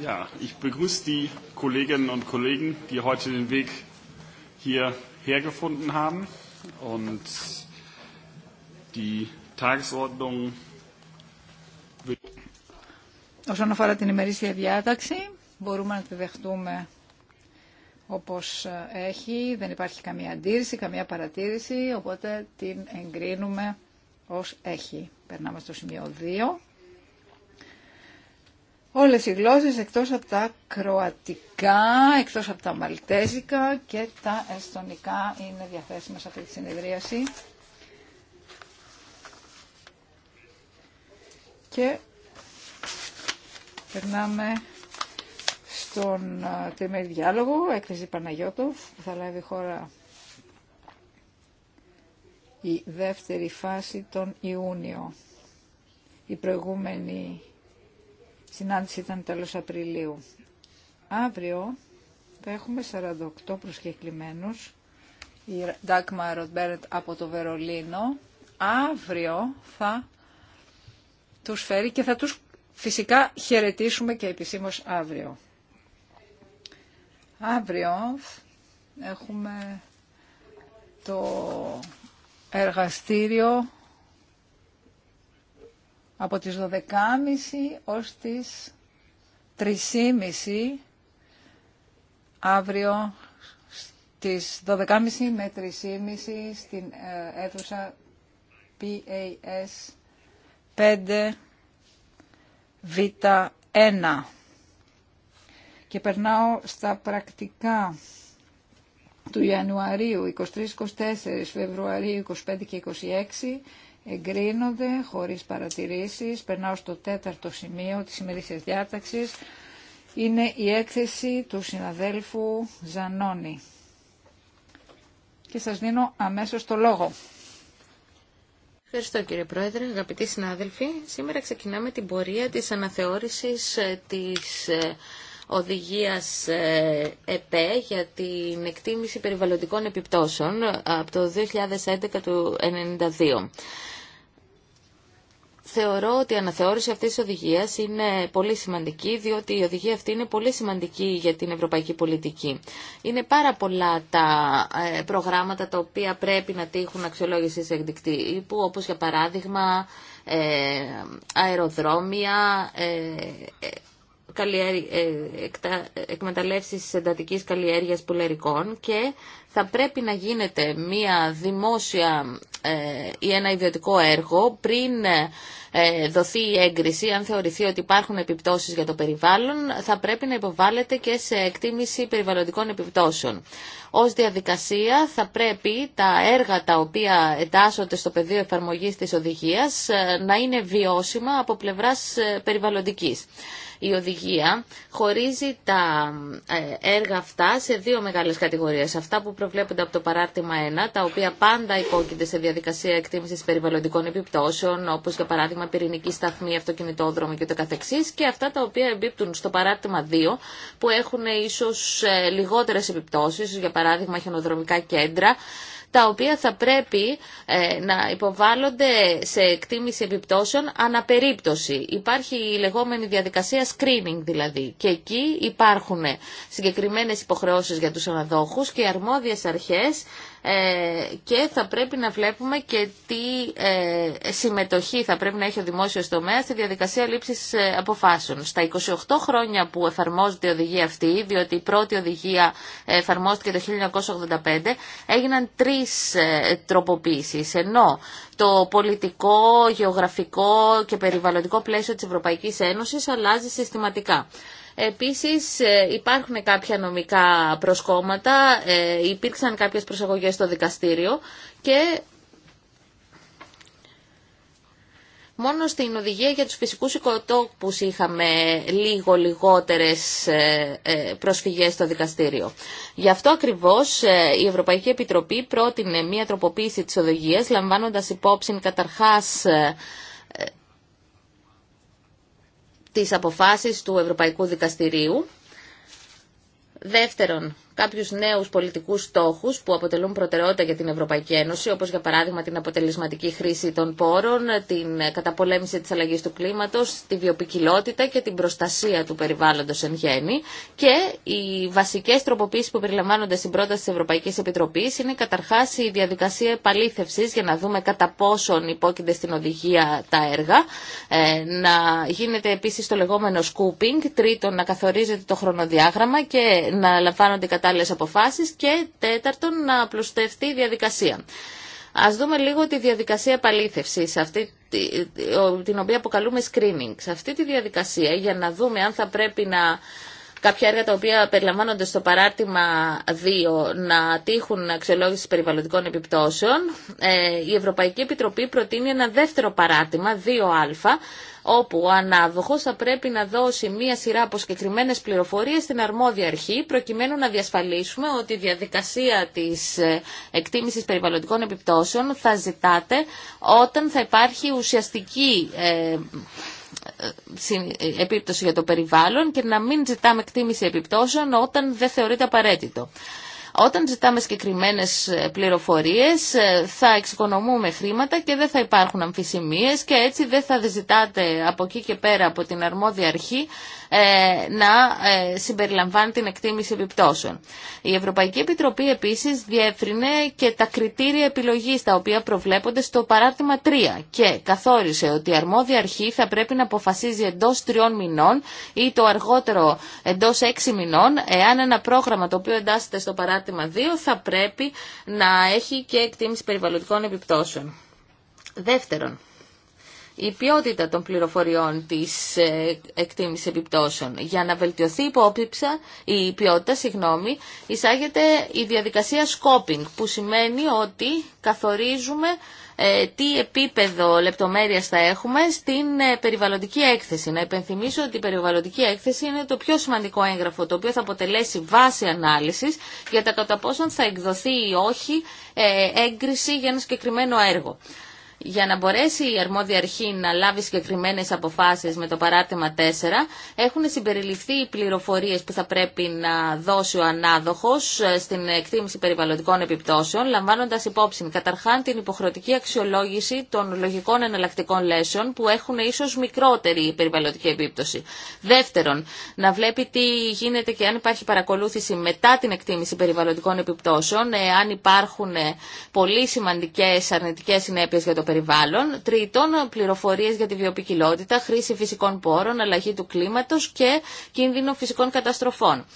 Ja, ich begrüße die Kolleginnen und Kollegen, die heute den Weg hierher gefunden haben und die Tagesordnung. Όσον αφορά την ημερήσια διάταξη, μπορούμε να τη δεχτούμε όπως ε, έχει, δεν υπάρχει καμία αντίρρηση, καμία παρατήρηση, οπότε την εγκρίνουμε ως έχει. Περνάμε στο σημείο 2 όλες οι γλώσσες εκτός από τα κροατικά, εκτός από τα μαλτέζικα και τα εστονικά είναι διαθέσιμα σε αυτή τη συνεδρίαση. Και περνάμε στον τριμερή διάλογο, έκθεση Παναγιώτοφ, που θα λάβει η χώρα η δεύτερη φάση τον Ιούνιο. Η προηγούμενη συνάντηση ήταν τέλος Απριλίου. Αύριο θα έχουμε 48 προσκεκλημένους, η Ντάκμα Ροτμπέρετ από το Βερολίνο. Αύριο θα τους φέρει και θα τους φυσικά χαιρετήσουμε και επισήμως αύριο. Αύριο έχουμε το εργαστήριο από τις 12.30 ως τις 3.30 αύριο στις 12.30 με 3.30 στην ε, αίθουσα PAS 5 Β1. Και περνάω στα πρακτικά του Ιανουαρίου 23-24, Φεβρουαρίου 25 και 26 εγκρίνονται χωρίς παρατηρήσεις. Περνάω στο τέταρτο σημείο της σημερινής διάταξης. Είναι η έκθεση του συναδέλφου Ζανόνη. Και σας δίνω αμέσως το λόγο. Ευχαριστώ κύριε Πρόεδρε, αγαπητοί συνάδελφοι. Σήμερα ξεκινάμε την πορεία της αναθεώρησης ε, της ε, οδηγίας ε, ΕΠΕ για την εκτίμηση περιβαλλοντικών επιπτώσεων από το 2011 του 1992 θεωρώ ότι η αναθεώρηση αυτής της οδηγίας είναι πολύ σημαντική, διότι η οδηγία αυτή είναι πολύ σημαντική για την ευρωπαϊκή πολιτική. Είναι πάρα πολλά τα ε, προγράμματα τα οποία πρέπει να τύχουν αξιολόγηση εκδικτύπου, όπως για παράδειγμα ε, αεροδρόμια, ε, ε, εκμεταλλεύσεις εντατικής καλλιέργειας πουλερικών και θα πρέπει να γίνεται μία δημόσια ε, ή ένα ιδιωτικό έργο πριν ε, δοθεί η έγκριση, αν θεωρηθεί ότι υπάρχουν επιπτώσεις για το περιβάλλον, θα πρέπει να υποβάλλεται και σε εκτίμηση περιβαλλοντικών επιπτώσεων. Ως διαδικασία θα πρέπει τα έργα τα οποία εντάσσονται στο πεδίο εφαρμογής της οδηγίας να είναι βιώσιμα από πλευράς περιβαλλοντικής. Η οδηγία χωρίζει τα ε, έργα αυτά σε δύο μεγάλες κατηγορίες. Αυτά που προβλέπονται από το παράρτημα 1, τα οποία πάντα υπόκεινται σε διαδικασία εκτίμησης περιβαλλοντικών επιπτώσεων, όπως για παράδειγμα πυρηνική σταθμή, αυτοκινητόδρομο και το καθεξής, και αυτά τα οποία εμπίπτουν στο παράρτημα 2, που έχουν ίσως ε, λιγότερες επιπτώσεις, για παράδειγμα χιονοδρομικά κέντρα, τα οποία θα πρέπει ε, να υποβάλλονται σε εκτίμηση επιπτώσεων αναπερίπτωση. Υπάρχει η λεγόμενη διαδικασία screening δηλαδή και εκεί υπάρχουν συγκεκριμένες υποχρεώσεις για τους αναδόχους και οι αρμόδιες αρχές ε, και θα πρέπει να βλέπουμε και τι ε, συμμετοχή θα πρέπει να έχει ο δημόσιος τομέας στη διαδικασία λήψης ε, αποφάσεων. Στα 28 χρόνια που εφαρμόζεται η οδηγία αυτή, διότι η πρώτη οδηγία εφαρμόστηκε το 1985, έγιναν τρεις τροποποίησεις, ενώ το πολιτικό, γεωγραφικό και περιβαλλοντικό πλαίσιο της Ευρωπαϊκής Ένωσης αλλάζει συστηματικά. Επίσης ε, υπάρχουν κάποια νομικά προσκόμματα, ε, υπήρξαν κάποιες προσαγωγές στο δικαστήριο και Μόνο στην οδηγία για τους φυσικούς οικοτόπους είχαμε λίγο λιγότερες ε, προσφυγές στο δικαστήριο. Γι' αυτό ακριβώς η Ευρωπαϊκή Επιτροπή πρότεινε μία τροποποίηση της οδηγίας, λαμβάνοντας υπόψη καταρχάς τις αποφάσεις του Ευρωπαϊκού Δικαστηρίου. Δεύτερον, Κάποιου νέου πολιτικού στόχου που αποτελούν προτεραιότητα για την Ευρωπαϊκή Ένωση, όπω για παράδειγμα την αποτελεσματική χρήση των πόρων, την καταπολέμηση τη αλλαγή του κλίματο, τη βιοπικιλότητα και την προστασία του περιβάλλοντο εν γέννη. Και οι βασικέ τροποποίησει που περιλαμβάνονται στην πρόταση τη Ευρωπαϊκή Επιτροπή είναι καταρχά η διαδικασία επαλήθευση για να δούμε κατά πόσον υπόκεινται στην οδηγία τα έργα, ε, να γίνεται επίση το λεγόμενο scooping, τρίτον να καθορίζεται το χρονοδιάγραμμα και να λαμβάνονται κατά κατάλληλε αποφάσεις και τέταρτον να απλουστευτεί η διαδικασία. Ας δούμε λίγο τη διαδικασία επαλήθευση την οποία αποκαλούμε screening. Σε αυτή τη διαδικασία για να δούμε αν θα πρέπει να κάποια έργα τα οποία περιλαμβάνονται στο παράρτημα 2 να τύχουν αξιολόγηση περιβαλλοντικών επιπτώσεων. Ε, η Ευρωπαϊκή Επιτροπή προτείνει ένα δεύτερο παράρτημα, 2α, όπου ο ανάδοχος θα πρέπει να δώσει μία σειρά από συγκεκριμένε πληροφορίες στην αρμόδια αρχή, προκειμένου να διασφαλίσουμε ότι η διαδικασία της ε, εκτίμησης περιβαλλοντικών επιπτώσεων θα ζητάται όταν θα υπάρχει ουσιαστική ε, επίπτωση για το περιβάλλον και να μην ζητάμε εκτίμηση επιπτώσεων όταν δεν θεωρείται απαραίτητο. Όταν ζητάμε συγκεκριμένε ε, πληροφορίες ε, θα εξοικονομούμε χρήματα και δεν θα υπάρχουν αμφισημίες και έτσι δεν θα ζητάτε από εκεί και πέρα από την αρμόδια αρχή ε, να ε, συμπεριλαμβάνει την εκτίμηση επιπτώσεων. Η Ευρωπαϊκή Επιτροπή επίσης διεύρυνε και τα κριτήρια επιλογής τα οποία προβλέπονται στο παράρτημα 3 και καθόρισε ότι η αρμόδια αρχή θα πρέπει να αποφασίζει εντός τριών μηνών ή το αργότερο εντός έξι μηνών εάν ένα πρόγραμμα το οποίο εντάσσεται στο παράρτημα 2 θα πρέπει να έχει και εκτίμηση περιβαλλοντικών επιπτώσεων. Δεύτερον, η ποιότητα των πληροφοριών της ε, εκτίμησης επιπτώσεων. Για να βελτιωθεί υπόψη, η ποιότητα, συγγνώμη, εισάγεται η διαδικασία scoping, που σημαίνει ότι καθορίζουμε ε, τι επίπεδο λεπτομέρειας θα έχουμε στην ε, περιβαλλοντική έκθεση. Να υπενθυμίσω ότι η περιβαλλοντική έκθεση είναι το πιο σημαντικό έγγραφο το οποίο θα αποτελέσει βάση ανάλυσης για τα κατά πόσον θα εκδοθεί ή όχι έγκριση για ένα συγκεκριμένο έργο για να μπορέσει η αρμόδια αρχή να λάβει συγκεκριμένε αποφάσει με το παράρτημα 4, έχουν συμπεριληφθεί οι πληροφορίε που θα πρέπει να δώσει ο ανάδοχο ε, στην εκτίμηση περιβαλλοντικών επιπτώσεων, λαμβάνοντα υπόψη καταρχά την υποχρεωτική αξιολόγηση των λογικών εναλλακτικών λέσεων που έχουν ίσω μικρότερη περιβαλλοντική επίπτωση. Δεύτερον, να βλέπει τι γίνεται και αν υπάρχει παρακολούθηση μετά την εκτίμηση περιβαλλοντικών επιπτώσεων, ε, αν υπάρχουν ε, πολύ σημαντικέ αρνητικέ συνέπειε για το περιβάλλον, τρίτον πληροφορίε για τη βιοπικιλότητα, χρήση φυσικών πόρων, αλλαγή του κλίματο και κίνδυνο φυσικών καταστροφών.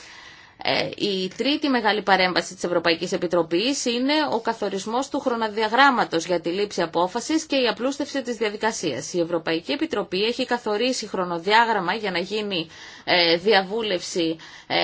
Ε, η τρίτη μεγάλη παρέμβαση της Ευρωπαϊκής Επιτροπής είναι ο καθορισμός του χρονοδιαγράμματος για τη λήψη απόφασης και η απλούστευση της διαδικασίας. Η Ευρωπαϊκή Επιτροπή έχει καθορίσει χρονοδιάγραμμα για να γίνει ε, διαβούλευση ε,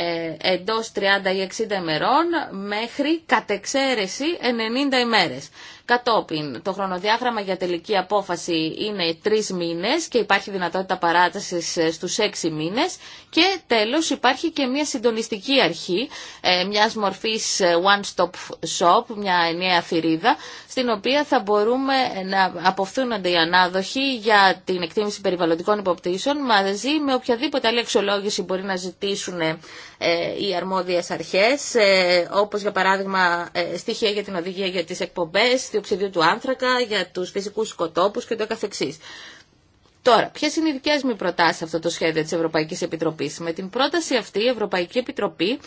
εντός 30 ή 60 ημερών μέχρι κατεξαίρεση 90 ημέρες. Κατόπιν, το χρονοδιάγραμμα για τελική απόφαση είναι τρει μήνες και υπάρχει δυνατότητα παράτασης ε, στους έξι μήνες και τέλο υπάρχει και μια συντονιστική αρχή ε, μια μορφής ε, one-stop shop, μια ενιαία θηρίδα, στην οποία θα μπορούμε να αποφθούνται οι ανάδοχοι για την εκτίμηση περιβαλλοντικών υποπτήσεων μαζί με οποιαδήποτε άλλη αξιολόγηση μπορεί να ζητήσουν ε, οι αρμόδιες αρχές, ε, όπως για παράδειγμα ε, στοιχεία για την οδηγία για τις εκπομπές, διοξιδίου του άνθρακα, για τους φυσικούς σκοτόπους και το καθεξής. Τώρα, ποιε είναι οι δικέ μου προτάσει σε αυτό το σχέδιο τη Ευρωπαϊκή Επιτροπή. Με την πρόταση αυτή, η Ευρωπαϊκή Επιτροπή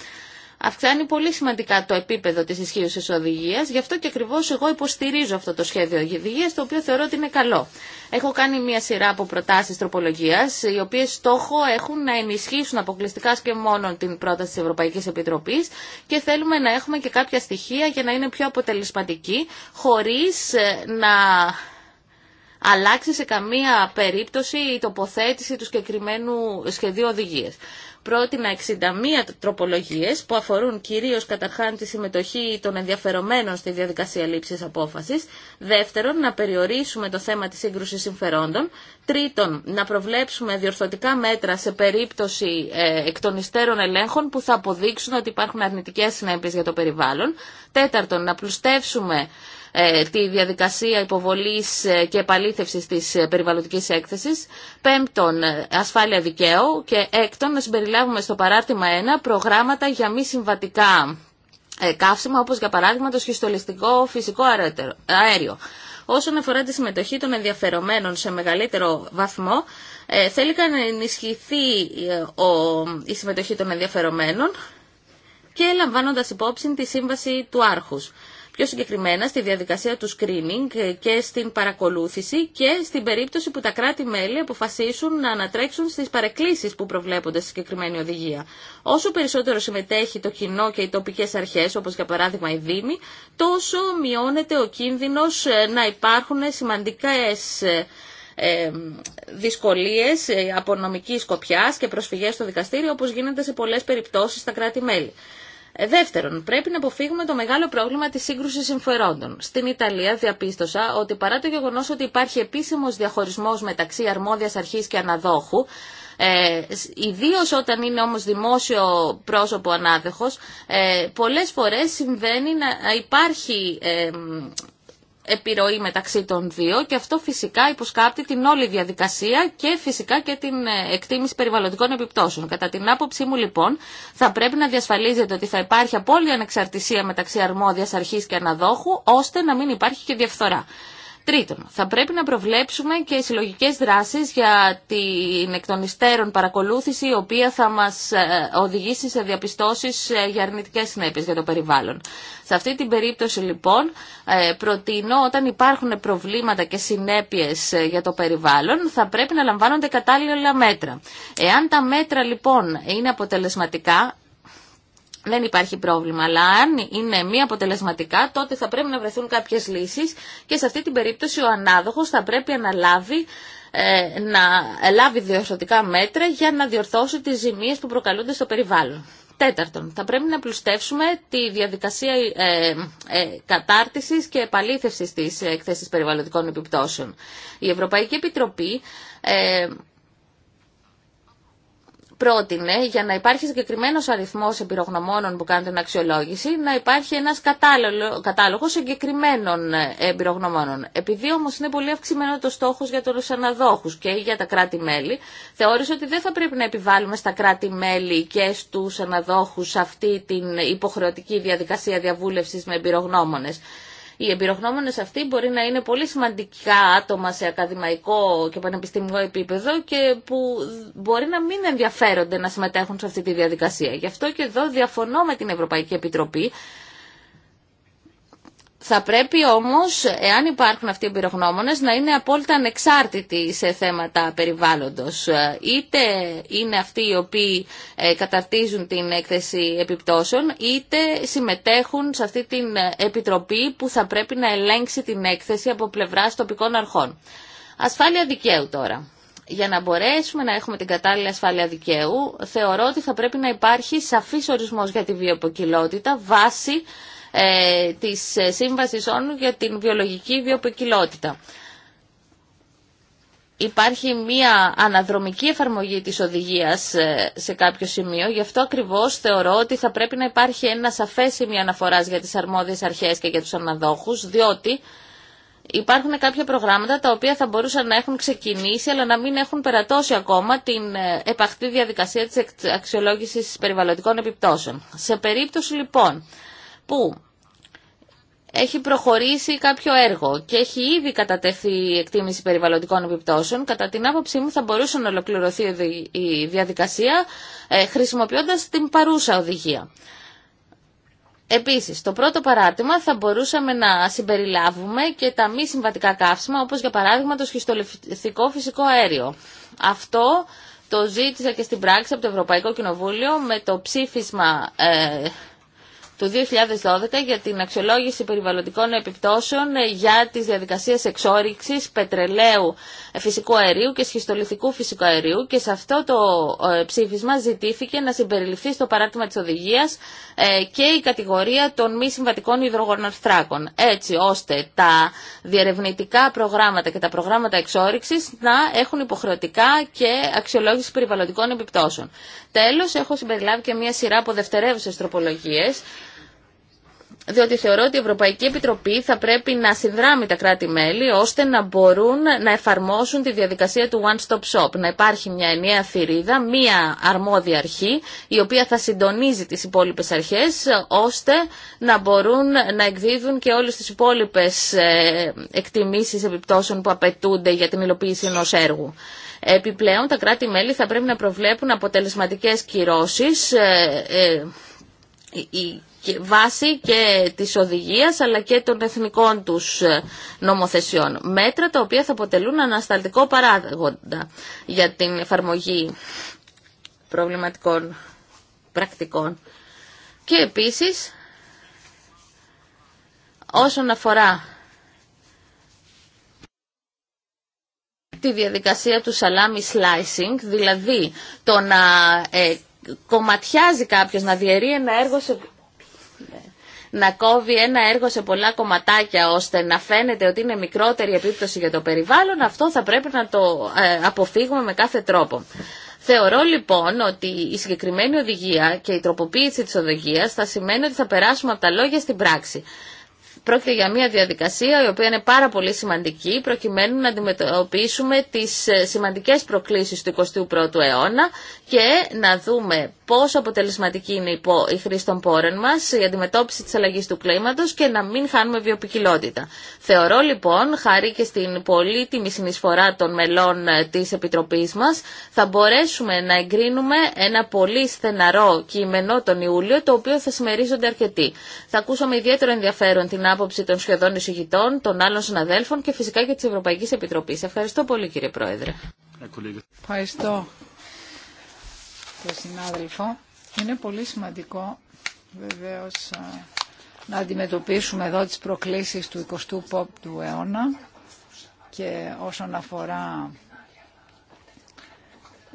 αυξάνει πολύ σημαντικά το επίπεδο της ισχύωση οδηγίας, γι' αυτό και ακριβώς εγώ υποστηρίζω αυτό το σχέδιο οδηγίας, το οποίο θεωρώ ότι είναι καλό. Έχω κάνει μια σειρά από προτάσεις τροπολογίας, οι οποίες στόχο έχουν να ενισχύσουν αποκλειστικά και μόνο την πρόταση της Ευρωπαϊκής Επιτροπής και θέλουμε να έχουμε και κάποια στοιχεία για να είναι πιο αποτελεσματική, χωρίς ε, να αλλάξει σε καμία περίπτωση η τοποθέτηση του συγκεκριμένου σχεδίου οδηγίες πρότεινα 61 τροπολογίες που αφορούν κυρίως καταρχάν τη συμμετοχή των ενδιαφερομένων στη διαδικασία λήψης απόφασης. Δεύτερον, να περιορίσουμε το θέμα της σύγκρουσης συμφερόντων. Τρίτον, να προβλέψουμε διορθωτικά μέτρα σε περίπτωση ε, εκ των υστέρων ελέγχων που θα αποδείξουν ότι υπάρχουν αρνητικές συνέπειες για το περιβάλλον. Τέταρτον, να πλουστεύσουμε ε, τη διαδικασία υποβολής ε, και επαλήθευσης της ε, περιβαλλοντικής έκθεσης. Πέμπτον, ασφάλεια δικαίου. Και έκτον, να συμπεριλάβουμε στο παράρτημα 1 προγράμματα για μη συμβατικά καύσιμα, όπως για παράδειγμα το σχιστολιστικό φυσικό αέριο. Όσον αφορά τη συμμετοχή των ενδιαφερομένων σε μεγαλύτερο βαθμό, θέλει να ενισχυθεί η συμμετοχή των ενδιαφερομένων και λαμβάνοντας υπόψη τη σύμβαση του άρχους πιο συγκεκριμένα στη διαδικασία του screening ε, και στην παρακολούθηση και στην περίπτωση που τα κράτη-μέλη αποφασίσουν να ανατρέξουν στις παρεκκλήσεις που προβλέπονται στη συγκεκριμένη οδηγία. Όσο περισσότερο συμμετέχει το κοινό και οι τοπικές αρχές, όπως για παράδειγμα η Δήμη, τόσο μειώνεται ο κίνδυνος ε, να υπάρχουν σημαντικές ε, δυσκολίες από νομική και προσφυγές στο δικαστήριο όπως γίνεται σε πολλές περιπτώσεις στα κράτη-μέλη. Ε, δεύτερον, πρέπει να αποφύγουμε το μεγάλο πρόβλημα τη σύγκρουση συμφερόντων. Στην Ιταλία διαπίστωσα ότι παρά το γεγονό ότι υπάρχει επίσημο διαχωρισμό μεταξύ αρμόδια αρχή και αναδόχου, ε, Ιδίω όταν είναι όμως δημόσιο πρόσωπο ανάδεχο, ε, πολλές φορές συμβαίνει να υπάρχει ε, επιρροή μεταξύ των δύο και αυτό φυσικά υποσκάπτει την όλη διαδικασία και φυσικά και την ε, εκτίμηση περιβαλλοντικών επιπτώσεων. Κατά την άποψή μου λοιπόν θα πρέπει να διασφαλίζεται ότι θα υπάρχει απόλυτη ανεξαρτησία μεταξύ αρμόδιας αρχής και αναδόχου ώστε να μην υπάρχει και διαφθορά. Τρίτον, θα πρέπει να προβλέψουμε και συλλογικέ δράσεις για την εκ των υστέρων παρακολούθηση η οποία θα μας ε, οδηγήσει σε διαπιστώσεις ε, για αρνητικέ συνέπειες για το περιβάλλον. Σε αυτή την περίπτωση λοιπόν ε, προτείνω όταν υπάρχουν προβλήματα και συνέπειες για το περιβάλλον θα πρέπει να λαμβάνονται κατάλληλα μέτρα. Εάν τα μέτρα λοιπόν είναι αποτελεσματικά δεν υπάρχει πρόβλημα, αλλά αν είναι μη αποτελεσματικά, τότε θα πρέπει να βρεθούν κάποιες λύσεις και σε αυτή την περίπτωση ο ανάδοχος θα πρέπει να λάβει, ε, να λάβει διορθωτικά μέτρα για να διορθώσει τις ζημίες που προκαλούνται στο περιβάλλον. Τέταρτον, θα πρέπει να πλουστεύσουμε τη διαδικασία ε, ε κατάρτισης και επαλήθευσης της εκθέσης περιβαλλοντικών επιπτώσεων. Η Ευρωπαϊκή Επιτροπή... Ε, πρότεινε για να υπάρχει συγκεκριμένο αριθμό εμπειρογνωμόνων που κάνουν την αξιολόγηση, να υπάρχει ένα κατάλογο συγκεκριμένων ε, εμπειρογνωμόνων. Επειδή όμω είναι πολύ αυξημένο το στόχο για του αναδόχου και για τα κράτη-μέλη, θεώρησε ότι δεν θα πρέπει να επιβάλλουμε στα κράτη-μέλη και στου αναδόχου αυτή την υποχρεωτική διαδικασία διαβούλευση με εμπειρογνώμονε. Οι εμπειρογνώμονε αυτοί μπορεί να είναι πολύ σημαντικά άτομα σε ακαδημαϊκό και πανεπιστημιακό επίπεδο και που μπορεί να μην ενδιαφέρονται να συμμετέχουν σε αυτή τη διαδικασία. Γι' αυτό και εδώ διαφωνώ με την Ευρωπαϊκή Επιτροπή θα πρέπει όμως, εάν υπάρχουν αυτοί οι πυρογνώμονες, να είναι απόλυτα ανεξάρτητοι σε θέματα περιβάλλοντος. Είτε είναι αυτοί οι οποίοι ε, καταρτίζουν την έκθεση επιπτώσεων, είτε συμμετέχουν σε αυτή την επιτροπή που θα πρέπει να ελέγξει την έκθεση από πλευράς τοπικών αρχών. Ασφάλεια δικαίου τώρα. Για να μπορέσουμε να έχουμε την κατάλληλη ασφάλεια δικαίου, θεωρώ ότι θα πρέπει να υπάρχει σαφής ορισμός για τη βιοποκυλότητα βάση ε, της ε, Σύμβασης Όνου για την βιολογική βιοποικιλότητα. Υπάρχει μία αναδρομική εφαρμογή της οδηγίας ε, σε κάποιο σημείο, γι' αυτό ακριβώς θεωρώ ότι θα πρέπει να υπάρχει ένα σαφές σημείο αναφοράς για τις αρμόδιες αρχές και για τους αναδόχους, διότι υπάρχουν κάποια προγράμματα τα οποία θα μπορούσαν να έχουν ξεκινήσει αλλά να μην έχουν περατώσει ακόμα την ε, επαχτή διαδικασία της αξιολόγησης περιβαλλοντικών επιπτώσεων. Σε περίπτωση λοιπόν που έχει προχωρήσει κάποιο έργο και έχει ήδη κατατεθεί η εκτίμηση περιβαλλοντικών επιπτώσεων, κατά την άποψή μου θα μπορούσε να ολοκληρωθεί η διαδικασία ε, χρησιμοποιώντας την παρούσα οδηγία. Επίσης, το πρώτο παράρτημα θα μπορούσαμε να συμπεριλάβουμε και τα μη συμβατικά καύσιμα, όπως για παράδειγμα το σχιστολευτικό φυσικό αέριο. Αυτό το ζήτησα και στην πράξη από το Ευρωπαϊκό Κοινοβούλιο με το ψήφισμα... Ε, του 2012 για την αξιολόγηση περιβαλλοντικών επιπτώσεων ε, για τις διαδικασίες εξόριξης πετρελαίου ε, φυσικού αερίου και σχιστολιθικού φυσικού αερίου και σε αυτό το ε, ψήφισμα ζητήθηκε να συμπεριληφθεί στο παράρτημα της οδηγίας και η κατηγορία των μη συμβατικών υδρογοναρθράκων έτσι ώστε τα διερευνητικά προγράμματα και τα προγράμματα εξόριξης να έχουν υποχρεωτικά και αξιολόγηση περιβαλλοντικών επιπτώσεων. Τέλος, έχω συμπεριλάβει και μια σειρά από δευτερεύουσες τροπολογίες διότι θεωρώ ότι η Ευρωπαϊκή Επιτροπή θα πρέπει να συνδράμει τα κράτη-μέλη ώστε να μπορούν να εφαρμόσουν τη διαδικασία του one-stop-shop. Να υπάρχει μια ενιαία θηρίδα, μια αρμόδια αρχή, η οποία θα συντονίζει τις υπόλοιπες αρχές, ώστε να μπορούν να εκδίδουν και όλες τις υπόλοιπες ε, εκτιμήσεις επιπτώσεων που απαιτούνται για την υλοποίηση ενός έργου. Επιπλέον, τα κράτη-μέλη θα πρέπει να προβλέπουν αποτελεσματικές κυρώσεις, ε, ε, βάση και της οδηγίας αλλά και των εθνικών τους ε, νομοθεσιών. Μέτρα τα οποία θα αποτελούν ανασταλτικό παράγοντα για την εφαρμογή προβληματικών πρακτικών. Και επίσης όσον αφορά τη διαδικασία του salami slicing, δηλαδή το να ε, κομματιάζει κάποιος, να διαιρεί ένα έργο να κόβει ένα έργο σε πολλά κομματάκια ώστε να φαίνεται ότι είναι μικρότερη επίπτωση για το περιβάλλον, αυτό θα πρέπει να το ε, αποφύγουμε με κάθε τρόπο. Θεωρώ λοιπόν ότι η συγκεκριμένη οδηγία και η τροποποίηση της οδηγίας θα σημαίνει ότι θα περάσουμε από τα λόγια στην πράξη. Πρόκειται για μια διαδικασία η οποία είναι πάρα πολύ σημαντική προκειμένου να αντιμετωπίσουμε τις ε, σημαντικές προκλήσεις του 21ου αιώνα και να δούμε πόσο αποτελεσματική είναι η χρήση των πόρων μας, η αντιμετώπιση της αλλαγής του κλίματος και να μην χάνουμε βιοπικιλότητα. Θεωρώ λοιπόν, χάρη και στην πολύτιμη συνεισφορά των μελών ε, της Επιτροπής μας, θα μπορέσουμε να εγκρίνουμε ένα πολύ στεναρό κείμενο τον Ιούλιο, το οποίο θα συμμερίζονται αρκετοί. Θα ακούσαμε ιδιαίτερο ενδιαφέρον την άποψη των σχεδόν εισηγητών, των άλλων συναδέλφων και φυσικά και της Ευρωπαϊκής Επιτροπής. Ευχαριστώ πολύ κύριε Πρόεδρε. Ευχαριστώ τον συνάδελφο. Είναι πολύ σημαντικό βεβαίως να αντιμετωπίσουμε εδώ τις προκλήσεις του 20 ου αιώνα και όσον αφορά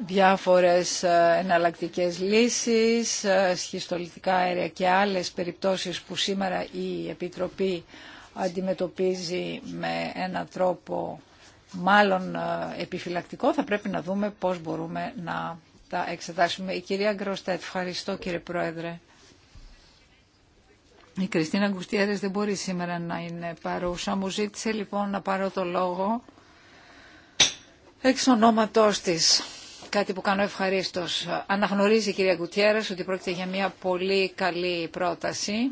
διάφορες ε, εναλλακτικές λύσεις, ε, σχιστολιτικά αέρια και άλλες περιπτώσεις που σήμερα η Επιτροπή αντιμετωπίζει με έναν τρόπο μάλλον ε, επιφυλακτικό, θα πρέπει να δούμε πώς μπορούμε να τα εξετάσουμε. Η κυρία Γκροστέτ, ευχαριστώ κύριε Πρόεδρε. Η Κριστίνα Γκουστιέρες δεν μπορεί σήμερα να είναι παρούσα. Μου ζήτησε λοιπόν να πάρω το λόγο εξ ονόματός της κάτι που κάνω ευχαρίστω. Αναγνωρίζει η κυρία Κουτιέρα ότι πρόκειται για μια πολύ καλή πρόταση.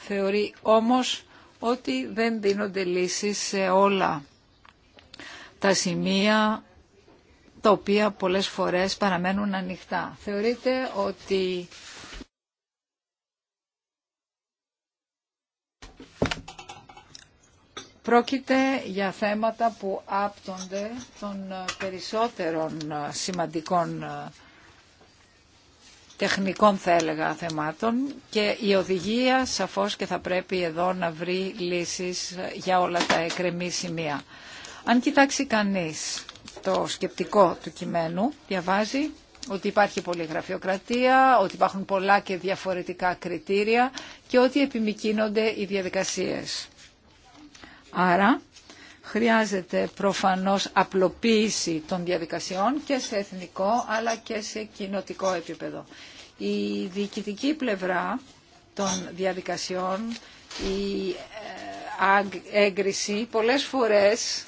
Θεωρεί όμως ότι δεν δίνονται λύσεις σε όλα τα σημεία τα οποία πολλές φορές παραμένουν ανοιχτά. Θεωρείται ότι Πρόκειται για θέματα που άπτονται των ε, περισσότερων ε, σημαντικών ε, τεχνικών θα έλεγα θεμάτων και η οδηγία σαφώς και θα πρέπει εδώ να βρει λύσεις για όλα τα εκρεμή σημεία. Αν κοιτάξει κανείς το σκεπτικό του κειμένου, διαβάζει ότι υπάρχει πολλή γραφειοκρατία, ότι υπάρχουν πολλά και διαφορετικά κριτήρια και ότι επιμηκύνονται οι διαδικασίες. Άρα χρειάζεται προφανώς απλοποίηση των διαδικασιών και σε εθνικό αλλά και σε κοινοτικό επίπεδο. Η διοικητική πλευρά των διαδικασιών, η ε, έγκριση πολλές φορές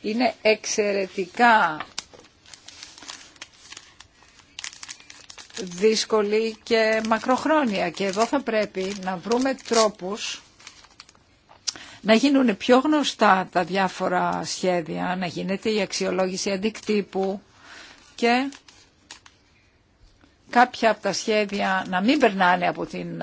είναι εξαιρετικά δύσκολη και μακροχρόνια και εδώ θα πρέπει να βρούμε τρόπους να γίνουν πιο γνωστά τα διάφορα σχέδια, να γίνεται η αξιολόγηση αντικτύπου και κάποια από τα σχέδια να μην περνάνε από την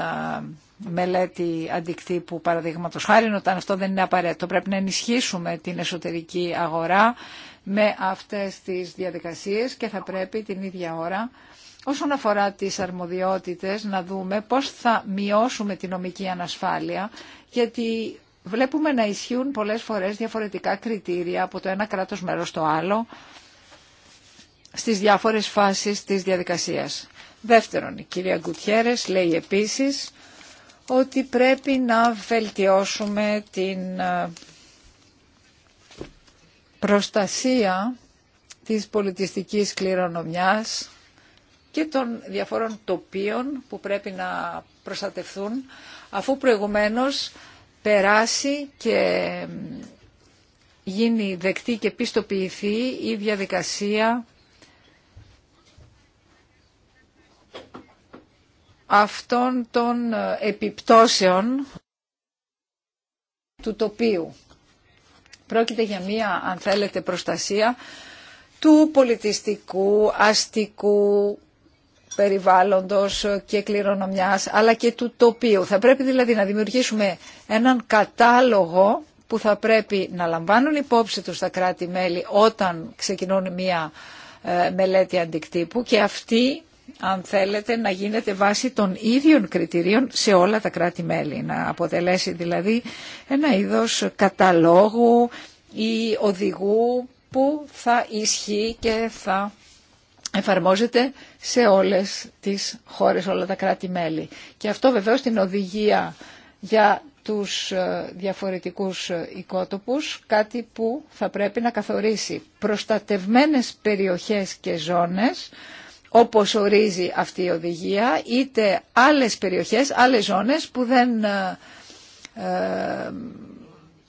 μελέτη αντικτύπου παραδείγματος χάρη όταν αυτό δεν είναι απαραίτητο. Πρέπει να ενισχύσουμε την εσωτερική αγορά με αυτές τις διαδικασίες και θα πρέπει την ίδια ώρα όσον αφορά τις αρμοδιότητες να δούμε πώς θα μειώσουμε τη νομική ανασφάλεια γιατί βλέπουμε να ισχύουν πολλές φορές διαφορετικά κριτήρια από το ένα κράτος μέρος στο άλλο στις διάφορες φάσεις της διαδικασίας. Δεύτερον, η κυρία Γκουτιέρες λέει επίσης ότι πρέπει να βελτιώσουμε την ε, προστασία της πολιτιστικής κληρονομιάς και των διαφόρων τοπίων που πρέπει να προστατευθούν, αφού προηγουμένως περάσει και γίνει δεκτή και πιστοποιηθεί η διαδικασία αυτών των ε, επιπτώσεων του τοπίου. Πρόκειται για μία, αν θέλετε, προστασία του πολιτιστικού, αστικού περιβάλλοντος και κληρονομιάς, αλλά και του τοπίου. Θα πρέπει δηλαδή να δημιουργήσουμε έναν κατάλογο που θα πρέπει να λαμβάνουν υπόψη τους τα κράτη-μέλη όταν ξεκινούν μία ε, μελέτη αντικτύπου και αυτή, αν θέλετε, να γίνεται βάση των ίδιων κριτηρίων σε όλα τα κράτη-μέλη. Να αποτελέσει δηλαδή ένα είδος καταλόγου ή οδηγού που θα ισχύει και θα εφαρμόζεται σε όλες τις χώρες, όλα τα κράτη-μέλη. Και αυτό βεβαίως την οδηγία για τους ε, διαφορετικούς ε, οικότοπους, κάτι που θα πρέπει να καθορίσει προστατευμένες περιοχές και ζώνες, όπως ορίζει αυτή η οδηγία, είτε άλλες περιοχές, άλλες ζώνες που δεν ε,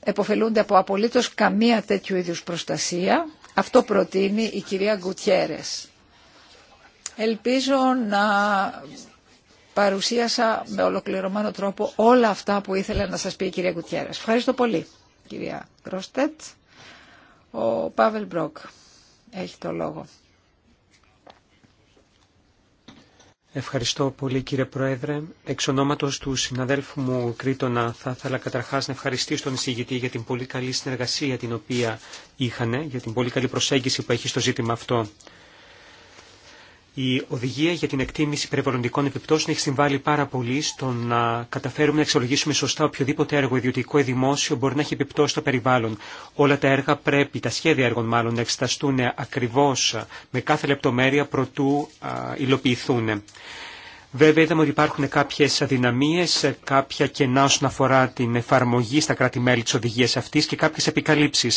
εποφελούνται από απολύτως καμία τέτοιου είδους προστασία. Αυτό προτείνει η κυρία Γκουτιέρες. Ελπίζω να παρουσίασα με ολοκληρωμένο τρόπο όλα αυτά που ήθελα να σας πει η κυρία Κουτιέρας. Ευχαριστώ πολύ, κυρία Κρόστετ. Ο Πάβελ Μπρόκ έχει το λόγο. Ευχαριστώ πολύ κύριε Πρόεδρε. Εξ ονόματος του συναδέλφου μου Κρήτονα θα ήθελα καταρχάς να ευχαριστήσω τον εισηγητή για την πολύ καλή συνεργασία την οποία είχανε, για την πολύ καλή προσέγγιση που έχει στο ζήτημα αυτό. Η οδηγία για την εκτίμηση περιβαλλοντικών επιπτώσεων έχει συμβάλει πάρα πολύ στο να καταφέρουμε να αξιολογήσουμε σωστά οποιοδήποτε έργο ιδιωτικό ή δημόσιο μπορεί να έχει επιπτώσει στο περιβάλλον. Όλα τα έργα πρέπει, τα σχέδια έργων μάλλον, να εξεταστούν ακριβώ με κάθε λεπτομέρεια προτού υλοποιηθούν. Βέβαια είδαμε ότι υπάρχουν κάποιε αδυναμίες, κάποια κενά όσον αφορά την εφαρμογή στα κράτη-μέλη τη οδηγία αυτή και κάποιε επικαλύψει.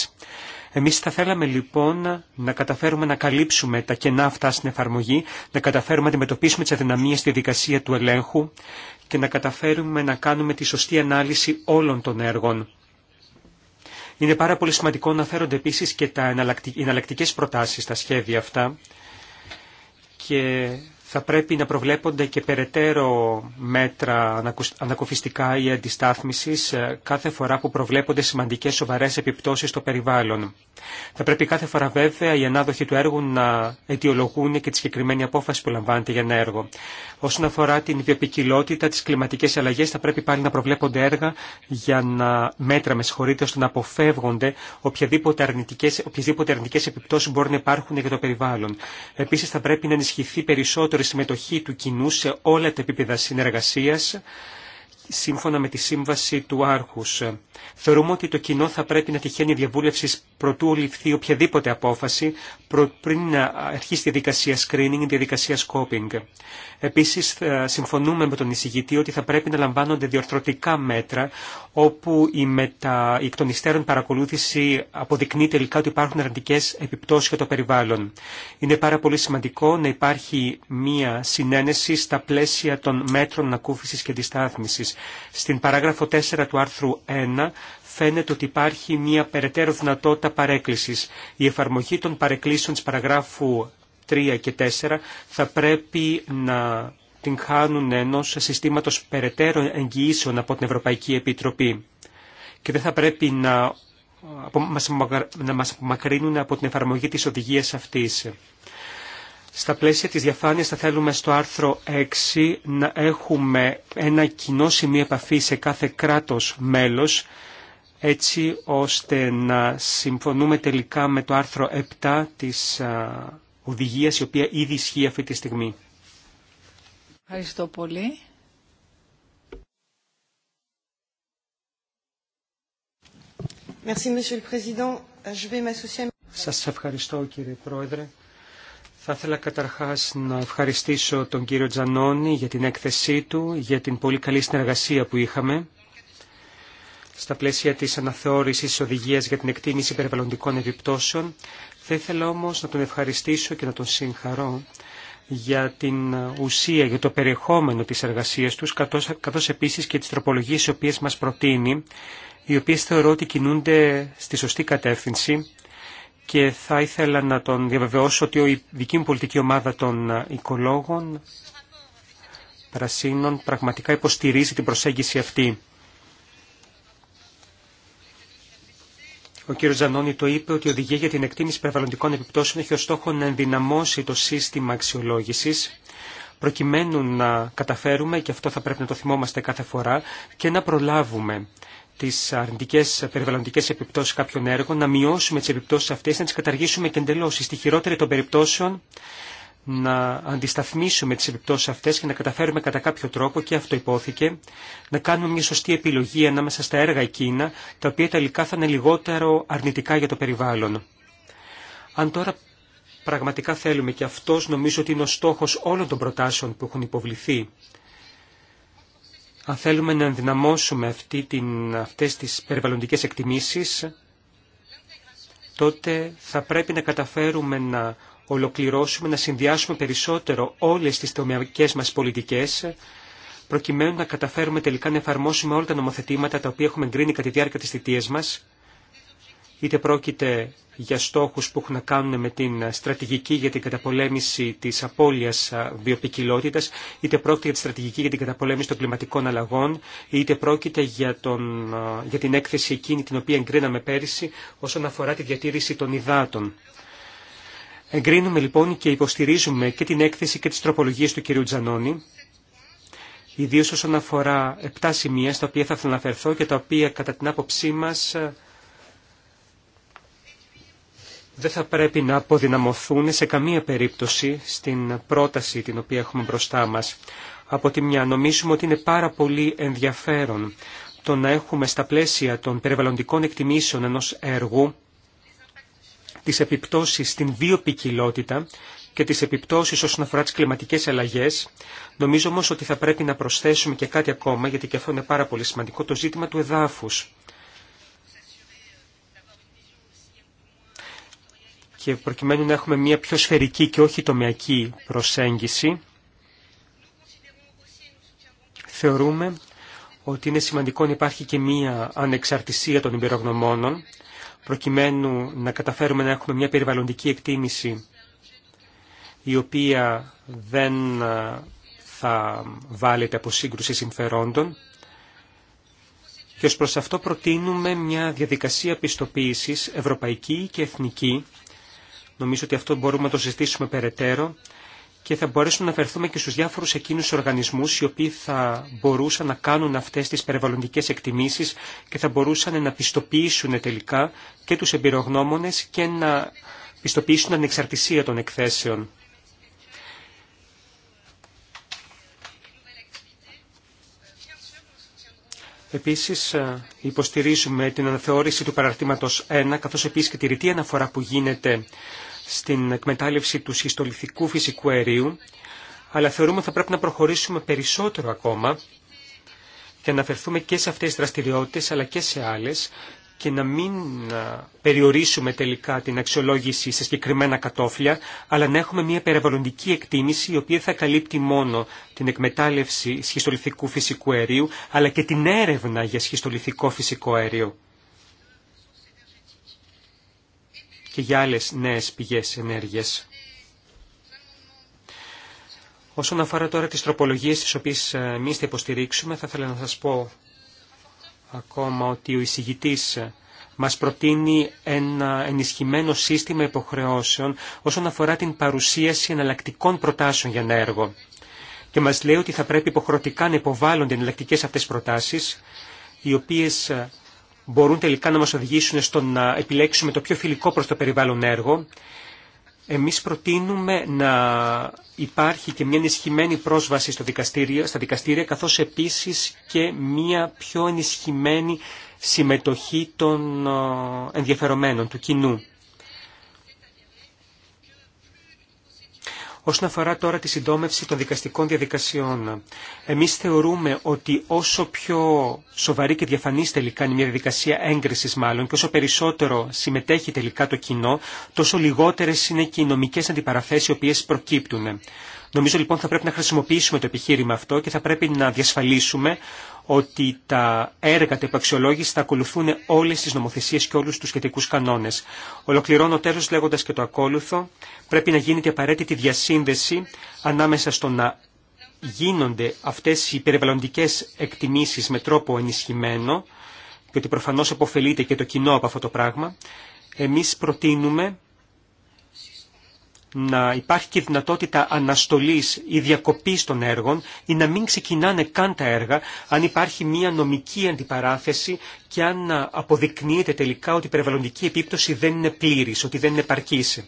Εμείς θα θέλαμε λοιπόν να καταφέρουμε να καλύψουμε τα κενά αυτά στην εφαρμογή, να καταφέρουμε να αντιμετωπίσουμε τις αδυναμίες στη δικασία του ελέγχου και να καταφέρουμε να κάνουμε τη σωστή ανάλυση όλων των έργων. Είναι πάρα πολύ σημαντικό να φέρονται επίσης και τα εναλλακτικέ προτάσεις στα σχέδια αυτά και θα πρέπει να προβλέπονται και περαιτέρω μέτρα ανακοφιστικά ή αντιστάθμισης ε, κάθε φορά που προβλέπονται σημαντικές σοβαρές επιπτώσεις στο περιβάλλον. Θα πρέπει κάθε φορά βέβαια οι ανάδοχοι του έργου να αιτιολογούν και τη συγκεκριμένη απόφαση που λαμβάνεται για ένα έργο. Όσον αφορά την βιοπικιλότητα, τις κλιματικές αλλαγές θα πρέπει πάλι να προβλέπονται έργα για να μέτρα με συγχωρείτε ώστε να αποφεύγονται οποιαδήποτε αρνητικές, οποιασδήποτε αρνητικές επιπτώσεις να υπάρχουν για το περιβάλλον. Επίσης θα πρέπει να ενισχυθεί περισσότερο περισσότερη συμμετοχή του κοινού σε όλα τα επίπεδα συνεργασίας σύμφωνα με τη σύμβαση του Άρχους. Θεωρούμε ότι το κοινό θα πρέπει να τυχαίνει διαβούλευση προτού ληφθεί οποιαδήποτε απόφαση πριν να αρχίσει τη διαδικασία screening, η διαδικασία scoping. Επίσης, συμφωνούμε με τον εισηγητή ότι θα πρέπει να λαμβάνονται διορθωτικά μέτρα όπου η μετα... η υστέρων παρακολούθηση αποδεικνύει τελικά ότι υπάρχουν αρνητικέ επιπτώσει για το περιβάλλον. Είναι πάρα πολύ σημαντικό να υπάρχει μία συνένεση στα πλαίσια των μέτρων ανακούφιση και αντιστάθμιση. Στην παράγραφο 4 του άρθρου 1 φαίνεται ότι υπάρχει μια περαιτέρω δυνατότητα παρέκκλησης. Η εφαρμογή των παρεκκλήσεων της παραγράφου 3 και 4 θα πρέπει να την χάνουν ενός συστήματος περαιτέρω εγγυήσεων από την Ευρωπαϊκή Επιτροπή και δεν θα πρέπει να, να μας απομακρύνουν από την εφαρμογή της οδηγίας αυτής. Στα πλαίσια της διαφάνειας θα θέλουμε στο άρθρο 6 να έχουμε ένα κοινό σημείο επαφή σε κάθε κράτος μέλος, έτσι ώστε να συμφωνούμε τελικά με το άρθρο 7 της οδηγίας, η οποία ήδη ισχύει αυτή τη στιγμή. Ευχαριστώ πολύ. Σας ευχαριστώ κύριε Πρόεδρε. Θα ήθελα καταρχάς να ευχαριστήσω τον κύριο Τζανόνι για την έκθεσή του, για την πολύ καλή συνεργασία που είχαμε στα πλαίσια της αναθεώρησης οδηγίας για την εκτίμηση περιβαλλοντικών επιπτώσεων. Θα ήθελα όμως να τον ευχαριστήσω και να τον συγχαρώ για την ουσία, για το περιεχόμενο της εργασίας τους, καθώς, καθώς επίσης και τις τροπολογίες οι οποίες μας προτείνει, οι οποίες θεωρώ ότι κινούνται στη σωστή κατεύθυνση και θα ήθελα να τον διαβεβαιώσω ότι η δική μου πολιτική ομάδα των οικολόγων πρασίνων πραγματικά υποστηρίζει την προσέγγιση αυτή. Ο κύριος Ζανώνη το είπε ότι η οδηγία για την εκτίμηση περιβαλλοντικών επιπτώσεων έχει ως στόχο να ενδυναμώσει το σύστημα αξιολόγησης προκειμένου να καταφέρουμε, και αυτό θα πρέπει να το θυμόμαστε κάθε φορά, και να προλάβουμε τις αρνητικές περιβαλλοντικές επιπτώσεις κάποιων έργων, να μειώσουμε τις επιπτώσεις αυτές, να τις καταργήσουμε και εντελώς. Στη χειρότερη των περιπτώσεων να αντισταθμίσουμε τις επιπτώσεις αυτές και να καταφέρουμε κατά κάποιο τρόπο, και αυτό υπόθηκε, να κάνουμε μια σωστή επιλογή ανάμεσα στα έργα εκείνα, τα οποία τελικά θα είναι λιγότερο αρνητικά για το περιβάλλον. Αν τώρα πραγματικά θέλουμε και αυτός νομίζω ότι είναι ο στόχος όλων των προτάσεων που έχουν υποβληθεί αν θέλουμε να ενδυναμώσουμε αυτή την, αυτές τις περιβαλλοντικές εκτιμήσεις, τότε θα πρέπει να καταφέρουμε να ολοκληρώσουμε, να συνδυάσουμε περισσότερο όλες τις τομιακές μας πολιτικές, προκειμένου να καταφέρουμε τελικά να εφαρμόσουμε όλα τα νομοθετήματα τα οποία έχουμε εγκρίνει κατά τη διάρκεια της θητείας μας είτε πρόκειται για στόχους που έχουν να κάνουν με την στρατηγική για την καταπολέμηση της απώλειας βιοπικιλότητας, είτε πρόκειται για τη στρατηγική για την καταπολέμηση των κλιματικών αλλαγών, είτε πρόκειται για, τον, για την έκθεση εκείνη την οποία εγκρίναμε πέρυσι όσον αφορά τη διατήρηση των υδάτων. Εγκρίνουμε λοιπόν και υποστηρίζουμε και την έκθεση και τις τροπολογίες του κ. Τζανόνη, ιδίως όσον αφορά επτά σημεία στα οποία θα αναφερθώ και τα οποία κατά την άποψή μας δεν θα πρέπει να αποδυναμωθούν σε καμία περίπτωση στην πρόταση την οποία έχουμε μπροστά μας. Από τη μια νομίζουμε ότι είναι πάρα πολύ ενδιαφέρον το να έχουμε στα πλαίσια των περιβαλλοντικών εκτιμήσεων ενός έργου τις επιπτώσεις στην βιοπικιλότητα και τις επιπτώσεις όσον αφορά τις κλιματικές αλλαγές. Νομίζω όμως ότι θα πρέπει να προσθέσουμε και κάτι ακόμα, γιατί και αυτό είναι πάρα πολύ σημαντικό, το ζήτημα του εδάφους. και προκειμένου να έχουμε μια πιο σφαιρική και όχι τομεακή προσέγγιση, θεωρούμε ότι είναι σημαντικό να υπάρχει και μια ανεξαρτησία των υπερογνωμόνων, προκειμένου να καταφέρουμε να έχουμε μια περιβαλλοντική εκτίμηση η οποία δεν θα βάλεται από σύγκρουση συμφερόντων. Και ως προς αυτό προτείνουμε μια διαδικασία πιστοποίησης ευρωπαϊκή και εθνική, Νομίζω ότι αυτό μπορούμε να το συζητήσουμε περαιτέρω και θα μπορέσουμε να φερθούμε και στους διάφορους εκείνους οργανισμούς οι οποίοι θα μπορούσαν να κάνουν αυτές τις περιβαλλοντικές εκτιμήσεις και θα μπορούσαν να πιστοποιήσουν τελικά και τους εμπειρογνώμονες και να πιστοποιήσουν ανεξαρτησία των εκθέσεων. Επίσης, υποστηρίζουμε την αναθεώρηση του παραρτήματος 1, καθώς επίσης και τη ρητή αναφορά που γίνεται στην εκμετάλλευση του συστολιθικού φυσικού αερίου, αλλά θεωρούμε ότι θα πρέπει να προχωρήσουμε περισσότερο ακόμα και να αφαιρθούμε και σε αυτές τις δραστηριότητες αλλά και σε άλλες και να μην περιορίσουμε τελικά την αξιολόγηση σε συγκεκριμένα κατόφλια, αλλά να έχουμε μια περιβαλλοντική εκτίμηση η οποία θα καλύπτει μόνο την εκμετάλλευση σχιστολιθικού φυσικού αερίου, αλλά και την έρευνα για σχιστολιθικό φυσικό αέριο. και για άλλες νέες πηγές ενέργειας. Όσον αφορά τώρα τις τροπολογίες τις οποίες ε, εμείς θα υποστηρίξουμε, θα ήθελα να σας πω ακόμα ότι ο εισηγητής ε, μας προτείνει ένα ενισχυμένο σύστημα υποχρεώσεων όσον αφορά την παρουσίαση εναλλακτικών προτάσεων για ένα έργο. Και μας λέει ότι θα πρέπει υποχρεωτικά να υποβάλλονται εναλλακτικέ αυτές προτάσεις, οι οποίες ε, μπορούν τελικά να μας οδηγήσουν στο να επιλέξουμε το πιο φιλικό προς το περιβάλλον έργο. Εμείς προτείνουμε να υπάρχει και μια ενισχυμένη πρόσβαση στο δικαστήριο, στα δικαστήρια, καθώς επίσης και μια πιο ενισχυμένη συμμετοχή των ε, ενδιαφερομένων, του κοινού. Όσον αφορά τώρα τη συντόμευση των δικαστικών διαδικασιών, εμείς θεωρούμε ότι όσο πιο σοβαρή και διαφανής τελικά είναι μια διαδικασία έγκρισης μάλλον και όσο περισσότερο συμμετέχει τελικά το κοινό, τόσο λιγότερες είναι και οι νομικές αντιπαραθέσεις οι οποίες προκύπτουν. Νομίζω λοιπόν θα πρέπει να χρησιμοποιήσουμε το επιχείρημα αυτό και θα πρέπει να διασφαλίσουμε ότι τα έργα τα επαξιολόγηση θα ακολουθούν όλες τις νομοθεσίες και όλους τους σχετικούς κανόνες. Ολοκληρώνω τέλος λέγοντας και το ακόλουθο, πρέπει να γίνεται απαραίτητη διασύνδεση ανάμεσα στο να γίνονται αυτές οι περιβαλλοντικές εκτιμήσεις με τρόπο ενισχυμένο και ότι προφανώς αποφελείται και το κοινό από αυτό το πράγμα, εμείς προτείνουμε να υπάρχει και δυνατότητα αναστολής ή διακοπής των έργων ή να μην ξεκινάνε καν τα έργα αν υπάρχει μια νομική αντιπαράθεση και αν αποδεικνύεται τελικά ότι η περιβαλλοντική επίπτωση δεν είναι πλήρης, ότι δεν είναι επαρκής.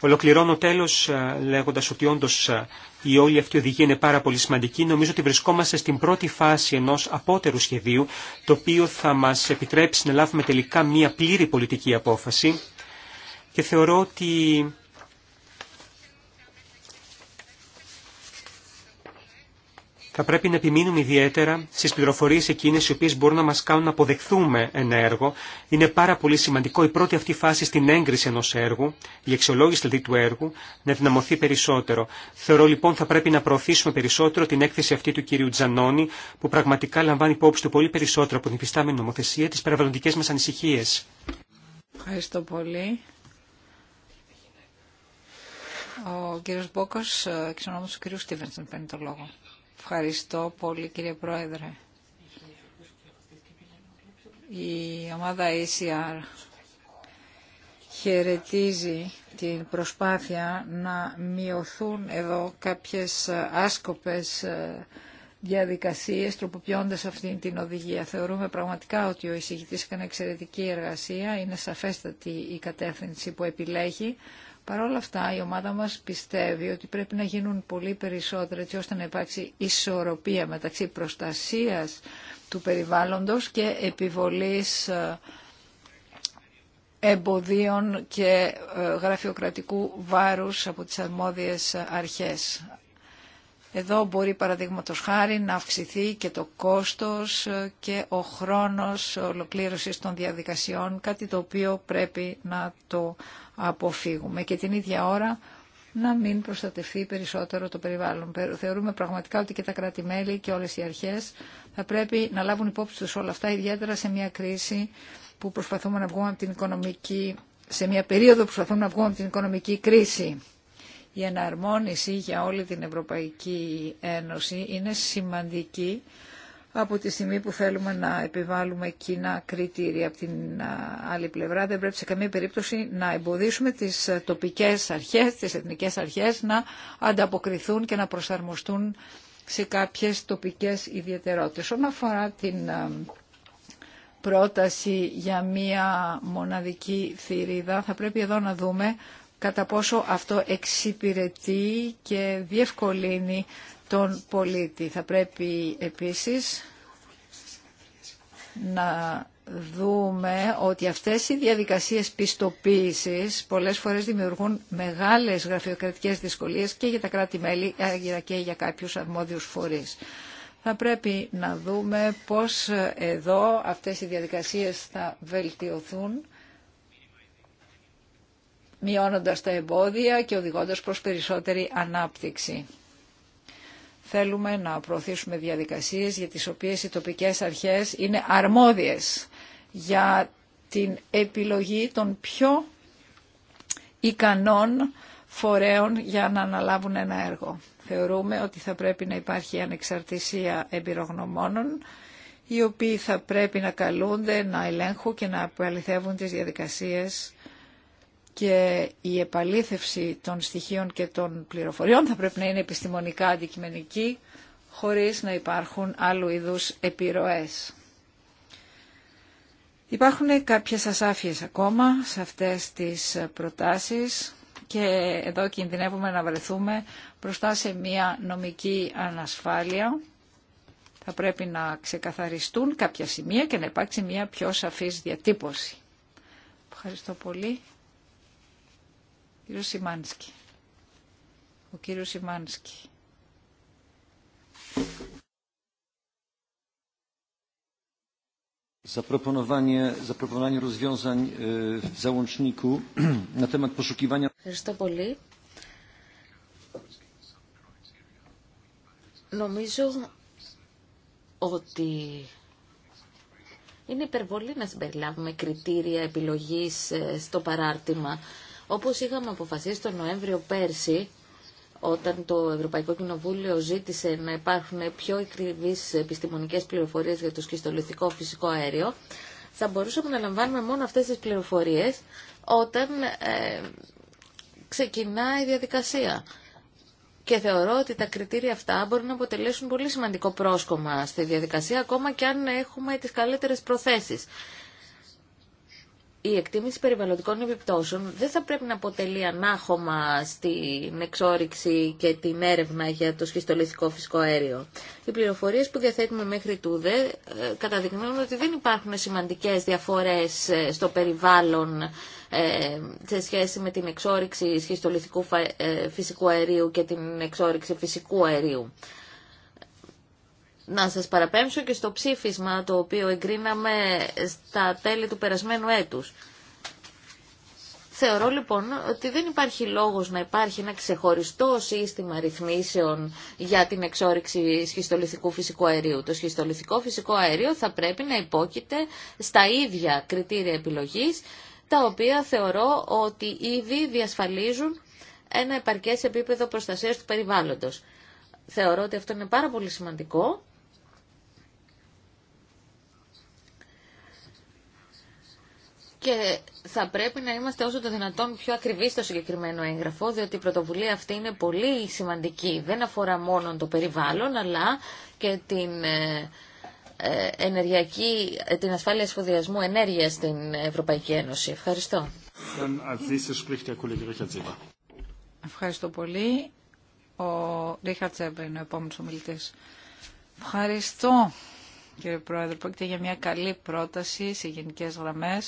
Ολοκληρώνω τέλος ε, λέγοντας ότι όντως ε, η όλη αυτή οδηγία είναι πάρα πολύ σημαντική. Νομίζω ότι βρισκόμαστε στην πρώτη φάση ενός απότερου σχεδίου, το οποίο θα μας επιτρέψει να λάβουμε τελικά μία πλήρη πολιτική απόφαση. Και θεωρώ ότι θα πρέπει να επιμείνουμε ιδιαίτερα στι πληροφορίε εκείνε οι οποίε μπορούν να μα κάνουν να αποδεχθούμε ένα έργο. Είναι πάρα πολύ σημαντικό η πρώτη αυτή φάση στην έγκριση ενό έργου, η αξιολόγηση δηλαδή του έργου, να δυναμωθεί περισσότερο. Θεωρώ λοιπόν θα πρέπει να προωθήσουμε περισσότερο την έκθεση αυτή του κυρίου Τζανόνι, που πραγματικά λαμβάνει υπόψη του πολύ περισσότερο από την υφιστάμενη νομοθεσία τι περιβαλλοντικέ μα ανησυχίε. Ευχαριστώ πολύ. Ο παίρνει Ευχαριστώ πολύ κύριε Πρόεδρε. Η ομάδα ECR χαιρετίζει την προσπάθεια να μειωθούν εδώ κάποιες άσκοπες ε, διαδικασίες τροποποιώντας αυτή την οδηγία. Θεωρούμε πραγματικά ότι ο εισηγητής έκανε εξαιρετική εργασία, είναι σαφέστατη η κατεύθυνση που επιλέγει. Παρ' όλα αυτά η ομάδα μας πιστεύει ότι πρέπει να γίνουν πολύ περισσότερα έτσι ώστε να υπάρξει ισορροπία μεταξύ προστασίας του περιβάλλοντος και επιβολής ε, εμποδίων και ε, γραφειοκρατικού βάρους από τις αρμόδιες ε, αρχές. Εδώ μπορεί παραδείγματος χάρη να αυξηθεί και το κόστος ε, και ο χρόνος ολοκλήρωσης των διαδικασιών, κάτι το οποίο πρέπει να το αποφύγουμε. Και την ίδια ώρα να μην προστατευτεί περισσότερο το περιβάλλον. Θεωρούμε πραγματικά ότι και τα κράτη-μέλη και όλες οι αρχές θα πρέπει να λάβουν υπόψη τους όλα αυτά, ιδιαίτερα σε μια κρίση που προσπαθούμε να βγούμε από την οικονομική, σε μια περίοδο που προσπαθούμε να βγούμε από την οικονομική κρίση η εναρμόνιση για όλη την Ευρωπαϊκή Ένωση είναι σημαντική από τη στιγμή που θέλουμε να επιβάλλουμε κοινά κριτήρια. Από την άλλη πλευρά δεν πρέπει σε καμία περίπτωση να εμποδίσουμε τις ε, τοπικές αρχές, τις εθνικές αρχές να ανταποκριθούν και να προσαρμοστούν σε κάποιες τοπικές ιδιαιτερότητες. Όσον αφορά την ε, πρόταση για μία μοναδική θηρίδα, θα πρέπει εδώ να δούμε κατά πόσο αυτό εξυπηρετεί και διευκολύνει τον πολίτη. Θα πρέπει επίσης να δούμε ότι αυτές οι διαδικασίες πιστοποίησης πολλές φορές δημιουργούν μεγάλες γραφειοκρατικές δυσκολίες και για τα κράτη-μέλη ε, και για κάποιους αρμόδιους φορείς. Θα πρέπει να δούμε πώς εδώ αυτές οι διαδικασίες θα βελτιωθούν μειώνοντας τα εμπόδια και οδηγώντας προς περισσότερη ανάπτυξη. Θέλουμε να προωθήσουμε διαδικασίες για τις οποίες οι τοπικές αρχές είναι αρμόδιες για την επιλογή των πιο ικανών φορέων για να αναλάβουν ένα έργο. Θεωρούμε ότι θα πρέπει να υπάρχει ανεξαρτησία εμπειρογνωμόνων, οι οποίοι θα πρέπει να καλούνται, να ελέγχουν και να απελευθεύουν τις διαδικασίες και η επαλήθευση των στοιχείων και των πληροφοριών θα πρέπει να είναι επιστημονικά αντικειμενική χωρίς να υπάρχουν άλλου είδους επιρροές. Υπάρχουν κάποιες ασάφειες ακόμα σε αυτές τις προτάσεις και εδώ κινδυνεύουμε να βρεθούμε μπροστά σε μια νομική ανασφάλεια. Θα πρέπει να ξεκαθαριστούν κάποια σημεία και να υπάρξει μια πιο σαφής διατύπωση. Ευχαριστώ πολύ. Κύριο Σιμάνσκι. Ο κύριος Σιμάνσκι. Zaproponowanie rozwiązań e, w załączniku na temat poszukiwania. Ευχαριστώ πολύ. Νομίζω ότι είναι υπερβολή να συμπεριλάβουμε κριτήρια επιλογής ε, στο παράρτημα όπως είχαμε αποφασίσει τον Νοέμβριο πέρσι, όταν το Ευρωπαϊκό Κοινοβούλιο ζήτησε να υπάρχουν πιο εκριβείς επιστημονικές πληροφορίες για το σκιστολιθικό φυσικό αέριο, θα μπορούσαμε να λαμβάνουμε μόνο αυτές τις πληροφορίες όταν ε, ξεκινά η διαδικασία. Και θεωρώ ότι τα κριτήρια αυτά μπορούν να αποτελέσουν πολύ σημαντικό πρόσκομα στη διαδικασία, ακόμα και αν έχουμε τις καλύτερες προθέσεις η εκτίμηση περιβαλλοντικών επιπτώσεων δεν θα πρέπει να αποτελεί ανάχωμα στην εξόριξη και την έρευνα για το σχιστολιστικό φυσικό αέριο. Οι πληροφορίες που διαθέτουμε μέχρι τούδε ε, καταδεικνύουν ότι δεν υπάρχουν σημαντικές διαφορές ε, στο περιβάλλον ε, σε σχέση με την εξόριξη σχιστολιθικού φυσικού αερίου και την εξόριξη φυσικού αερίου να σας παραπέμψω και στο ψήφισμα το οποίο εγκρίναμε στα τέλη του περασμένου έτους. Θεωρώ λοιπόν ότι δεν υπάρχει λόγος να υπάρχει ένα ξεχωριστό σύστημα ρυθμίσεων για την εξόρυξη σχιστολιθικού φυσικού αερίου. Το σχιστολιθικό φυσικό αερίο θα πρέπει να υπόκειται στα ίδια κριτήρια επιλογής, τα οποία θεωρώ ότι ήδη διασφαλίζουν ένα επαρκές επίπεδο προστασίας του περιβάλλοντος. Θεωρώ ότι αυτό είναι πάρα πολύ σημαντικό και θα πρέπει να είμαστε όσο το δυνατόν πιο ακριβεί στο συγκεκριμένο έγγραφο, διότι η πρωτοβουλία αυτή είναι πολύ σημαντική. Δεν αφορά μόνο το περιβάλλον, αλλά και την ε, ε, ενεργειακή, ε, την ασφάλεια σχεδιασμού ενέργεια στην Ευρωπαϊκή Ένωση. Ευχαριστώ. Ευχαριστώ πολύ. Ο Ρίχα Σέμπερ είναι ο επόμενο. ομιλητή. Ευχαριστώ κύριε Πρόεδρε. Πρόκειται για μια καλή πρόταση σε γενικέ γραμμέ.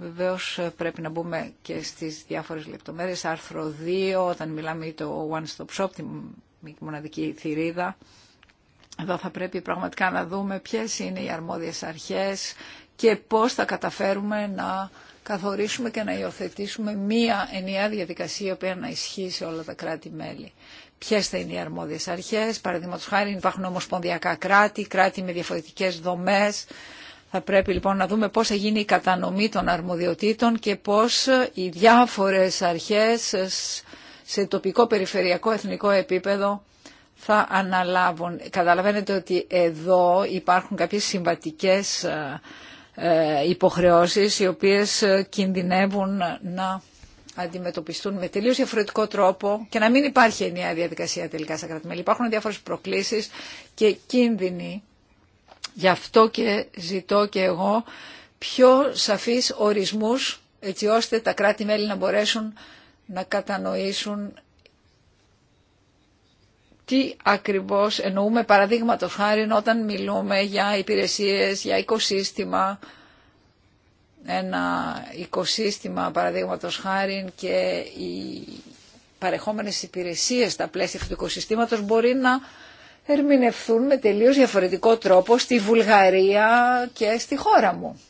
Βεβαίω ε, πρέπει να μπούμε και στις διάφορες λεπτομέρειες. Άρθρο 2, όταν μιλάμε για το One Stop Shop, τη μοναδική θηρίδα. Εδώ θα πρέπει πραγματικά να δούμε ποιε είναι οι αρμόδιες αρχές και πώς θα καταφέρουμε να καθορίσουμε και να υιοθετήσουμε μία ενιαία διαδικασία οποία να ισχύει σε όλα τα κράτη-μέλη. Ποιε θα είναι οι αρμόδιε αρχές, παραδείγματο χάρη υπάρχουν ομοσπονδιακά κράτη, κράτη με διαφορετικέ δομέ. Θα πρέπει λοιπόν να δούμε πώς θα γίνει η κατανομή των αρμοδιοτήτων και πώς οι διάφορες αρχές σε τοπικό, περιφερειακό, εθνικό επίπεδο θα αναλάβουν. Καταλαβαίνετε ότι εδώ υπάρχουν κάποιες συμβατικές ε, ε, υποχρεώσεις οι οποίες κινδυνεύουν να αντιμετωπιστούν με τελείω διαφορετικό τρόπο και να μην υπάρχει ενιαία διαδικασία τελικά στα κράτη-μέλη. Υπάρχουν διάφορε προκλήσει και κίνδυνοι Γι' αυτό και ζητώ και εγώ πιο σαφείς ορισμούς έτσι ώστε τα κράτη-μέλη να μπορέσουν να κατανοήσουν τι ακριβώς εννοούμε παραδείγματο χάρη όταν μιλούμε για υπηρεσίες, για οικοσύστημα, ένα οικοσύστημα παραδείγματο χάρη και οι παρεχόμενες υπηρεσίες στα πλαίσια του οικοσυστήματος μπορεί να ερμηνευθούν με τελείως διαφορετικό τρόπο στη Βουλγαρία και στη χώρα μου.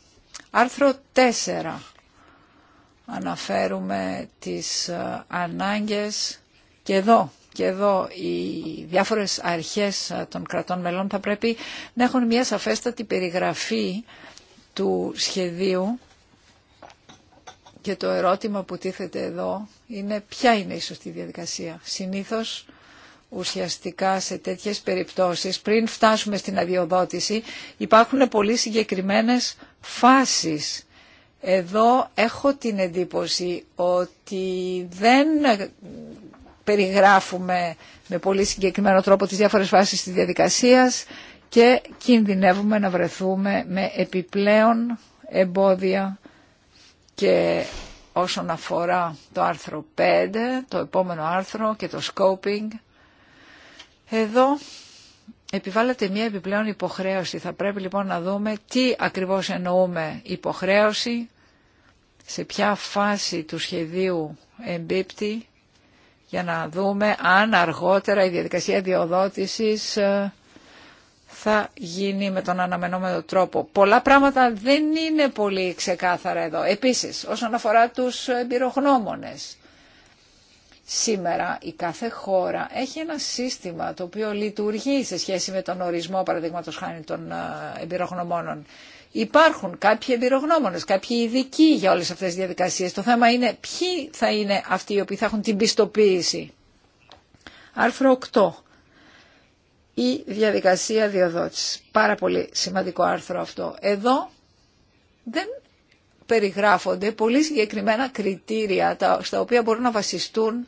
Άρθρο 4. Αναφέρουμε τις ε, ανάγκες και εδώ. Και εδώ οι διάφορες αρχές ε, των κρατών μελών θα πρέπει να έχουν μια σαφέστατη περιγραφή του σχεδίου και το ερώτημα που τίθεται εδώ είναι ποια είναι η σωστή διαδικασία. Συνήθως ουσιαστικά σε τέτοιες περιπτώσεις, πριν φτάσουμε στην αδειοδότηση, υπάρχουν πολύ συγκεκριμένες φάσεις. Εδώ έχω την εντύπωση ότι δεν περιγράφουμε με πολύ συγκεκριμένο τρόπο τις διάφορες φάσεις της διαδικασίας και κινδυνεύουμε να βρεθούμε με επιπλέον εμπόδια και όσον αφορά το άρθρο 5, το επόμενο άρθρο και το scoping, εδώ επιβάλλεται μια επιπλέον υποχρέωση. Θα πρέπει λοιπόν να δούμε τι ακριβώς εννοούμε υποχρέωση, σε ποια φάση του σχεδίου εμπίπτει, για να δούμε αν αργότερα η διαδικασία διοδότησης ε, θα γίνει με τον αναμενόμενο τρόπο. Πολλά πράγματα δεν είναι πολύ ξεκάθαρα εδώ. Επίσης, όσον αφορά τους εμπειρογνώμονες, Σήμερα η κάθε χώρα έχει ένα σύστημα το οποίο λειτουργεί σε σχέση με τον ορισμό παραδείγματος χάνει των ε, εμπειρογνωμόνων. Υπάρχουν κάποιοι εμπειρογνώμονες, κάποιοι ειδικοί για όλες αυτές τις διαδικασίες. Το θέμα είναι ποιοι θα είναι αυτοί οι οποίοι θα έχουν την πιστοποίηση. Άρθρο 8. Η διαδικασία διοδότηση. Πάρα πολύ σημαντικό άρθρο αυτό. Εδώ δεν περιγράφονται πολύ συγκεκριμένα κριτήρια στα οποία μπορούν να βασιστούν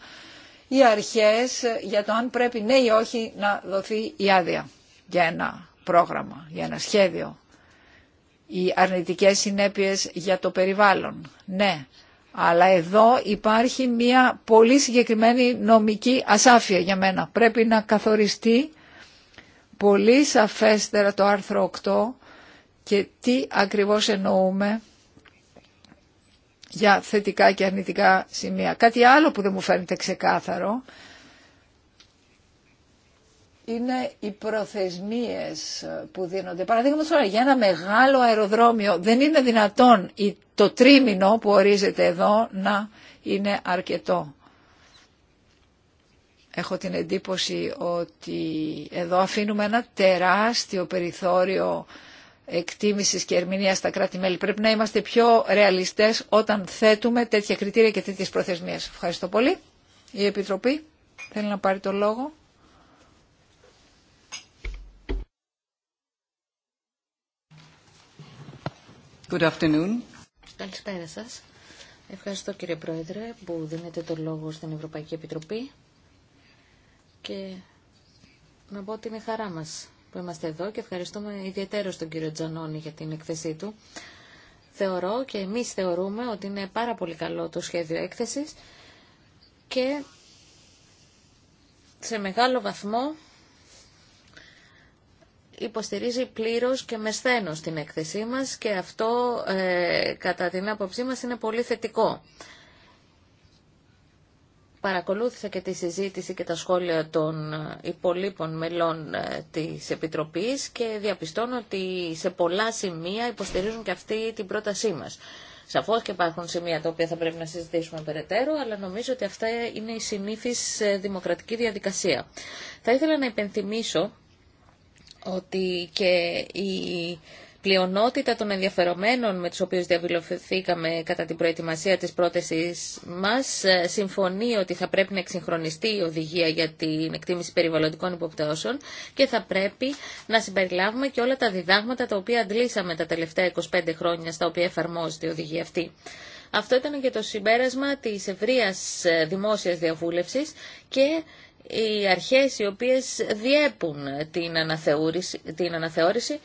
οι αρχές για το αν πρέπει ναι ή όχι να δοθεί η άδεια για ένα πρόγραμμα, για ένα σχέδιο. Οι αρνητικές συνέπειες για το περιβάλλον, ναι. Αλλά εδώ υπάρχει μια πολύ συγκεκριμένη νομική ασάφεια για μένα. Πρέπει να καθοριστεί πολύ σαφέστερα το άρθρο 8 και τι ακριβώς εννοούμε για θετικά και αρνητικά σημεία. Κάτι άλλο που δεν μου φαίνεται ξεκάθαρο είναι οι προθεσμίες που δίνονται. Παραδείγματος τώρα για ένα μεγάλο αεροδρόμιο δεν είναι δυνατόν το τρίμηνο που ορίζεται εδώ να είναι αρκετό. Έχω την εντύπωση ότι εδώ αφήνουμε ένα τεράστιο περιθώριο Εκτίμηση και ερμηνεία στα κράτη-μέλη. Πρέπει να είμαστε πιο ρεαλιστές όταν θέτουμε τέτοια κριτήρια και τέτοιες προθεσμίες. Ευχαριστώ πολύ. Η Επιτροπή θέλει να πάρει το λόγο. Good afternoon. Καλησπέρα σα. Ευχαριστώ κύριε Πρόεδρε που δίνετε το λόγο στην Ευρωπαϊκή Επιτροπή και να πω ότι είναι χαρά μας που είμαστε εδώ και ευχαριστούμε ιδιαίτερο τον κύριο Τζανόνι για την εκθεσή του. Θεωρώ και εμείς θεωρούμε ότι είναι πάρα πολύ καλό το σχέδιο έκθεσης και σε μεγάλο βαθμό υποστηρίζει πλήρως και μεσθένος την έκθεσή μας και αυτό ε, κατά την άποψή μας είναι πολύ θετικό παρακολούθησα και τη συζήτηση και τα σχόλια των ε, υπολείπων μελών ε, της Επιτροπής και διαπιστώνω ότι σε πολλά σημεία υποστηρίζουν και αυτή την πρότασή μας. Σαφώ και υπάρχουν σημεία τα οποία θα πρέπει να συζητήσουμε περαιτέρω, αλλά νομίζω ότι αυτά είναι η συνήθις ε, δημοκρατική διαδικασία. Θα ήθελα να υπενθυμίσω ότι και η πλειονότητα των ενδιαφερομένων με τους οποίους διαβιλωθήκαμε κατά την προετοιμασία της πρότασης μας ε, συμφωνεί ότι θα πρέπει να εξυγχρονιστεί η οδηγία για την εκτίμηση περιβαλλοντικών υποπτώσεων και θα πρέπει να συμπεριλάβουμε και όλα τα διδάγματα τα οποία αντλήσαμε τα τελευταία 25 χρόνια στα οποία εφαρμόζεται η οδηγία αυτή. Αυτό ήταν και το συμπέρασμα της ευρεία ε, δημόσιας διαβούλευσης και οι αρχές οι οποίες διέπουν την αναθεώρηση, την αναθεώρηση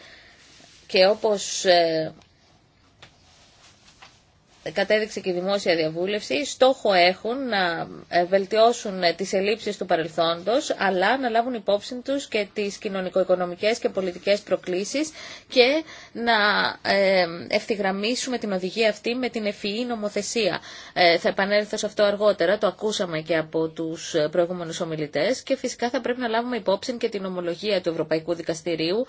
και όπως ε, κατέδειξε και η δημόσια διαβούλευση, στόχο έχουν να ε, βελτιώσουν ε, τις ελλείψεις του παρελθόντος, αλλά να λάβουν υπόψη τους και τις κοινωνικο-οικονομικές και πολιτικές προκλήσεις και να ε, ευθυγραμμίσουμε την οδηγία αυτή με την ευφυή νομοθεσία. Θα επανέλθω σε αυτό αργότερα, το ακούσαμε και από τους προηγούμενους ομιλητές και φυσικά θα πρέπει να λάβουμε υπόψη και την ομολογία του Ευρωπαϊκού Δικαστηρίου,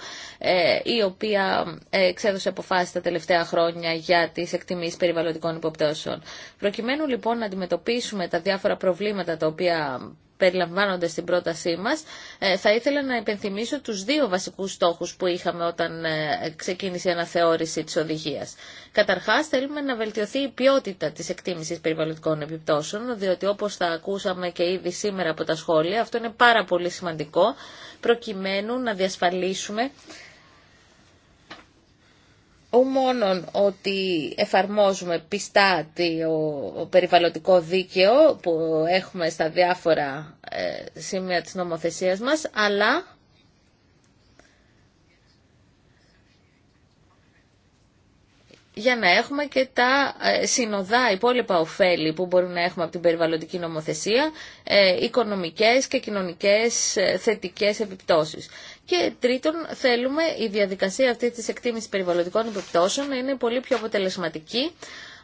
η οποία εξέδωσε αποφάσεις τα τελευταία χρόνια για τις εκτιμήσεις περιβαλλοντικών υποπτώσεων. Προκειμένου λοιπόν να αντιμετωπίσουμε τα διάφορα προβλήματα τα οποία περιλαμβάνονται στην πρότασή μας, ε, θα ήθελα να υπενθυμίσω τους δύο βασικούς στόχους που είχαμε όταν ε, ξεκίνησε η αναθεώρηση της οδηγίας. Καταρχάς, θέλουμε να βελτιωθεί η ποιότητα της εκτίμησης περιβαλλοντικών επιπτώσεων, διότι όπως θα ακούσαμε και ήδη σήμερα από τα σχόλια, αυτό είναι πάρα πολύ σημαντικό, προκειμένου να διασφαλίσουμε ο μόνον ότι εφαρμόζουμε πιστά το περιβαλλοντικό δίκαιο που έχουμε στα διάφορα ε, σημεία της νομοθεσίας μας, αλλά για να έχουμε και τα ε, συνοδά υπόλοιπα ωφέλη που μπορούμε να έχουμε από την περιβαλλοντική νομοθεσία, ε, οικονομικές και κοινωνικές θετικές επιπτώσεις. Και τρίτον, θέλουμε η διαδικασία αυτή της εκτίμησης περιβαλλοντικών επιπτώσεων να είναι πολύ πιο αποτελεσματική.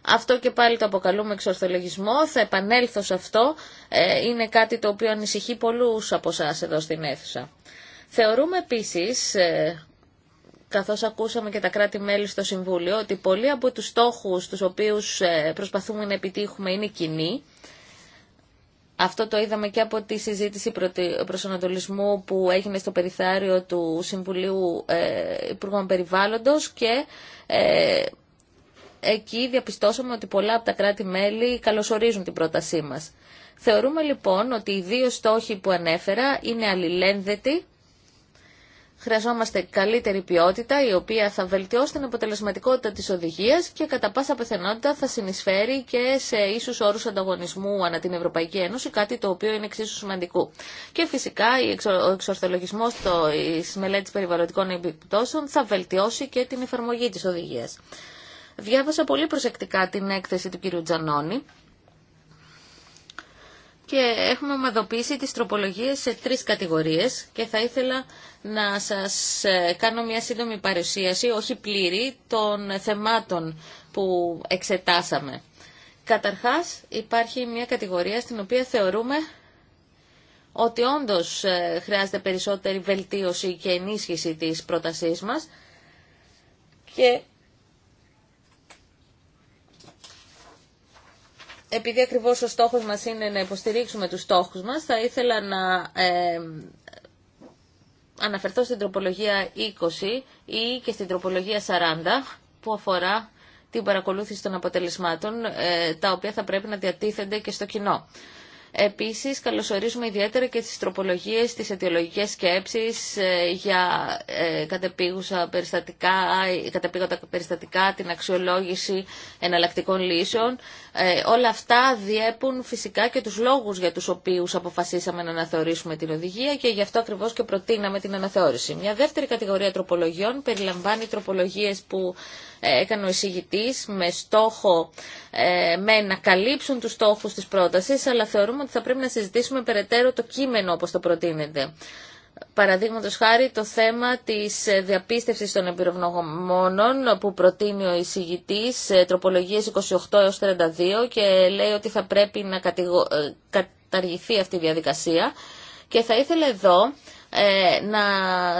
Αυτό και πάλι το αποκαλούμε εξορθολογισμό. Θα επανέλθω σε αυτό. Ε, είναι κάτι το οποίο ανησυχεί πολλούς από εσά εδώ στην αίθουσα. Θεωρούμε επίσης, ε, καθώς ακούσαμε και τα κράτη-μέλη στο Συμβούλιο, ότι πολλοί από τους στόχους τους οποίους ε, προσπαθούμε να επιτύχουμε είναι κοινοί. Αυτό το είδαμε και από τη συζήτηση προσανατολισμού που έγινε στο περιθάριο του Συμβουλίου ε, Υπουργών Περιβάλλοντος και ε, εκεί διαπιστώσαμε ότι πολλά από τα κράτη-μέλη καλωσορίζουν την πρότασή μας. Θεωρούμε λοιπόν ότι οι δύο στόχοι που ανέφερα είναι αλληλένδετοι Χρειαζόμαστε καλύτερη ποιότητα, η οποία θα βελτιώσει την αποτελεσματικότητα της οδηγίας και κατά πάσα πιθανότητα θα συνεισφέρει και σε ίσους όρους ανταγωνισμού ανά την Ευρωπαϊκή Ένωση, κάτι το οποίο είναι εξίσου σημαντικό. Και φυσικά ο εξορθολογισμός της μελέτης περιβαλλοντικών επιπτώσεων θα βελτιώσει και την εφαρμογή της οδηγίας. Διάβασα πολύ προσεκτικά την έκθεση του κ. Τζανόνη και έχουμε ομαδοποιήσει τις τροπολογίες σε τρεις κατηγορίες και θα ήθελα να σας ε, κάνω μια σύντομη παρουσίαση, όχι πλήρη, των θεμάτων που εξετάσαμε. Καταρχάς υπάρχει μια κατηγορία στην οποία θεωρούμε ότι όντως ε, χρειάζεται περισσότερη βελτίωση και ενίσχυση της πρότασής μας και επειδή ακριβώς ο στόχος μας είναι να υποστηρίξουμε τους στόχους μας, θα ήθελα να ε, αναφερθώ στην τροπολογία 20 ή και στην τροπολογία 40 που αφορά την παρακολούθηση των αποτελεσμάτων, ε, τα οποία θα πρέπει να διατίθενται και στο κοινό. Επίσης, καλωσορίζουμε ιδιαίτερα και τις τροπολογίες, τις αιτιολογικές σκέψεις ε, για ε, κατεπίγουσα περιστατικά, ε, κατεπήγοντα περιστατικά, την αξιολόγηση εναλλακτικών λύσεων. Όλα αυτά διέπουν φυσικά και τους λόγους για τους οποίους αποφασίσαμε να αναθεωρήσουμε την οδηγία και γι' αυτό ακριβώς και προτείναμε την αναθεώρηση. Μια δεύτερη κατηγορία τροπολογιών περιλαμβάνει τροπολογίες που ε, έκανε ο εισηγητής με στόχο ε, με να καλύψουν τους στόχους της πρότασης, αλλά θεωρούμε ότι θα πρέπει να συζητήσουμε περαιτέρω το κείμενο όπως το προτείνεται. Παραδείγματο χάρη το θέμα τη ε, διαπίστευση των εμπειρογνωμόνων που προτείνει ο εισηγητή, τροπολογίε 28 έω 32 και λέει ότι θα πρέπει να καταργηθεί αυτή η διαδικασία. Και θα ήθελα εδώ ε, να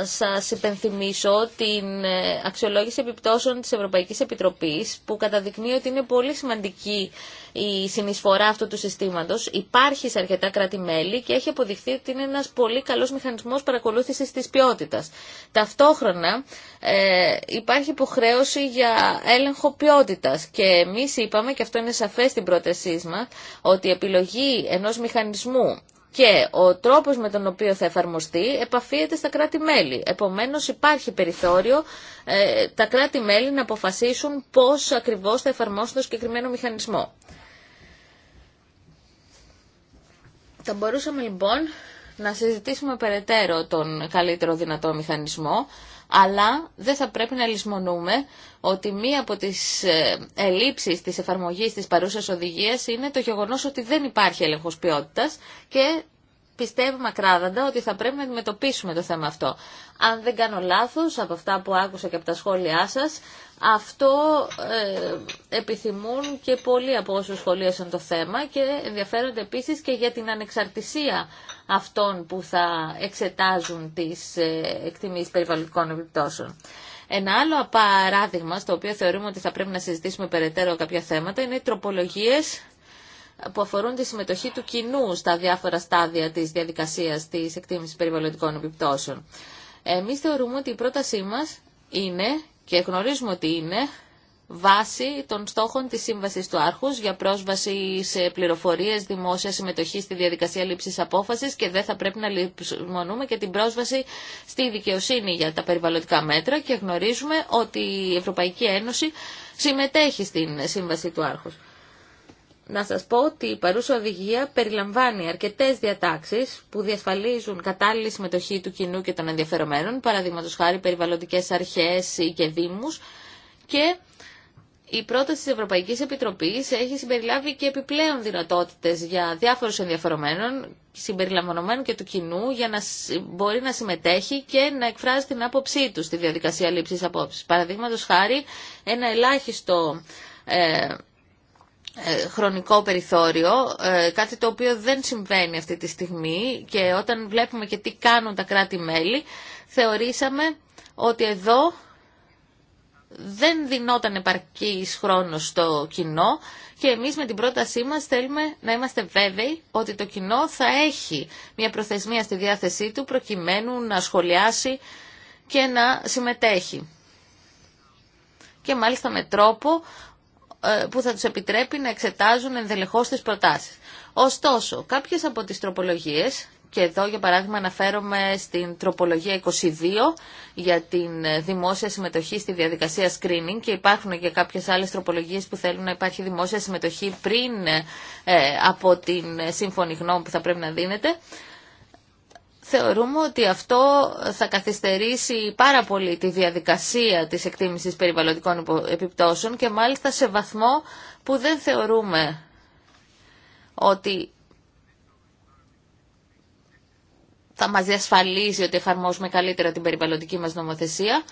σας υπενθυμίσω την ε, αξιολόγηση επιπτώσεων της Ευρωπαϊκής Επιτροπής που καταδεικνύει ότι είναι πολύ σημαντική η συνεισφορά αυτού του συστήματος. Υπάρχει σε αρκετά κράτη-μέλη και έχει αποδειχθεί ότι είναι ένας πολύ καλός μηχανισμός παρακολούθησης της ποιότητας. Ταυτόχρονα ε, υπάρχει υποχρέωση για έλεγχο ποιότητας και εμείς είπαμε, και αυτό είναι σαφές στην πρότασή μας, ότι η επιλογή ενός μηχανισμού και ο τρόπος με τον οποίο θα εφαρμοστεί επαφίεται στα κράτη-μέλη. Επομένως υπάρχει περιθώριο ε, τα κράτη-μέλη να αποφασίσουν πώς ακριβώς θα εφαρμόσουν το συγκεκριμένο μηχανισμό. Θα μπορούσαμε λοιπόν να συζητήσουμε περαιτέρω τον καλύτερο δυνατό μηχανισμό, αλλά δεν θα πρέπει να λησμονούμε ότι μία από τις ε, ελλείψεις της εφαρμογής της παρούσας οδηγίας είναι το γεγονός ότι δεν υπάρχει έλεγχος ποιότητας και πιστεύουμε ακράδαντα ότι θα πρέπει να αντιμετωπίσουμε το θέμα αυτό. Αν δεν κάνω λάθος από αυτά που άκουσα και από τα σχόλιά σας, αυτό ε, επιθυμούν και πολλοί από όσους σχολίασαν το θέμα και ενδιαφέρονται επίσης και για την ανεξαρτησία αυτών που θα εξετάζουν τις ε, εκτιμήσεις περιβαλλοντικών επιπτώσεων. Ένα άλλο παράδειγμα στο οποίο θεωρούμε ότι θα πρέπει να συζητήσουμε περαιτέρω κάποια θέματα είναι οι τροπολογίες που αφορούν τη συμμετοχή του κοινού στα διάφορα στάδια της διαδικασίας της εκτίμησης περιβαλλοντικών επιπτώσεων. Εμείς θεωρούμε ότι η πρότασή μας είναι και γνωρίζουμε ότι είναι βάση των στόχων της Σύμβασης του Άρχους για πρόσβαση σε πληροφορίες, δημόσια συμμετοχή στη διαδικασία λήψης απόφασης και δεν θα πρέπει να λησμονούμε και την πρόσβαση στη δικαιοσύνη για τα περιβαλλοντικά μέτρα και γνωρίζουμε ότι η Ευρωπαϊκή Ένωση συμμετέχει στην Σύμβαση του Άρχους να σας πω ότι η παρούσα οδηγία περιλαμβάνει αρκετές διατάξεις που διασφαλίζουν κατάλληλη συμμετοχή του κοινού και των ενδιαφερομένων, παραδείγματο χάρη περιβαλλοντικές αρχές και δήμους και η πρόταση της Ευρωπαϊκής Επιτροπής έχει συμπεριλάβει και επιπλέον δυνατότητες για διάφορους ενδιαφερομένων, συμπεριλαμβανομένου και του κοινού, για να μπορεί να συμμετέχει και να εκφράζει την άποψή του στη διαδικασία λήψης απόψης. Παραδείγματος χάρη, ένα ελάχιστο ε, ε, χρονικό περιθώριο, ε, κάτι το οποίο δεν συμβαίνει αυτή τη στιγμή και όταν βλέπουμε και τι κάνουν τα κράτη-μέλη, θεωρήσαμε ότι εδώ δεν δινόταν επαρκής χρόνος στο κοινό και εμείς με την πρότασή μας θέλουμε να είμαστε βέβαιοι ότι το κοινό θα έχει μια προθεσμία στη διάθεσή του προκειμένου να σχολιάσει και να συμμετέχει. Και μάλιστα με τρόπο ε, που θα τους επιτρέπει να εξετάζουν ενδελεχώς τις προτάσεις. Ωστόσο, κάποιες από τις τροπολογίες, και εδώ για παράδειγμα αναφέρομαι στην τροπολογία 22 για την δημόσια συμμετοχή στη διαδικασία screening και υπάρχουν και κάποιες άλλες τροπολογίες που θέλουν να υπάρχει δημόσια συμμετοχή πριν ε, από την σύμφωνη γνώμη που θα πρέπει να δίνεται θεωρούμε ότι αυτό θα καθυστερήσει πάρα πολύ τη διαδικασία της εκτίμησης περιβαλλοντικών επιπτώσεων και μάλιστα σε βαθμό που δεν θεωρούμε ότι θα μας διασφαλίζει ότι εφαρμόζουμε καλύτερα την περιβαλλοντική μας νομοθεσία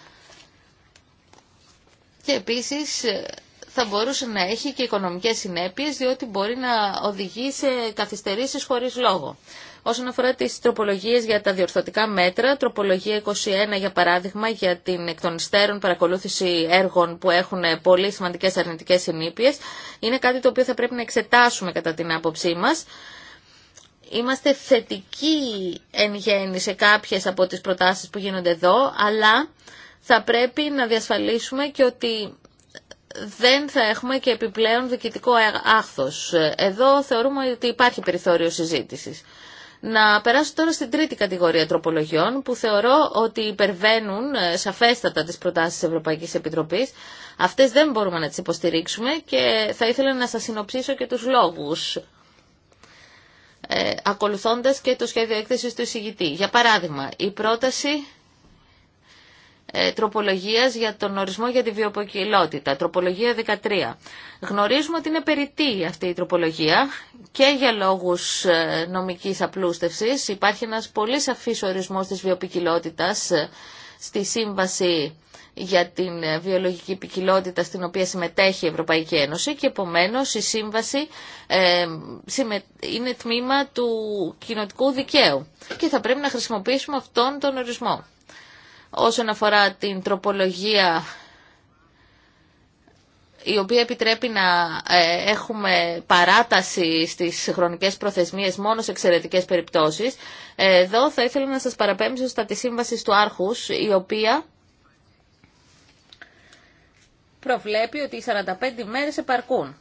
και επίσης ε, θα μπορούσε να έχει και οικονομικές συνέπειες διότι μπορεί να οδηγεί σε καθυστερήσεις χωρίς λόγο. Όσον αφορά τις τροπολογίες για τα διορθωτικά μέτρα, τροπολογία 21 για παράδειγμα για την εκ των υστέρων παρακολούθηση έργων που έχουν πολύ σημαντικές αρνητικές συνήπειες, είναι κάτι το οποίο θα πρέπει να εξετάσουμε κατά την άποψή μας. Είμαστε θετικοί εν γέννη σε κάποιες από τις προτάσεις που γίνονται εδώ, αλλά θα πρέπει να διασφαλίσουμε και ότι δεν θα έχουμε και επιπλέον διοικητικό άχθος. Εδώ θεωρούμε ότι υπάρχει περιθώριο συζήτησης. Να περάσω τώρα στην τρίτη κατηγορία τροπολογιών που θεωρώ ότι υπερβαίνουν ε, σαφέστατα τις προτάσεις της Ευρωπαϊκής Επιτροπής. Αυτές δεν μπορούμε να τις υποστηρίξουμε και θα ήθελα να σας συνοψίσω και τους λόγους ε, ακολουθώντας και το σχέδιο έκθεσης του εισηγητή. Για παράδειγμα, η πρόταση ε, τροπολογίας για τον ορισμό για τη βιοποικιλότητα, τροπολογία 13. Γνωρίζουμε ότι είναι περιττή αυτή η τροπολογία και για λόγους ε, νομικής απλούστευσης. Υπάρχει ένας πολύ σαφής ορισμός της βιοποικιλότητας ε, στη σύμβαση για την βιολογική ποικιλότητα στην οποία συμμετέχει η Ευρωπαϊκή Ένωση και επομένως η σύμβαση είναι τμήμα του κοινοτικού δικαίου και θα πρέπει να χρησιμοποιήσουμε αυτόν τον ορισμό όσον αφορά την τροπολογία η οποία επιτρέπει να ε, έχουμε παράταση στις χρονικές προθεσμίες μόνο σε εξαιρετικές περιπτώσεις. Εδώ θα ήθελα να σας παραπέμψω στα τη σύμβαση του Άρχους, η οποία προβλέπει ότι οι 45 μέρες επαρκούν.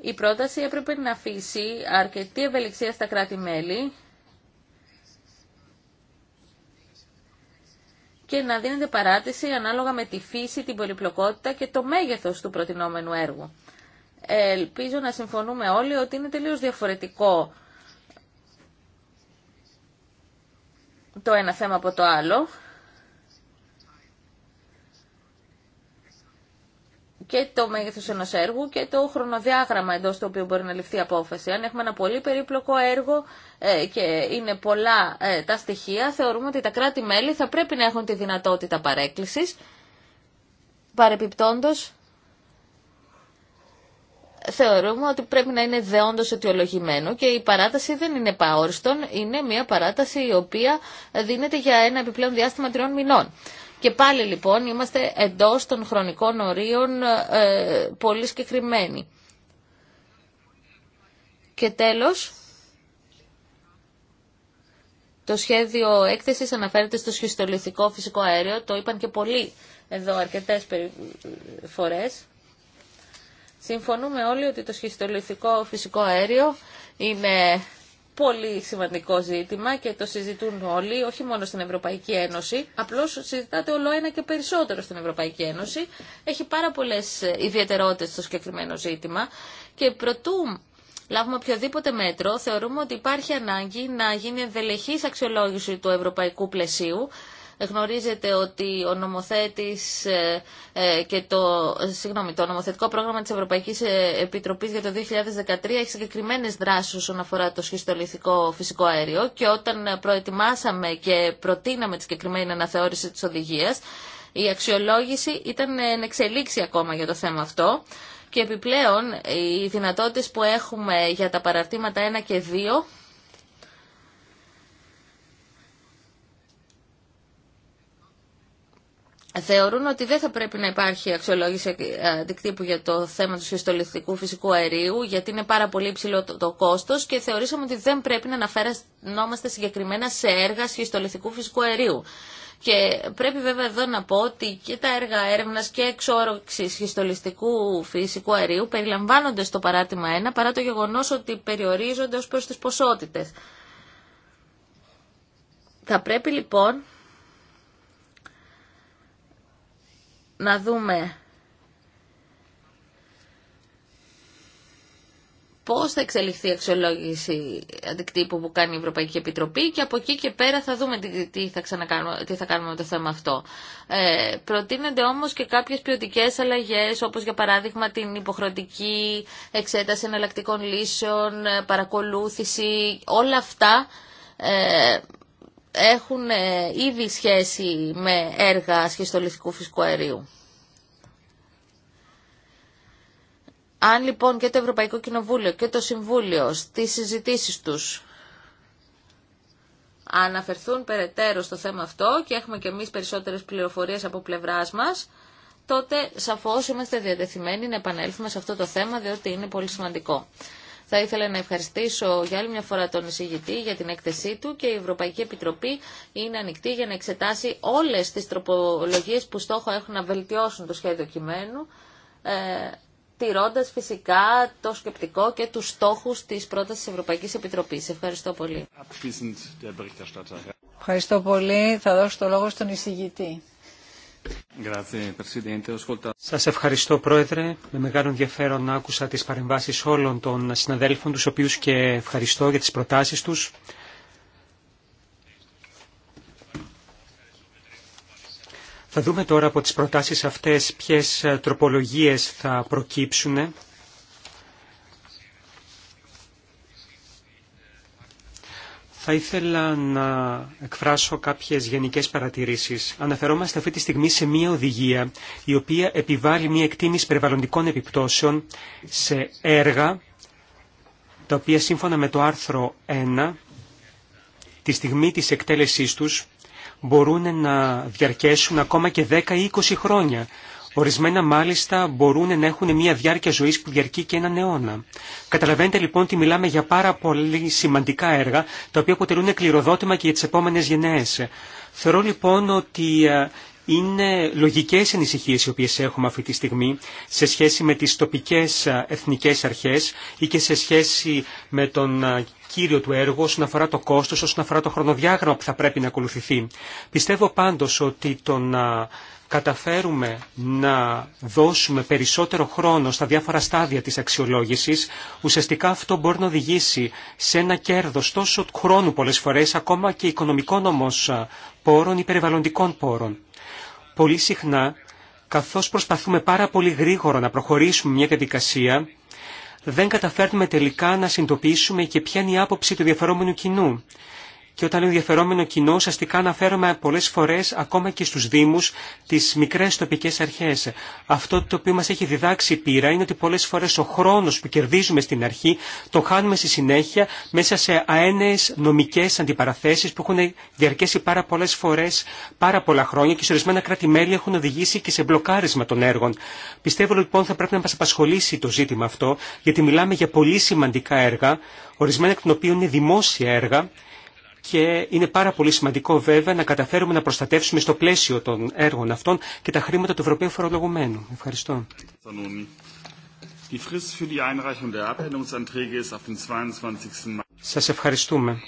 Η πρόταση έπρεπε να αφήσει αρκετή ευελιξία στα κράτη-μέλη και να δίνεται παράτηση ανάλογα με τη φύση, την πολυπλοκότητα και το μέγεθος του προτινόμενου έργου. Ελπίζω να συμφωνούμε όλοι ότι είναι τελείως διαφορετικό το ένα θέμα από το άλλο και το μέγεθο ενό έργου και το χρονοδιάγραμμα εντό του οποίο μπορεί να ληφθεί απόφαση. Αν έχουμε ένα πολύ περίπλοκο έργο ε, και είναι πολλά ε, τα στοιχεία, θεωρούμε ότι τα κράτη-μέλη θα πρέπει να έχουν τη δυνατότητα παρέκκληση. Παρεπιπτόντω, θεωρούμε ότι πρέπει να είναι δεόντω αιτιολογημένο και η παράταση δεν είναι παόριστον, είναι μια παράταση η οποία δίνεται για ένα επιπλέον διάστημα τριών μηνών. Και πάλι λοιπόν είμαστε εντός των χρονικών ορίων ε, πολύ συγκεκριμένοι. Και τέλος, το σχέδιο έκθεσης αναφέρεται στο σχιστολιθικό φυσικό αέριο, το είπαν και πολλοί εδώ αρκετές φορές. Συμφωνούμε όλοι ότι το σχιστολιθικό φυσικό αέριο είναι πολύ σημαντικό ζήτημα και το συζητούν όλοι, όχι μόνο στην Ευρωπαϊκή Ένωση, απλώς συζητάται όλο ένα και περισσότερο στην Ευρωπαϊκή Ένωση. Έχει πάρα πολλέ ιδιαιτερότητες το συγκεκριμένο ζήτημα και προτού λάβουμε οποιοδήποτε μέτρο, θεωρούμε ότι υπάρχει ανάγκη να γίνει ενδελεχή αξιολόγηση του ευρωπαϊκού πλαισίου, Γνωρίζετε ότι ο νομοθέτης ε, ε, και το, συγγνώμη, το νομοθετικό πρόγραμμα της Ευρωπαϊκής ε, Επιτροπής για το 2013 έχει συγκεκριμένες δράσεις όσον αφορά το σχιστολιθικό φυσικό αέριο και όταν προετοιμάσαμε και προτείναμε τη συγκεκριμένη αναθεώρηση της οδηγίας η αξιολόγηση ήταν εν εξελίξη ακόμα για το θέμα αυτό και επιπλέον οι δυνατότητες που έχουμε για τα παραρτήματα 1 και 2 θεωρούν ότι δεν θα πρέπει να υπάρχει αξιολόγηση αντικτύπου για το θέμα του συστολιστικού φυσικού αερίου, γιατί είναι πάρα πολύ υψηλό το, το κόστος και θεωρήσαμε ότι δεν πρέπει να αναφέρομαστε συγκεκριμένα σε έργα συστολιστικού φυσικού αερίου. Και πρέπει βέβαια εδώ να πω ότι και τα έργα έρευνα και εξόρυξη χιστολιστικού φυσικού αερίου περιλαμβάνονται στο παράτημα 1 παρά το γεγονό ότι περιορίζονται ω προ τι ποσότητε. Θα πρέπει λοιπόν να δούμε πώς θα εξελιχθεί η αξιολόγηση αντικτύπου που κάνει η Ευρωπαϊκή Επιτροπή και από εκεί και πέρα θα δούμε τι θα, ξανακάνουμε, τι θα κάνουμε με το θέμα αυτό. Ε, προτείνονται όμως και κάποιες ποιοτικέ αλλαγές, όπως για παράδειγμα την υποχρεωτική εξέταση εναλλακτικών λύσεων, παρακολούθηση, όλα αυτά ε, έχουν ε, ήδη σχέση με έργα σχιστολιθικού φυσικού αερίου. Αν λοιπόν και το Ευρωπαϊκό Κοινοβούλιο και το Συμβούλιο στις συζητήσεις τους αναφερθούν περαιτέρω στο θέμα αυτό και έχουμε και εμείς περισσότερες πληροφορίες από πλευράς μας, τότε σαφώς είμαστε διατεθειμένοι να επανέλθουμε σε αυτό το θέμα διότι είναι πολύ σημαντικό. Θα ήθελα να ευχαριστήσω για άλλη μια φορά τον εισηγητή για την έκθεσή του και η Ευρωπαϊκή Επιτροπή είναι ανοιχτή για να εξετάσει όλες τις τροπολογίες που στόχο έχουν να βελτιώσουν το σχέδιο κειμένου, ε, φυσικά το σκεπτικό και τους στόχους της πρόταση τη Ευρωπαϊκής Επιτροπής. Ευχαριστώ πολύ. Ευχαριστώ πολύ. Θα δώσω το λόγο στον εισηγητή. Σας ευχαριστώ Πρόεδρε. Με μεγάλο ενδιαφέρον άκουσα τις παρεμβάσεις όλων των συναδέλφων τους, οποίους και ευχαριστώ για τις προτάσεις τους. Θα δούμε τώρα από τις προτάσεις αυτές ποιες ε, τροπολογίες θα προκύψουν Θα ήθελα να εκφράσω κάποιες γενικές παρατηρήσεις. Αναφερόμαστε αυτή τη στιγμή σε μια οδηγία η οποία επιβάλλει μια εκτίμηση περιβαλλοντικών επιπτώσεων σε έργα τα οποία σύμφωνα με το άρθρο 1 τη στιγμή της εκτέλεσής τους μπορούν να διαρκέσουν ακόμα και 10 ή 20 χρόνια. Ορισμένα μάλιστα μπορούν να έχουν μια διάρκεια ζωή που διαρκεί και έναν αιώνα. Καταλαβαίνετε λοιπόν ότι μιλάμε για πάρα πολύ σημαντικά έργα, τα οποία αποτελούν κληροδότημα και για τι επόμενε γενναίε. Θεωρώ λοιπόν ότι ε, είναι λογικέ ανησυχίε οι οποίε έχουμε αυτή τη στιγμή σε σχέση με τι τοπικέ ε, εθνικέ αρχέ ή και σε σχέση με τον ε, κύριο του έργου όσον αφορά το κόστος, όσον αφορά το χρονοδιάγραμμα που θα πρέπει να ακολουθηθεί. Πιστεύω πάντως ότι το καταφέρουμε να δώσουμε περισσότερο χρόνο στα διάφορα στάδια της αξιολόγησης, ουσιαστικά αυτό μπορεί να οδηγήσει σε ένα κέρδος τόσο χρόνου πολλές φορές, ακόμα και οικονομικών όμως πόρων ή περιβαλλοντικών πόρων. Πολύ συχνά, καθώς προσπαθούμε πάρα πολύ γρήγορα να προχωρήσουμε μια διαδικασία, δεν καταφέρνουμε τελικά να συνειδητοποιήσουμε και ποια είναι η άποψη του διαφερόμενου κοινού και όταν είναι ενδιαφερόμενο κοινό, ουσιαστικά αναφέρομαι πολλέ φορέ ακόμα και στου Δήμου, τι μικρέ τοπικέ αρχέ. Αυτό το οποίο μα έχει διδάξει η πείρα είναι ότι πολλέ φορέ ο χρόνο που κερδίζουμε στην αρχή το χάνουμε στη συνέχεια μέσα σε αένεε νομικέ αντιπαραθέσει που έχουν διαρκέσει πάρα πολλέ φορέ πάρα πολλά χρόνια και σε ορισμένα κράτη-μέλη έχουν οδηγήσει και σε μπλοκάρισμα των έργων. Πιστεύω λοιπόν θα πρέπει να μα απασχολήσει το ζήτημα αυτό, γιατί μιλάμε για πολύ σημαντικά έργα, ορισμένα εκ των οποίων είναι δημόσια έργα, και είναι πάρα πολύ σημαντικό βέβαια να καταφέρουμε να προστατεύσουμε στο πλαίσιο των έργων αυτών και τα χρήματα του Ευρωπαίου Φορολογουμένου. Ευχαριστώ. Σας ευχαριστούμε.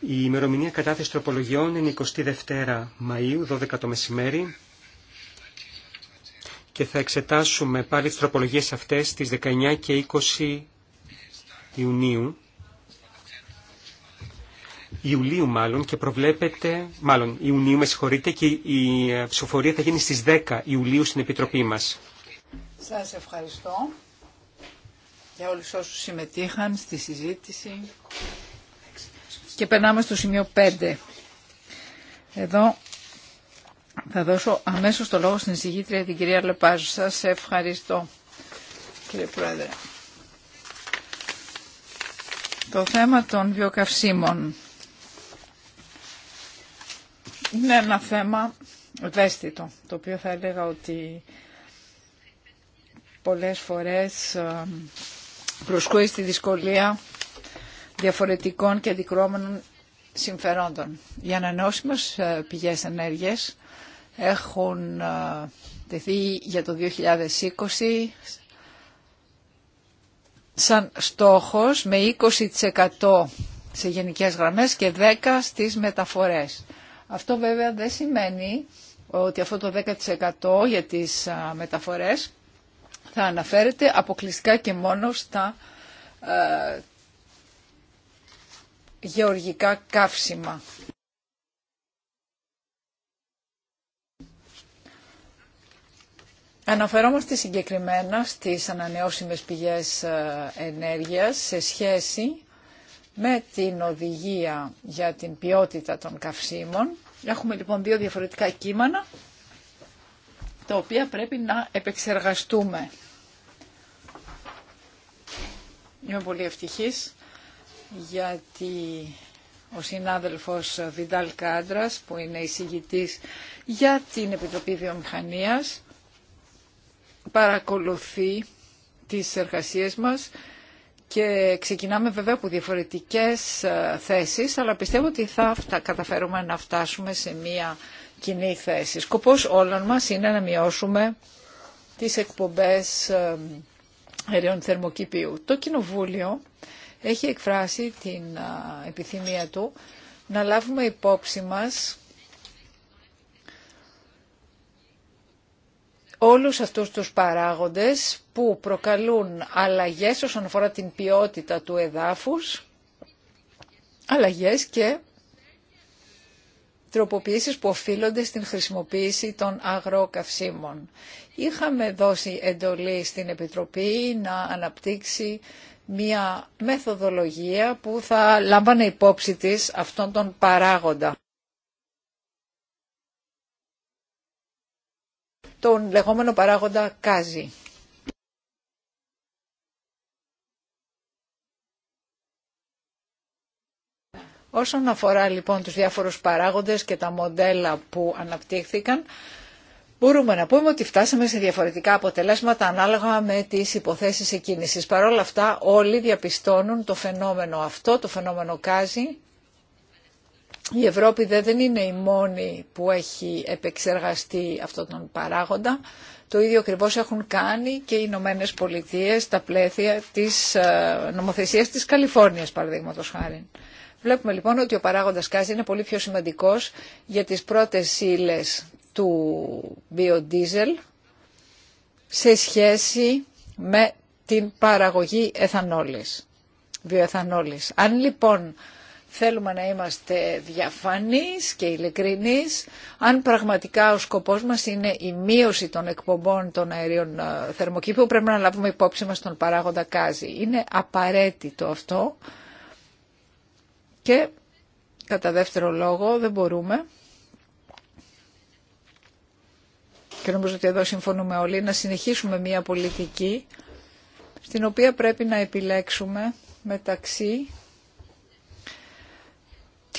Η ημερομηνία κατάθεση τροπολογιών είναι 22 Μαΐου, 12 το μεσημέρι και θα εξετάσουμε πάλι τις τροπολογίες αυτές στις 19 και 20 Ιουνίου. Ιουλίου μάλλον και προβλέπεται, μάλλον Ιουνίου με συγχωρείτε και η ε, ψηφοφορία θα γίνει στις 10 Ιουλίου στην Επιτροπή μας. Σας ευχαριστώ για όλους όσους συμμετείχαν στη συζήτηση και περνάμε στο σημείο 5. Εδώ θα δώσω αμέσως το λόγο στην συγγήτρια την κυρία Λεπάζου. Σας ευχαριστώ κύριε Πρόεδρε. Το θέμα των βιοκαυσίμων είναι ένα θέμα ευαίσθητο, το οποίο θα έλεγα ότι πολλές φορές ε, προσκούει στη δυσκολία διαφορετικών και αντικρώμενων συμφερόντων. Οι ανανεώσιμες ε, πηγές ενέργειας έχουν ε, τεθεί για το 2020 σαν στόχος με 20% σε γενικές γραμμές και 10% στις μεταφορές. Αυτό βέβαια δεν σημαίνει ότι αυτό το 10% για τις μεταφορές θα αναφέρεται αποκλειστικά και μόνο στα γεωργικά καύσιμα. Αναφερόμαστε συγκεκριμένα στις ανανεώσιμες πηγές ενέργειας σε σχέση με την οδηγία για την ποιότητα των καυσίμων. Έχουμε λοιπόν δύο διαφορετικά κείμενα τα οποία πρέπει να επεξεργαστούμε. Είμαι πολύ ευτυχής γιατί ο συνάδελφος Βιντάλ Κάντρας που είναι εισηγητής για την Επιτροπή Βιομηχανίας παρακολουθεί τις εργασίες μας και ξεκινάμε βέβαια από διαφορετικές ε, θέσεις, αλλά πιστεύω ότι θα καταφέρουμε να φτάσουμε σε μία κοινή θέση. Σκοπός όλων μας είναι να μειώσουμε τις εκπομπές ε, αερίων θερμοκηπίου. Το Κοινοβούλιο έχει εκφράσει την ε, επιθυμία του να λάβουμε υπόψη μας όλους αυτούς τους παράγοντες που προκαλούν αλλαγές όσον αφορά την ποιότητα του εδάφους, αλλαγές και τροποποιήσεις που οφείλονται στην χρησιμοποίηση των αγροκαυσίμων. Είχαμε δώσει εντολή στην Επιτροπή να αναπτύξει μία μεθοδολογία που θα λάμβανε υπόψη της αυτόν τον παράγοντα. τον λεγόμενο παράγοντα Κάζι. Όσον αφορά λοιπόν τους διάφορους παράγοντες και τα μοντέλα που αναπτύχθηκαν, μπορούμε να πούμε ότι φτάσαμε σε διαφορετικά αποτελέσματα ανάλογα με τις υποθέσεις εκκίνησης. Παρ' όλα αυτά όλοι διαπιστώνουν το φαινόμενο αυτό, το φαινόμενο Κάζι, η Ευρώπη δεν είναι η μόνη που έχει επεξεργαστεί αυτόν τον παράγοντα. Το ίδιο ακριβώ έχουν κάνει και οι Ηνωμένε Πολιτείε στα πλαίσια της ε, νομοθεσίας της Καλιφόρνιας, παραδείγματος χάρη. Βλέπουμε λοιπόν ότι ο παράγοντας Κάζι είναι πολύ πιο σημαντικός για τις πρώτες ύλε του βιοδίζελ σε σχέση με την παραγωγή εθανόλης, βιοεθανόλης. Αν λοιπόν θέλουμε να είμαστε διαφανείς και ειλικρινείς, αν πραγματικά ο σκοπός μας είναι η μείωση των εκπομπών των αερίων ε, θερμοκηπίου, πρέπει να λάβουμε υπόψη μας τον παράγοντα κάζι. Είναι απαραίτητο αυτό και κατά δεύτερο λόγο δεν μπορούμε και νομίζω ότι εδώ συμφωνούμε όλοι, να συνεχίσουμε μια πολιτική στην οποία πρέπει να επιλέξουμε μεταξύ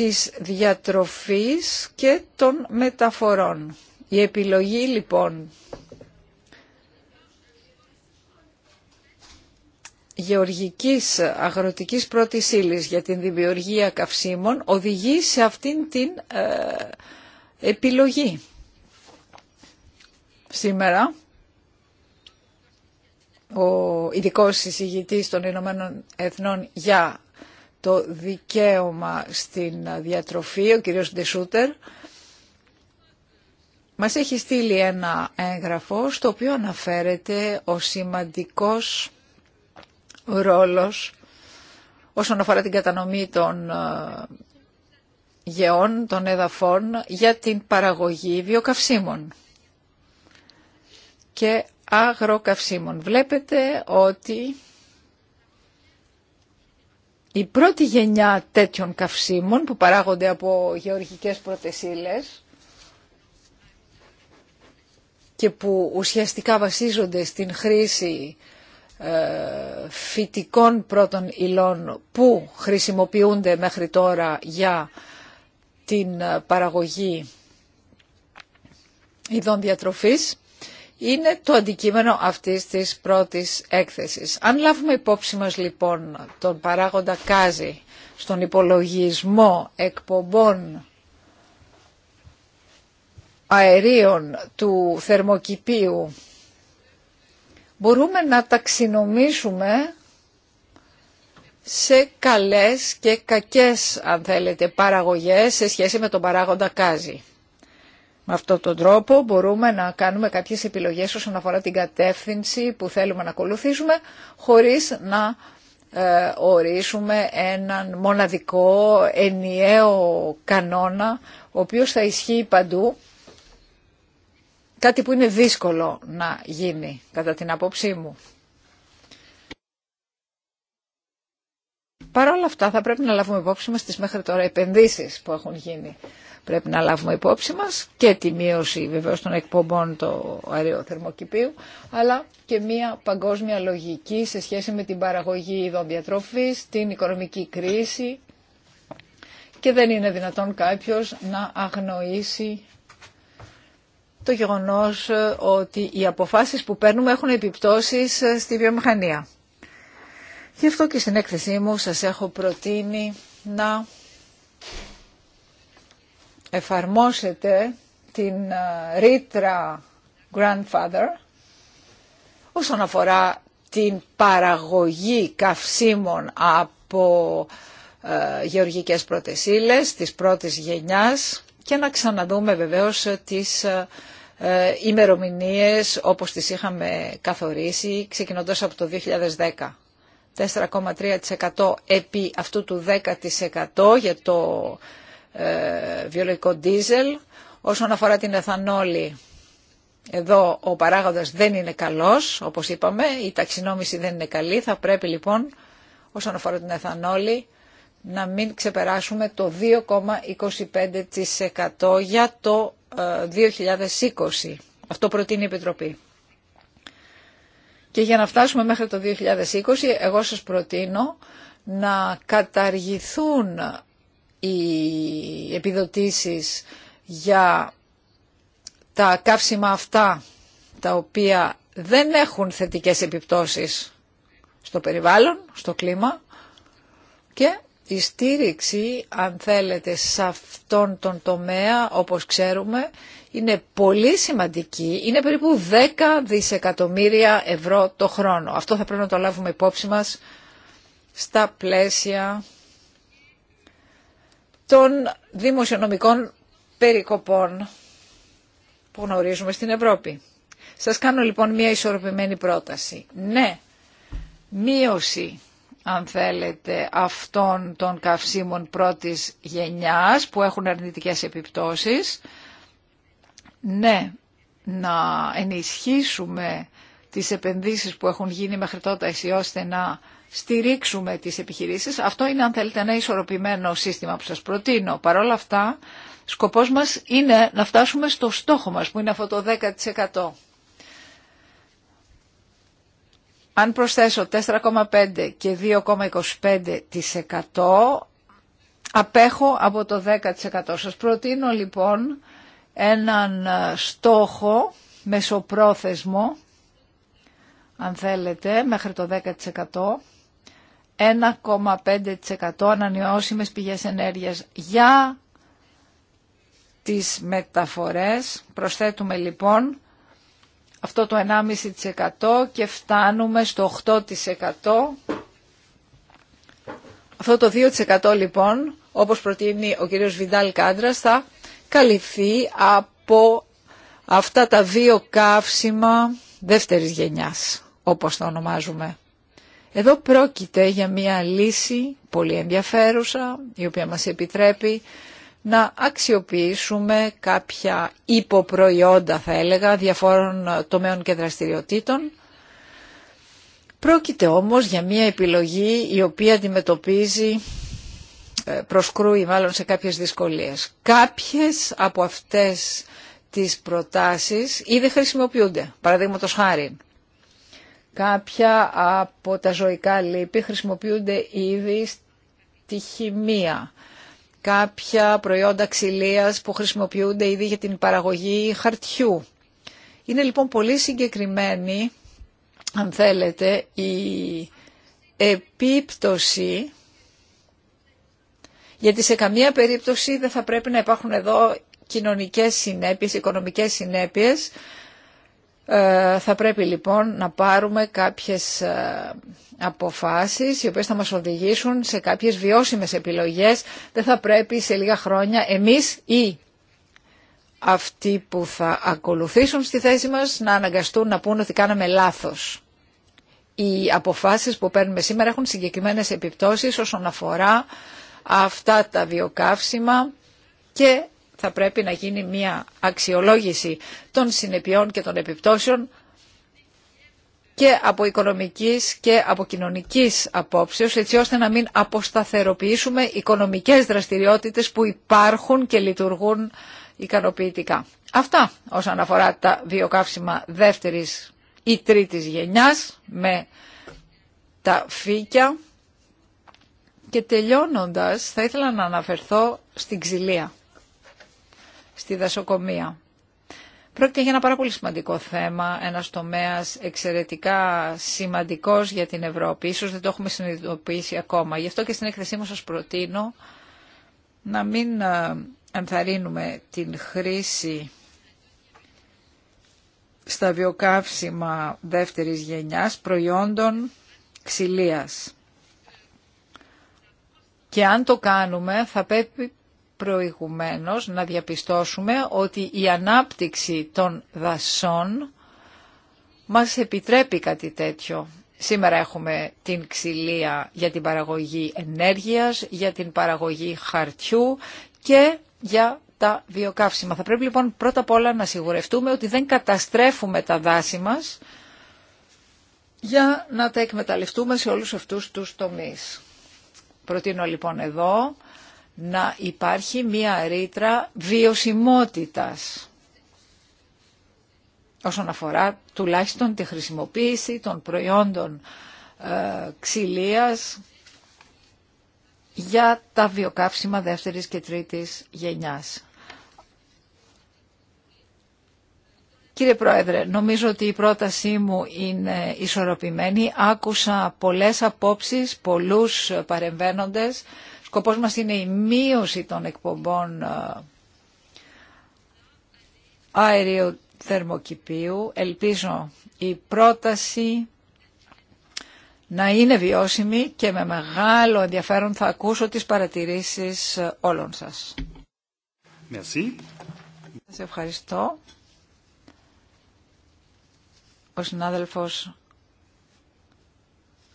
της διατροφής και των μεταφορών. Η επιλογή λοιπόν γεωργικής αγροτικής πρώτης ύλης για την δημιουργία καυσίμων οδηγεί σε αυτήν την ε, επιλογή. Σήμερα ο ειδικό συζητητής των Ηνωμένων Εθνών για το δικαίωμα στην διατροφή, ο κύριος Ντεσούτερ, μας έχει στείλει ένα έγγραφο στο οποίο αναφέρεται ο σημαντικός ρόλος όσον αφορά την κατανομή των ε, γεών, των εδαφών για την παραγωγή βιοκαυσίμων και αγροκαυσίμων. Βλέπετε ότι η πρώτη γενιά τέτοιων καυσίμων που παράγονται από γεωργικές πρωτεσίλες και που ουσιαστικά βασίζονται στην χρήση ε, φυτικών πρώτων υλών που χρησιμοποιούνται μέχρι τώρα για την παραγωγή ειδών διατροφής είναι το αντικείμενο αυτής της πρώτης έκθεσης. Αν λάβουμε υπόψη μας λοιπόν τον παράγοντα Κάζη στον υπολογισμό εκπομπών αερίων του θερμοκηπίου, μπορούμε να ταξινομήσουμε σε καλές και κακές, αν θέλετε, παραγωγές σε σχέση με τον παράγοντα Κάζη. Με αυτόν τον τρόπο μπορούμε να κάνουμε κάποιες επιλογές όσον αφορά την κατεύθυνση που θέλουμε να ακολουθήσουμε χωρίς να ε, ορίσουμε έναν μοναδικό ενιαίο κανόνα ο οποίος θα ισχύει παντού κάτι που είναι δύσκολο να γίνει κατά την απόψή μου. Παρ' όλα αυτά θα πρέπει να λάβουμε υπόψη μας τις μέχρι τώρα επενδύσεις που έχουν γίνει πρέπει να λάβουμε υπόψη μας και τη μείωση βεβαίως των εκπομπών του αεροθερμοκηπίου αλλά και μια παγκόσμια λογική σε σχέση με την παραγωγή ειδών την οικονομική κρίση και δεν είναι δυνατόν κάποιος να αγνοήσει το γεγονός ε, ότι οι αποφάσεις που παίρνουμε έχουν επιπτώσεις ε, στη βιομηχανία. Γι' αυτό και στην έκθεσή μου σας έχω προτείνει να εφαρμόσετε την ε, ρήτρα grandfather όσον αφορά την παραγωγή καυσίμων από ε, γεωργικές πρωτεσίλες της πρώτης γενιάς και να ξαναδούμε βεβαίως ε, τις ε, ε, ημερομηνίες όπως τις είχαμε καθορίσει ξεκινώντας από το 2010. 4,3% επί αυτού του 10% για το ε, βιολογικό ντίζελ. Όσον αφορά την εθανόλη, εδώ ο παράγοντας δεν είναι καλός, όπως είπαμε, η ταξινόμηση δεν είναι καλή, θα πρέπει λοιπόν όσον αφορά την εθανόλη να μην ξεπεράσουμε το 2,25% για το 2020. Ε, Αυτό προτείνει η Επιτροπή. Και για να φτάσουμε μέχρι το 2020, εγώ σας προτείνω να καταργηθούν οι επιδοτήσεις για τα καύσιμα αυτά τα οποία δεν έχουν θετικές επιπτώσεις στο περιβάλλον, στο κλίμα και η στήριξη, αν θέλετε, σε αυτόν τον τομέα, όπως ξέρουμε, είναι πολύ σημαντική. Είναι περίπου 10 δισεκατομμύρια ευρώ το χρόνο. Αυτό θα πρέπει να το λάβουμε υπόψη μας στα πλαίσια των δημοσιονομικών περικοπών που γνωρίζουμε στην Ευρώπη. Σας κάνω λοιπόν μια ισορροπημένη πρόταση. Ναι, μείωση αν θέλετε αυτών των καυσίμων πρώτης γενιάς που έχουν αρνητικές επιπτώσεις. Ναι, να ενισχύσουμε τις επενδύσεις που έχουν γίνει μέχρι τότε ώστε να στηρίξουμε τις επιχειρήσεις. Αυτό είναι αν θέλετε ένα ισορροπημένο σύστημα που σας προτείνω. Παρ' όλα αυτά, σκοπός μας είναι να φτάσουμε στο στόχο μας που είναι αυτό το 10%. Αν προσθέσω 4,5 και 2,25% απέχω από το 10%. Σας προτείνω λοιπόν έναν ε, στόχο μεσοπρόθεσμο, αν θέλετε, μέχρι το 10%. 1,5% ανανεώσιμες πηγές ενέργειας για τις μεταφορές. Προσθέτουμε λοιπόν αυτό το 1,5% και φτάνουμε στο 8%. Αυτό το 2% λοιπόν, όπως προτείνει ο κύριος Βιντάλ Κάντρας, θα καλυφθεί από αυτά τα δύο καύσιμα δεύτερης γενιάς, όπως το ονομάζουμε. Εδώ πρόκειται για μια λύση πολύ ενδιαφέρουσα, η οποία μας επιτρέπει να αξιοποιήσουμε κάποια υποπροϊόντα, θα έλεγα, διαφόρων τομέων και δραστηριοτήτων. Πρόκειται όμως για μια επιλογή η οποία αντιμετωπίζει, ε, προσκρούει μάλλον σε κάποιες δυσκολίες. Κάποιες από αυτές τις προτάσεις ήδη χρησιμοποιούνται, παραδείγματος χάρη Κάποια από τα ζωικά λύπη χρησιμοποιούνται ήδη στη χημεία. Κάποια προϊόντα ξυλίας που χρησιμοποιούνται ήδη για την παραγωγή χαρτιού. Είναι λοιπόν πολύ συγκεκριμένη, αν θέλετε, η επίπτωση, γιατί σε καμία περίπτωση δεν θα πρέπει να υπάρχουν εδώ κοινωνικές συνέπειες, οικονομικές συνέπειες, ε, θα πρέπει λοιπόν να πάρουμε κάποιες ε, αποφάσεις οι οποίες θα μας οδηγήσουν σε κάποιες βιώσιμες επιλογές. Δεν θα πρέπει σε λίγα χρόνια εμείς ή αυτοί που θα ακολουθήσουν στη θέση μας να αναγκαστούν να πούν ότι κάναμε λάθος. Οι αποφάσεις που παίρνουμε σήμερα έχουν συγκεκριμένες επιπτώσεις όσον αφορά αυτά τα βιοκαύσιμα και θα πρέπει να γίνει μια αξιολόγηση των συνεπειών και των επιπτώσεων και από οικονομικής και από κοινωνικής απόψεως, έτσι ώστε να μην αποσταθεροποιήσουμε οικονομικές δραστηριότητες που υπάρχουν και λειτουργούν ικανοποιητικά. Αυτά όσον αφορά τα βιοκαύσιμα δεύτερης ή τρίτης γενιάς με τα φύκια. Και τελειώνοντας θα ήθελα να αναφερθώ στην ξυλία στη δασοκομεία. Πρόκειται για ένα πάρα πολύ σημαντικό θέμα, ένας τομέας εξαιρετικά σημαντικός για την Ευρώπη. Ίσως δεν το έχουμε συνειδητοποιήσει ακόμα. Γι' αυτό και στην έκθεσή μου σας προτείνω να μην ε, ενθαρρύνουμε την χρήση στα βιοκαύσιμα δεύτερης γενιάς προϊόντων ξυλίας. Και αν το κάνουμε θα πρέπει προηγουμένως να διαπιστώσουμε ότι η ανάπτυξη των δασών μας επιτρέπει κάτι τέτοιο. Σήμερα έχουμε την ξυλία για την παραγωγή ενέργειας, για την παραγωγή χαρτιού και για τα βιοκαύσιμα. Θα πρέπει λοιπόν πρώτα απ' όλα να σιγουρευτούμε ότι δεν καταστρέφουμε τα δάση μας για να τα εκμεταλλευτούμε σε όλους αυτούς τους τομείς. Προτείνω λοιπόν εδώ να υπάρχει μία ρήτρα βιωσιμότητας όσον αφορά τουλάχιστον τη χρησιμοποίηση των προϊόντων ε, ξυλίας για τα βιοκάψιμα δεύτερης και τρίτης γενιάς. Κύριε Πρόεδρε, νομίζω ότι η πρότασή μου είναι ισορροπημένη. Άκουσα πολλές απόψεις, πολλούς παρεμβαίνοντες. Σκοπός μας είναι η μείωση των εκπομπών ε, αερίου θερμοκηπίου. Ελπίζω η πρόταση να είναι βιώσιμη και με μεγάλο ενδιαφέρον θα ακούσω τις παρατηρήσεις ε, όλων σας. Merci. Σας ευχαριστώ. Ο συνάδελφος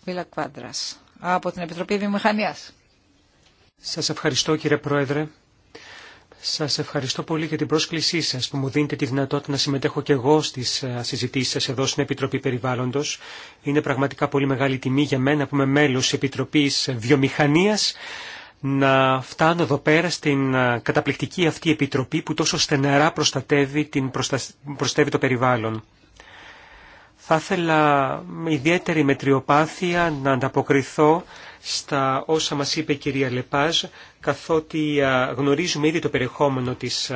Βίλα Κβάντρας από την Επιτροπή Βιομηχανίας. Σας ευχαριστώ κύριε Πρόεδρε. Σας ευχαριστώ πολύ για την πρόσκλησή σας που μου δίνετε τη δυνατότητα να συμμετέχω και εγώ στις ε, συζητήσεις σας εδώ στην Επιτροπή Περιβάλλοντος. Είναι πραγματικά πολύ μεγάλη τιμή για μένα που είμαι μέλος Επιτροπής Βιομηχανίας να φτάνω εδώ πέρα στην ε, καταπληκτική αυτή επιτροπή που τόσο στεναρά προστατεύει, την προστατεύει το περιβάλλον. Θα ήθελα με ιδιαίτερη μετριοπάθεια να ανταποκριθώ στα όσα μας είπε η κυρία Λεπάζ, καθότι γνωρίζουμε ήδη το περιεχόμενο της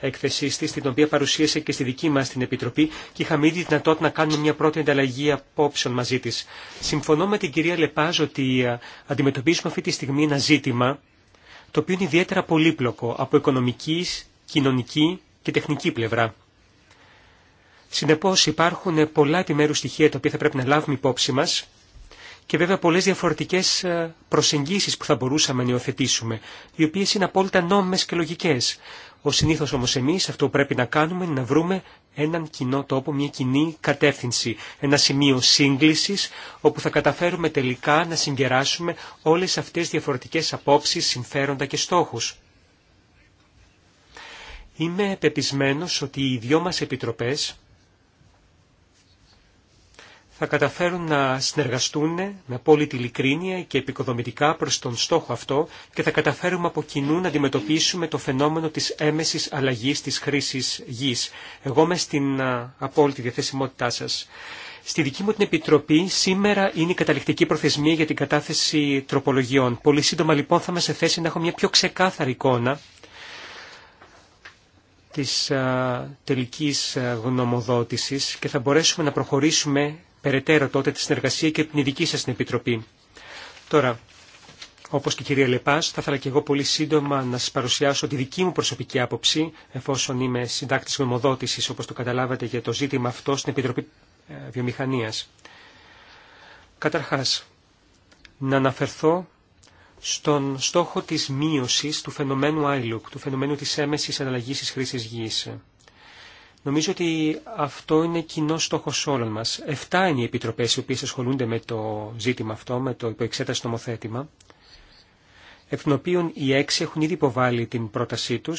έκθεσής της, την οποία παρουσίασε και στη δική μας την Επιτροπή και είχαμε ήδη δυνατότητα να κάνουμε μια πρώτη ανταλλαγή απόψεων μαζί της. Συμφωνώ με την κυρία Λεπάζ ότι αντιμετωπίζουμε αυτή τη στιγμή ένα ζήτημα το οποίο είναι ιδιαίτερα πολύπλοκο από οικονομική, κοινωνική και τεχνική πλευρά. Συνεπώς υπάρχουν πολλά επιμέρου στοιχεία τα οποία θα πρέπει να λάβουμε υπόψη μας και βέβαια πολλές διαφορετικές ε, προσεγγίσεις που θα μπορούσαμε να υιοθετήσουμε, οι οποίες είναι απόλυτα νόμιμες και λογικές. Ο συνήθως όμως εμείς αυτό που πρέπει να κάνουμε είναι να βρούμε έναν κοινό τόπο, μια κοινή κατεύθυνση, ένα σημείο σύγκλησης όπου θα καταφέρουμε τελικά να συγκεράσουμε όλες αυτές τις διαφορετικές απόψεις, συμφέροντα και στόχους. Είμαι πεπισμένος ότι οι δυο μας επιτροπές θα καταφέρουν να συνεργαστούν με απόλυτη ειλικρίνεια και επικοδομητικά προς τον στόχο αυτό και θα καταφέρουμε από κοινού να αντιμετωπίσουμε το φαινόμενο της έμεσης αλλαγής της χρήσης γης. Εγώ είμαι στην απόλυτη διαθεσιμότητά σας. Στη δική μου την Επιτροπή σήμερα είναι η καταληκτική προθεσμία για την κατάθεση τροπολογιών. Πολύ σύντομα λοιπόν θα είμαι σε θέση να έχω μια πιο ξεκάθαρη εικόνα της τελικής γνωμοδότησης και θα μπορέσουμε να προχωρήσουμε περαιτέρω τότε τη συνεργασία και την ειδική σα την Επιτροπή. Τώρα, όπω και η κυρία Λεπά, θα ήθελα και εγώ πολύ σύντομα να σα παρουσιάσω τη δική μου προσωπική άποψη, εφόσον είμαι συντάκτη γνωμοδότησης, όπω το καταλάβατε, για το ζήτημα αυτό στην Επιτροπή ε, βιομηχανία. Καταρχά να αναφερθώ στον στόχο της μείωσης του φαινομένου ILUC, του φαινομένου της έμεσης αναλλαγής της χρήσης γης. Νομίζω ότι αυτό είναι κοινό στόχο όλων μα. Εφτά είναι οι επιτροπέ οι οποίε ασχολούνται με το ζήτημα αυτό, με το υποεξέταση νομοθέτημα, εκ των οποίων οι έξι έχουν ήδη υποβάλει την πρότασή του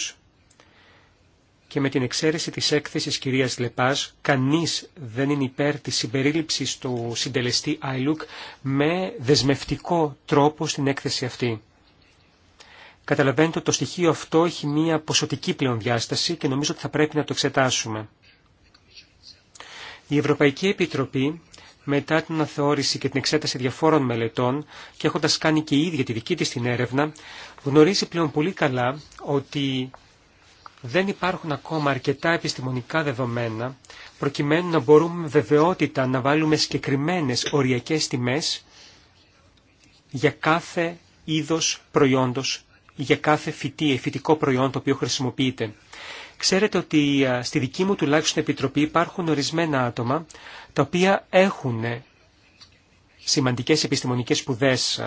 και με την εξαίρεση της έκθεσης κυρίας Λεπάς, κανεί δεν είναι υπέρ τη συμπεριληψη του συντελεστή ILUC με δεσμευτικό τρόπο στην έκθεση αυτή. Καταλαβαίνετε ότι το στοιχείο αυτό έχει μία ποσοτική πλέον διάσταση και νομίζω ότι θα πρέπει να το εξετάσουμε. Η Ευρωπαϊκή Επιτροπή μετά την αναθεώρηση και την εξέταση διαφόρων μελετών και έχοντας κάνει και η ίδια τη δική της την έρευνα, γνωρίζει πλέον πολύ καλά ότι δεν υπάρχουν ακόμα αρκετά επιστημονικά δεδομένα προκειμένου να μπορούμε με βεβαιότητα να βάλουμε συγκεκριμένες οριακές τιμές για κάθε είδος προϊόντος για κάθε φυτή, φυτικό προϊόν το οποίο χρησιμοποιείται. Ξέρετε ότι στη δική μου τουλάχιστον επιτροπή υπάρχουν ορισμένα άτομα τα οποία έχουν σημαντικές επιστημονικές σπουδές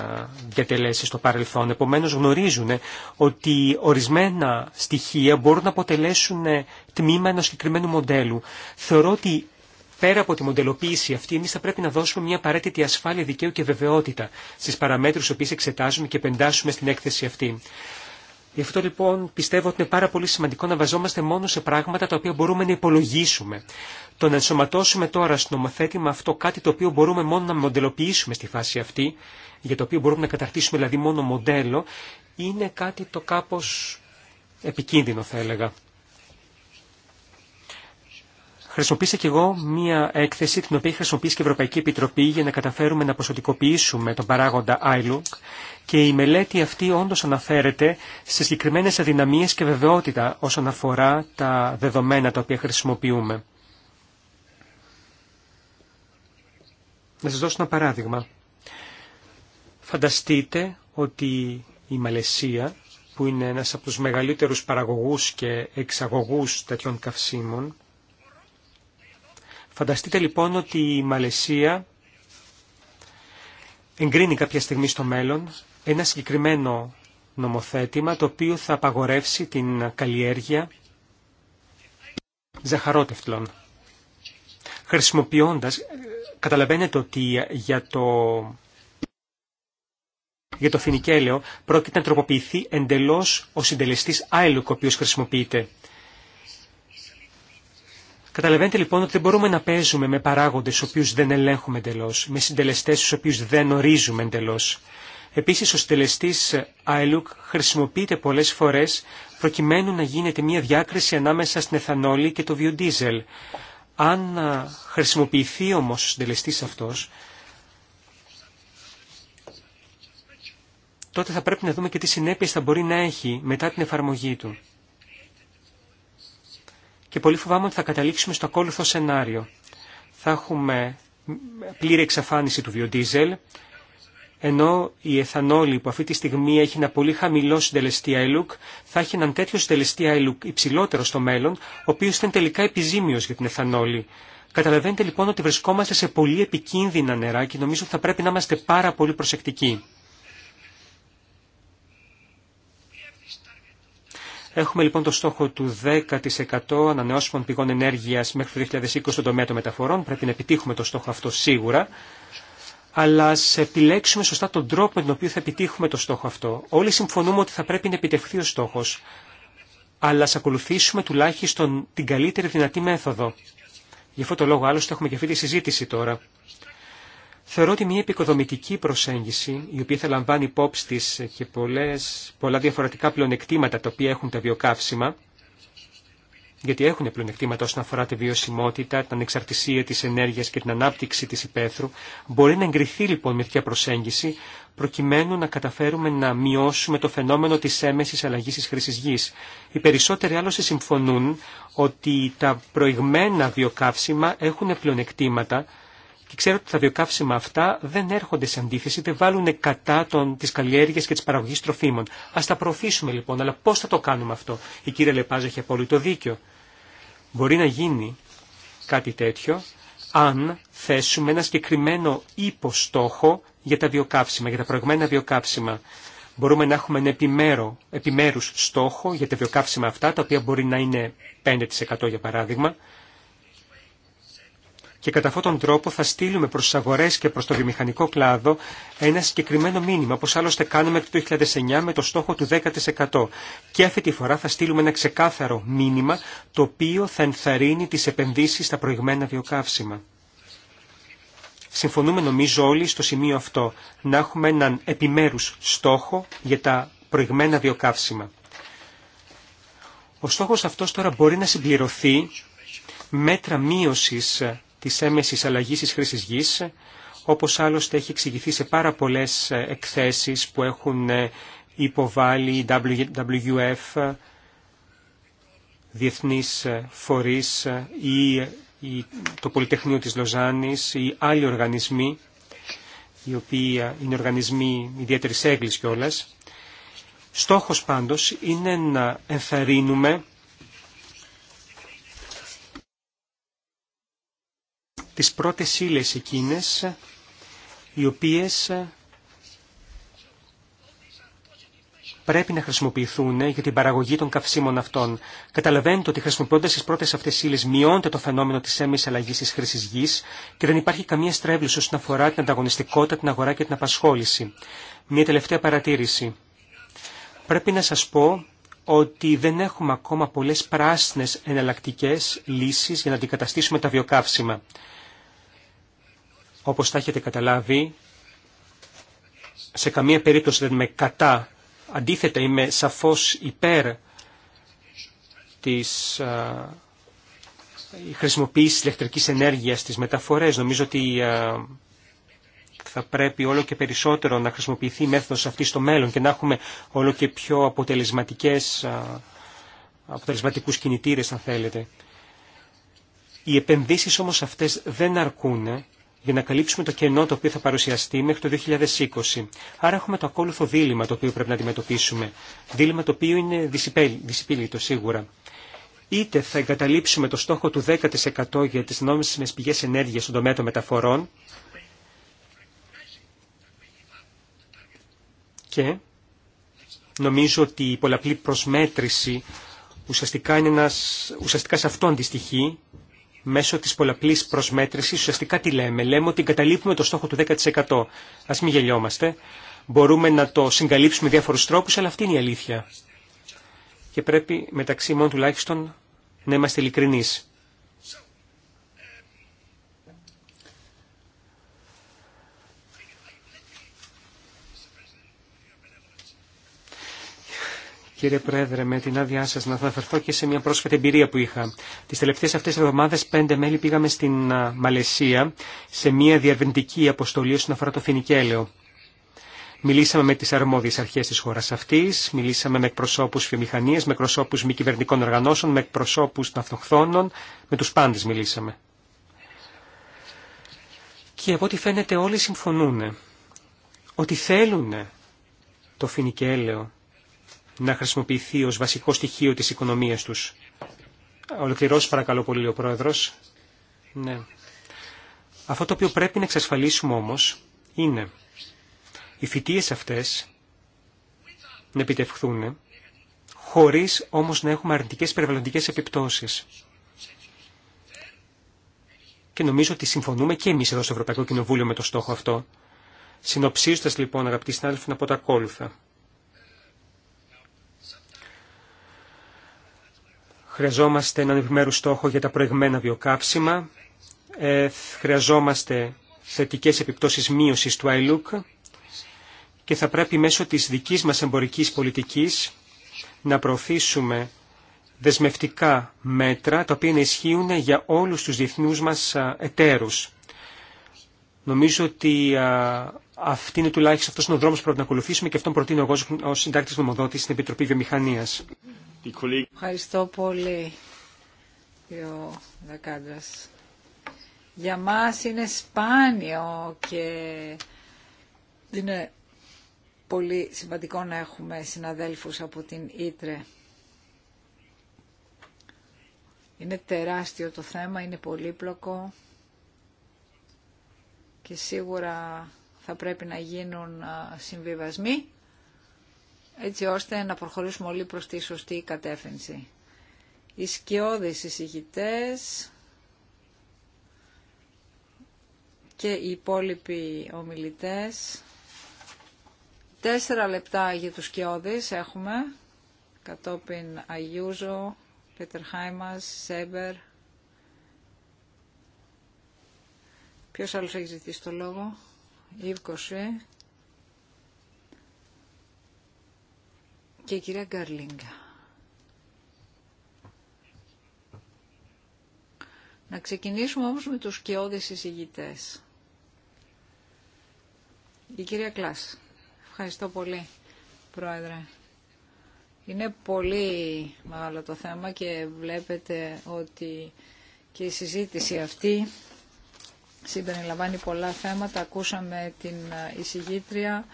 διατελέσει στο παρελθόν. Επομένως γνωρίζουν ότι ορισμένα στοιχεία μπορούν να αποτελέσουν τμήμα ενός συγκεκριμένου μοντέλου. Θεωρώ ότι Πέρα από τη μοντελοποίηση αυτή, εμεί θα πρέπει να δώσουμε μια απαραίτητη ασφάλεια δικαίου και βεβαιότητα στι παραμέτρου οποίε εξετάζουμε και πεντάσουμε στην έκθεση αυτή. Γι' αυτό λοιπόν πιστεύω ότι είναι πάρα πολύ σημαντικό να βαζόμαστε μόνο σε πράγματα τα οποία μπορούμε να υπολογίσουμε. Το να ενσωματώσουμε τώρα στο νομοθέτημα αυτό κάτι το οποίο μπορούμε μόνο να μοντελοποιήσουμε στη φάση αυτή, για το οποίο μπορούμε να καταρτήσουμε δηλαδή μόνο μοντέλο, είναι κάτι το κάπως επικίνδυνο θα έλεγα. Χρησιμοποίησα και εγώ μία έκθεση την οποία χρησιμοποίησε και η Ευρωπαϊκή Επιτροπή για να καταφέρουμε να ποσοτικοποιήσουμε τον παράγοντα ILUC και η μελέτη αυτή όντως αναφέρεται σε συγκεκριμένες αδυναμίες και βεβαιότητα όσον αφορά τα δεδομένα τα οποία χρησιμοποιούμε. Να σας δώσω ένα παράδειγμα. Φανταστείτε ότι η Μαλαισία, που είναι ένας από τους μεγαλύτερους παραγωγούς και εξαγωγούς τέτοιων καυσίμων, Φανταστείτε λοιπόν ότι η Μαλαισία εγκρίνει κάποια στιγμή στο μέλλον ένα συγκεκριμένο νομοθέτημα το οποίο θα απαγορεύσει την καλλιέργεια ζαχαρότευτλων. Χρησιμοποιώντας, καταλαβαίνετε ότι για το, για το φινικέλαιο πρόκειται να τροποποιηθεί εντελώς ο συντελεστής άελουκ ο οποίος χρησιμοποιείται. Καταλαβαίνετε λοιπόν ότι δεν μπορούμε να παίζουμε με παράγοντες οποίους δεν ελέγχουμε εντελώ, με συντελεστές στους οποίους δεν ορίζουμε εντελώ. Επίσης ο συντελεστής ILUC χρησιμοποιείται πολλές φορές προκειμένου να γίνεται μια διάκριση ανάμεσα στην εθανόλη και το βιοντίζελ. Αν χρησιμοποιηθεί όμως ο συντελεστής αυτός, τότε θα πρέπει να δούμε και τι συνέπειες θα μπορεί να έχει μετά την εφαρμογή του και πολύ φοβάμαι ότι θα καταλήξουμε στο ακόλουθο σενάριο. Θα έχουμε πλήρη εξαφάνιση του βιοντίζελ, ενώ η εθανόλη που αυτή τη στιγμή έχει ένα πολύ χαμηλό συντελεστή αελουκ, θα έχει έναν τέτοιο συντελεστή αελουκ υψηλότερο στο μέλλον, ο οποίος ήταν τελικά επιζήμιος για την εθανόλη. Καταλαβαίνετε λοιπόν ότι βρισκόμαστε σε πολύ επικίνδυνα νερά και νομίζω ότι θα πρέπει να είμαστε πάρα πολύ προσεκτικοί. Έχουμε λοιπόν το στόχο του 10% ανανεώσιμων πηγών ενέργειας μέχρι το 2020 στον τομέα των μεταφορών. Πρέπει να επιτύχουμε το στόχο αυτό σίγουρα. Αλλά ας επιλέξουμε σωστά τον τρόπο με τον οποίο θα επιτύχουμε το στόχο αυτό. Όλοι συμφωνούμε ότι θα πρέπει να επιτευχθεί ο στόχος. Αλλά ας ακολουθήσουμε τουλάχιστον την καλύτερη δυνατή μέθοδο. Γι' αυτό το λόγο άλλωστε έχουμε και αυτή τη συζήτηση τώρα. Θεωρώ ότι μια επικοδομητική προσέγγιση, η οποία θα λαμβάνει υπόψη τη και πολλές, πολλά διαφορετικά πλεονεκτήματα τα οποία έχουν τα βιοκαύσιμα, γιατί έχουν πλεονεκτήματα όσον αφορά τη βιωσιμότητα, την ανεξαρτησία της ενέργειας και την ανάπτυξη της υπαίθρου, μπορεί να εγκριθεί λοιπόν με τέτοια προσέγγιση, προκειμένου να καταφέρουμε να μειώσουμε το φαινόμενο της έμεσης αλλαγής της χρήσης γης. Οι περισσότεροι άλλωστε συμφωνούν ότι τα προηγμένα βιοκαύσιμα έχουν πλεονεκτήματα, και ξέρω ότι τα βιοκαύσιμα αυτά δεν έρχονται σε αντίθεση, δεν βάλουν κατά τι καλλιέργειε και τη παραγωγή τροφίμων. Α τα προωθήσουμε λοιπόν, αλλά πώ θα το κάνουμε αυτό. Η κύριε Λεπάζα έχει απόλυτο δίκιο. Μπορεί να γίνει κάτι τέτοιο αν θέσουμε ένα συγκεκριμένο υποστόχο για τα βιοκαύσιμα, για τα προηγμένα βιοκαύσιμα. Μπορούμε να έχουμε ένα επιμέρο, επιμέρους στόχο για τα βιοκαύσιμα αυτά, τα οποία μπορεί να είναι 5% για παράδειγμα, και κατά αυτόν τον τρόπο θα στείλουμε προς τις αγορές και προς το βιομηχανικό κλάδο ένα συγκεκριμένο μήνυμα, όπως άλλωστε κάναμε το 2009 με το στόχο του 10%. Και αυτή τη φορά θα στείλουμε ένα ξεκάθαρο μήνυμα, το οποίο θα ενθαρρύνει τις επενδύσεις στα προηγμένα βιοκαύσιμα. Συμφωνούμε νομίζω όλοι στο σημείο αυτό, να έχουμε έναν επιμέρους στόχο για τα προηγμένα βιοκαύσιμα. Ο στόχος αυτός τώρα μπορεί να συμπληρωθεί μέτρα μείωσης της έμεση αλλαγής της χρήση γης, όπως άλλωστε έχει εξηγηθεί σε πάρα πολλές ε, εκθέσεις που έχουν ε, υποβάλει η WWF, διεθνείς ε, φορείς ή το Πολυτεχνείο της Λοζάνης ή άλλοι οργανισμοί, οι οποίοι είναι οργανισμοί ιδιαίτερης έγκλης κιόλας. Στόχος πάντως είναι να ενθαρρύνουμε τις πρώτες ύλε εκείνες οι οποίες πρέπει να χρησιμοποιηθούν για την παραγωγή των καυσίμων αυτών. Καταλαβαίνετε ότι χρησιμοποιώντα τι πρώτε αυτέ ύλε μειώνεται το φαινόμενο τη έμεση αλλαγή τη χρήση γη και δεν υπάρχει καμία στρέβλωση όσον αφορά την ανταγωνιστικότητα, την αγορά και την απασχόληση. Μια τελευταία παρατήρηση. Πρέπει να σα πω ότι δεν έχουμε ακόμα πολλέ πράσινε εναλλακτικέ λύσει για να αντικαταστήσουμε τα βιοκαύσιμα. Όπως θα έχετε καταλάβει, σε καμία περίπτωση δεν είμαι κατά. Αντίθετα, είμαι σαφώς υπέρ της χρησιμοποίησης ηλεκτρικής ενέργειας της μεταφορές. Νομίζω ότι θα πρέπει όλο και περισσότερο να χρησιμοποιηθεί η μέθοδος αυτή στο μέλλον και να έχουμε όλο και πιο αποτελεσματικές, αποτελεσματικούς κινητήρες αν θέλετε. Οι επενδύσεις όμως αυτές δεν αρκούν για να καλύψουμε το κενό το οποίο θα παρουσιαστεί μέχρι το 2020. Άρα έχουμε το ακόλουθο δίλημα το οποίο πρέπει να αντιμετωπίσουμε. Δίλημα το οποίο είναι δυσυπήλυτο σίγουρα. Είτε θα εγκαταλείψουμε το στόχο του 10% για τις νόμιμες πηγές ενέργειας στον τομέα των μεταφορών και νομίζω ότι η πολλαπλή προσμέτρηση ουσιαστικά, είναι ένας, ουσιαστικά σε αυτό αντιστοιχεί μέσω της πολλαπλής προσμέτρησης, ουσιαστικά τι λέμε. Λέμε ότι εγκαταλείπουμε το στόχο του 10%. Ας μην γελιόμαστε. Μπορούμε να το συγκαλύψουμε με διάφορους τρόπους, αλλά αυτή είναι η αλήθεια. Και πρέπει μεταξύ μόνο τουλάχιστον να είμαστε ειλικρινείς. Κύριε Πρόεδρε, με την άδειά σα να αναφερθώ και σε μια πρόσφατη εμπειρία που είχα. Τι τελευταίε αυτέ εβδομάδε, πέντε μέλη πήγαμε στην Μαλαισία σε μια διαβεντική αποστολή όσον αφορά το φινικέλαιο. Μιλήσαμε με τι αρμόδιε αρχέ τη χώρα αυτή, μιλήσαμε με εκπροσώπου βιομηχανίας, με εκπροσώπου μη κυβερνητικών οργανώσεων, με εκπροσώπους ναυτοχθόνων, με του πάντες μιλήσαμε. Και από ό,τι φαίνεται όλοι συμφωνούν ότι θέλουν το φινικέλαιο να χρησιμοποιηθεί ως βασικό στοιχείο της οικονομίας τους. Ολοκληρώσει παρακαλώ πολύ ο Πρόεδρος. Ναι. Αυτό το οποίο πρέπει να εξασφαλίσουμε όμως είναι οι φοιτίες αυτές να επιτευχθούν χωρίς όμως να έχουμε αρνητικές περιβαλλοντικές επιπτώσεις. Και νομίζω ότι συμφωνούμε και εμείς εδώ στο Ευρωπαϊκό Κοινοβούλιο με το στόχο αυτό. Συνοψίζοντας λοιπόν αγαπητοί συνάδελφοι να πω τα ακόλουθα. Χρειαζόμαστε έναν επιμέρου στόχο για τα προηγμένα βιοκάψιμα. Ε, χρειαζόμαστε θετικές επιπτώσεις μείωσης του ILUC και θα πρέπει μέσω της δικής μας εμπορικής πολιτικής να προωθήσουμε δεσμευτικά μέτρα τα οποία να ισχύουν για όλους τους διεθνούς μας εταίρους. Νομίζω ότι αυτή είναι τουλάχιστον αυτός είναι ο δρόμος που πρέπει να ακολουθήσουμε και αυτόν προτείνω εγώ ως συντάκτης νομοδότης στην Επιτροπή Βιομηχανίας. Ευχαριστώ πολύ, κύριο Δακάντρας. Για μας είναι σπάνιο και είναι πολύ σημαντικό να έχουμε συναδέλφους από την Ήτρε. Είναι τεράστιο το θέμα, είναι πολύπλοκο και σίγουρα θα πρέπει να γίνουν συμβιβασμοί έτσι ώστε να προχωρήσουμε όλοι προς τη σωστή κατεύθυνση. Οι σκιώδεις εισηγητές και οι υπόλοιποι ομιλητές. Τέσσερα λεπτά για τους σκιώδεις έχουμε, κατόπιν Αγιούζο, Πέτερ Χάιμας, Σέμπερ. Ποιος άλλος έχει ζητήσει το λόγο, Ήβκοσε. και κυρία Γκάρλινγκ. Να ξεκινήσουμε όμως με τους σκιώδεις εισηγητές. Η κυρία Κλάς. Ευχαριστώ πολύ, Πρόεδρε. Είναι πολύ μεγάλο το θέμα και βλέπετε ότι και η συζήτηση αυτή συμπεριλαμβάνει πολλά θέματα. Ακούσαμε την εισηγήτρια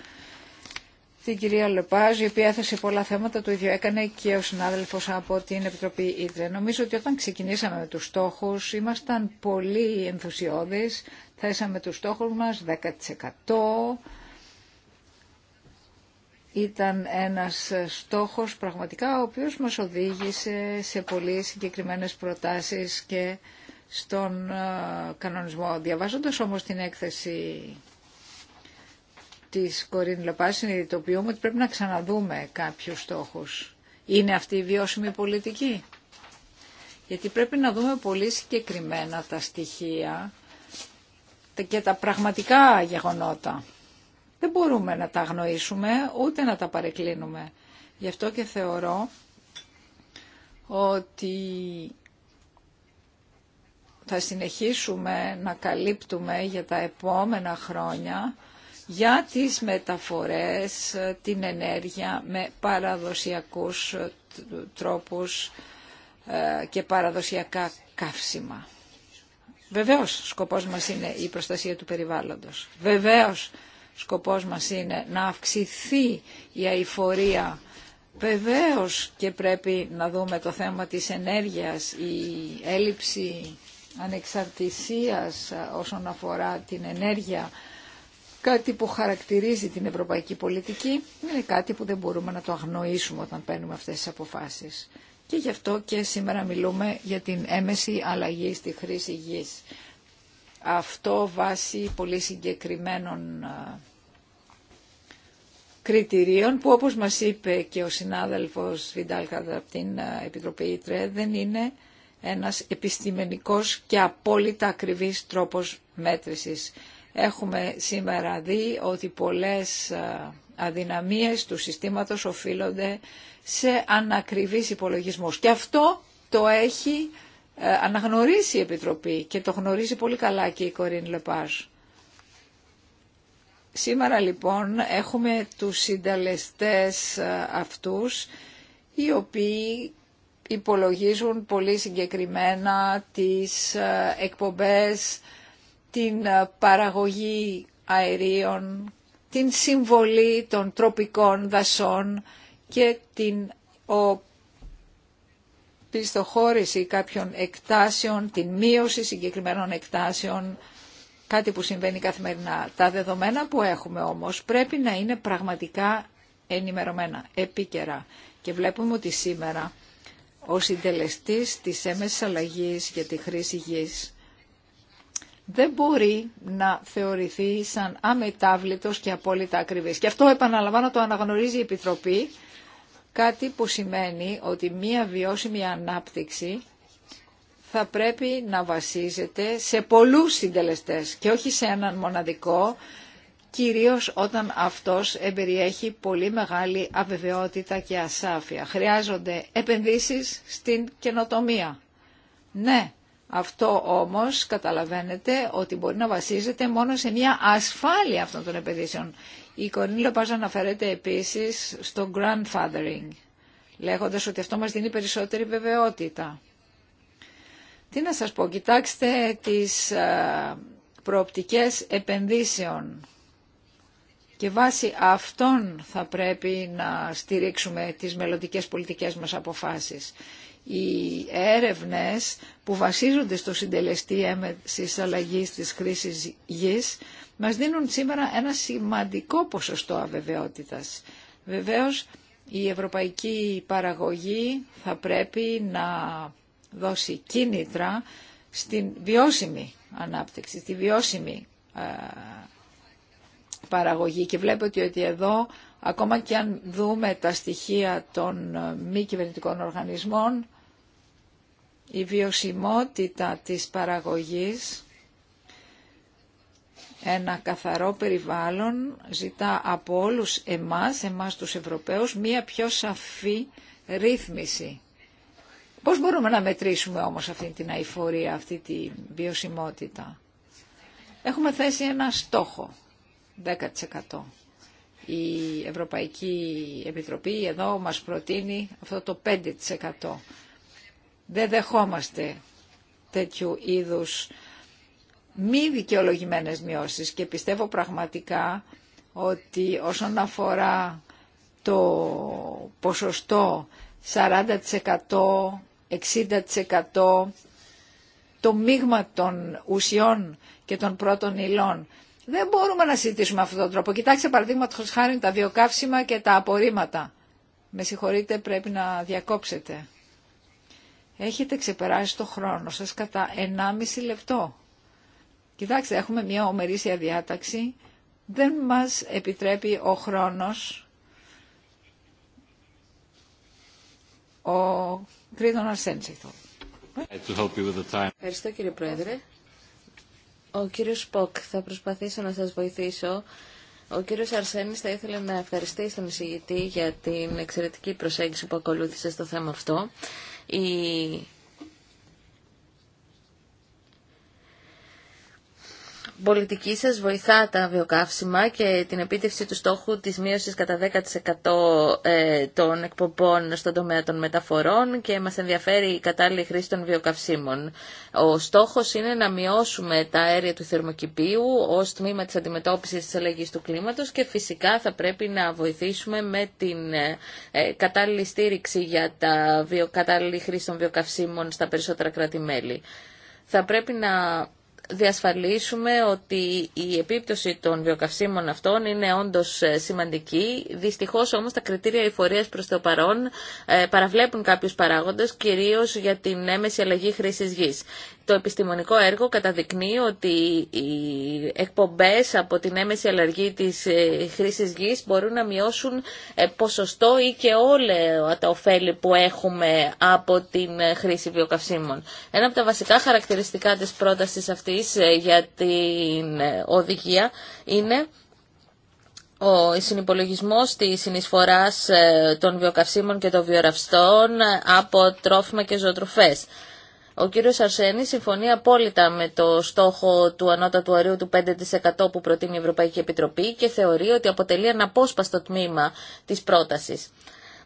την κυρία Λεπάζ, η οποία έθεσε πολλά θέματα, το ίδιο έκανε και ο συνάδελφο από την Επιτροπή Ήτρε. Νομίζω ότι όταν ξεκινήσαμε με τους στόχους, ήμασταν πολύ ενθουσιώδεις, θέσαμε τους στόχους μα 10%, ήταν ένας στόχος πραγματικά ο οποίος μας οδήγησε σε πολύ συγκεκριμένες προτάσεις και στον ε, κανονισμό. Διαβάζοντας όμως την έκθεση της Κορίν Λεπά συνειδητοποιούμε ότι πρέπει να ξαναδούμε κάποιους στόχους. Είναι αυτή η βιώσιμη πολιτική. Γιατί πρέπει να δούμε πολύ συγκεκριμένα τα στοιχεία και τα πραγματικά γεγονότα. Δεν μπορούμε να τα αγνοήσουμε ούτε να τα παρεκκλίνουμε. Γι' αυτό και θεωρώ ότι θα συνεχίσουμε να καλύπτουμε για τα επόμενα χρόνια για τις μεταφορές, την ενέργεια με παραδοσιακούς τρόπους ε, και παραδοσιακά καύσιμα. Βεβαίως σκοπός μας είναι η προστασία του περιβάλλοντος. Βεβαίως σκοπός μας είναι να αυξηθεί η αηφορία. Βεβαίως και πρέπει να δούμε το θέμα της ενέργειας, η έλλειψη ανεξαρτησίας ε, όσον αφορά την ενέργεια κάτι που χαρακτηρίζει την ευρωπαϊκή πολιτική, είναι κάτι που δεν μπορούμε να το αγνοήσουμε όταν παίρνουμε αυτές τις αποφάσεις. Και γι' αυτό και σήμερα μιλούμε για την έμεση αλλαγή στη χρήση γης. Αυτό βάσει πολύ συγκεκριμένων κριτηρίων που όπως μας είπε και ο συνάδελφος Βιντάλχαδα από την Επιτροπή Ιτρέ δεν είναι ένας επιστημονικός και απόλυτα ακριβής τρόπος μέτρησης. Έχουμε σήμερα δει ότι πολλές ε, αδυναμίες του συστήματος οφείλονται σε ανακριβείς υπολογισμούς. Και αυτό το έχει ε, αναγνωρίσει η Επιτροπή και το γνωρίζει πολύ καλά και η Κορίν Λεπάζ. Σήμερα λοιπόν έχουμε τους συνταλεστές ε, αυτούς οι οποίοι υπολογίζουν πολύ συγκεκριμένα τις εκπομπές την ε, παραγωγή αερίων, την συμβολή των τροπικών δασών και την πιστοχώρηση κάποιων εκτάσεων, την μείωση συγκεκριμένων εκτάσεων, κάτι που συμβαίνει καθημερινά. Τα δεδομένα που έχουμε όμως πρέπει να είναι πραγματικά ενημερωμένα, επίκαιρα. Και βλέπουμε ότι σήμερα ο συντελεστής της έμεσης αλλαγής για τη χρήση γης δεν μπορεί να θεωρηθεί σαν αμετάβλητος και απόλυτα ακριβής. Και αυτό επαναλαμβάνω το αναγνωρίζει η Επιτροπή, κάτι που σημαίνει ότι μία βιώσιμη ανάπτυξη θα πρέπει να βασίζεται σε πολλούς συντελεστές και όχι σε έναν μοναδικό, κυρίως όταν αυτός εμπεριέχει πολύ μεγάλη αβεβαιότητα και ασάφεια. Χρειάζονται επενδύσεις στην καινοτομία. Ναι, αυτό όμως καταλαβαίνετε ότι μπορεί να βασίζεται μόνο σε μια ασφάλεια αυτών των επενδύσεων. Η Κορίνη Λεπάζ αναφέρεται επίσης στο grandfathering, λέγοντας ότι αυτό μας δίνει περισσότερη βεβαιότητα. Τι να σας πω, κοιτάξτε τις ε, προοπτικές επενδύσεων και βάσει αυτών θα πρέπει να στηρίξουμε τις μελλοντικές πολιτικές μας αποφάσεις οι έρευνες που βασίζονται στο συντελεστή έμεσης αλλαγής της χρήσης γης μας δίνουν σήμερα ένα σημαντικό ποσοστό αβεβαιότητας. Βεβαίως η ευρωπαϊκή παραγωγή θα πρέπει να δώσει κίνητρα στην βιώσιμη ανάπτυξη, στη βιώσιμη ε, παραγωγή και βλέπετε ότι εδώ ακόμα και αν δούμε τα στοιχεία των ε, μη κυβερνητικών οργανισμών η βιωσιμότητα της παραγωγής, ένα καθαρό περιβάλλον, ζητά από όλους εμάς, εμάς τους Ευρωπαίους, μία πιο σαφή ρύθμιση. Πώς μπορούμε να μετρήσουμε όμως αυτή την αηφορία, αυτή τη βιωσιμότητα. Έχουμε θέσει ένα στόχο, 10%. Η Ευρωπαϊκή Επιτροπή εδώ μας προτείνει αυτό το 5%. Δεν δεχόμαστε τέτοιου είδους μη δικαιολογημένε μειώσεις και πιστεύω πραγματικά ότι όσον αφορά το ποσοστό 40%, 60%, το μείγμα των ουσιών και των πρώτων υλών. Δεν μπορούμε να συζητήσουμε αυτόν τον τρόπο. Κοιτάξτε παραδείγματο χάρη τα βιοκαύσιμα και τα απορρίμματα. Με συγχωρείτε πρέπει να διακόψετε. Έχετε ξεπεράσει το χρόνο σας κατά 1,5 λεπτό. Κοιτάξτε, έχουμε μια ομερήσια διάταξη. Δεν μας επιτρέπει ο χρόνος. Ο Κρίδων Αρσέντσιθο. Ευχαριστώ κύριε Πρόεδρε. Ο κύριος Σποκ θα προσπαθήσω να σας βοηθήσω. Ο κύριος Αρσένης θα ήθελε να ευχαριστήσει τον εισηγητή για την εξαιρετική προσέγγιση που ακολούθησε στο θέμα αυτό η πολιτική σας βοηθά τα βιοκαύσιμα και την επίτευξη του στόχου της μείωσης κατά 10% ε, των εκπομπών στον τομέα των μεταφορών και μας ενδιαφέρει η κατάλληλη χρήση των βιοκαυσίμων. Ο στόχος είναι να μειώσουμε τα αέρια του θερμοκηπίου ως τμήμα της αντιμετώπισης της αλλαγής του κλίματος και φυσικά θα πρέπει να βοηθήσουμε με την ε, ε, κατάλληλη στήριξη για τα κατάλληλη χρήση των βιοκαυσίμων στα περισσότερα κράτη-μέλη. Θα πρέπει να διασφαλίσουμε ότι η επίπτωση των βιοκαυσίμων αυτών είναι όντως ε, σημαντική. Δυστυχώς όμως τα κριτήρια εφορίας προς το παρόν ε, παραβλέπουν κάποιους παράγοντες, κυρίως για την έμεση αλλαγή χρήσης γης το επιστημονικό έργο καταδεικνύει ότι οι εκπομπές από την έμεση αλλαγή της ε, χρήσης γης μπορούν να μειώσουν ε, ποσοστό ή και όλα τα ωφέλη που έχουμε από την ε, χρήση βιοκαυσίμων. Ένα από τα βασικά χαρακτηριστικά της πρότασης αυτής για την οδηγία είναι ο συνυπολογισμός της συνεισφοράς των βιοκαυσίμων και των βιοραυστών από τρόφιμα και ζωοτροφές. Ο κύριο Αρσένη συμφωνεί απόλυτα με το στόχο του ανώτατου αριού του 5% που προτείνει η Ευρωπαϊκή Επιτροπή και θεωρεί ότι αποτελεί αναπόσπαστο τμήμα της πρότασης.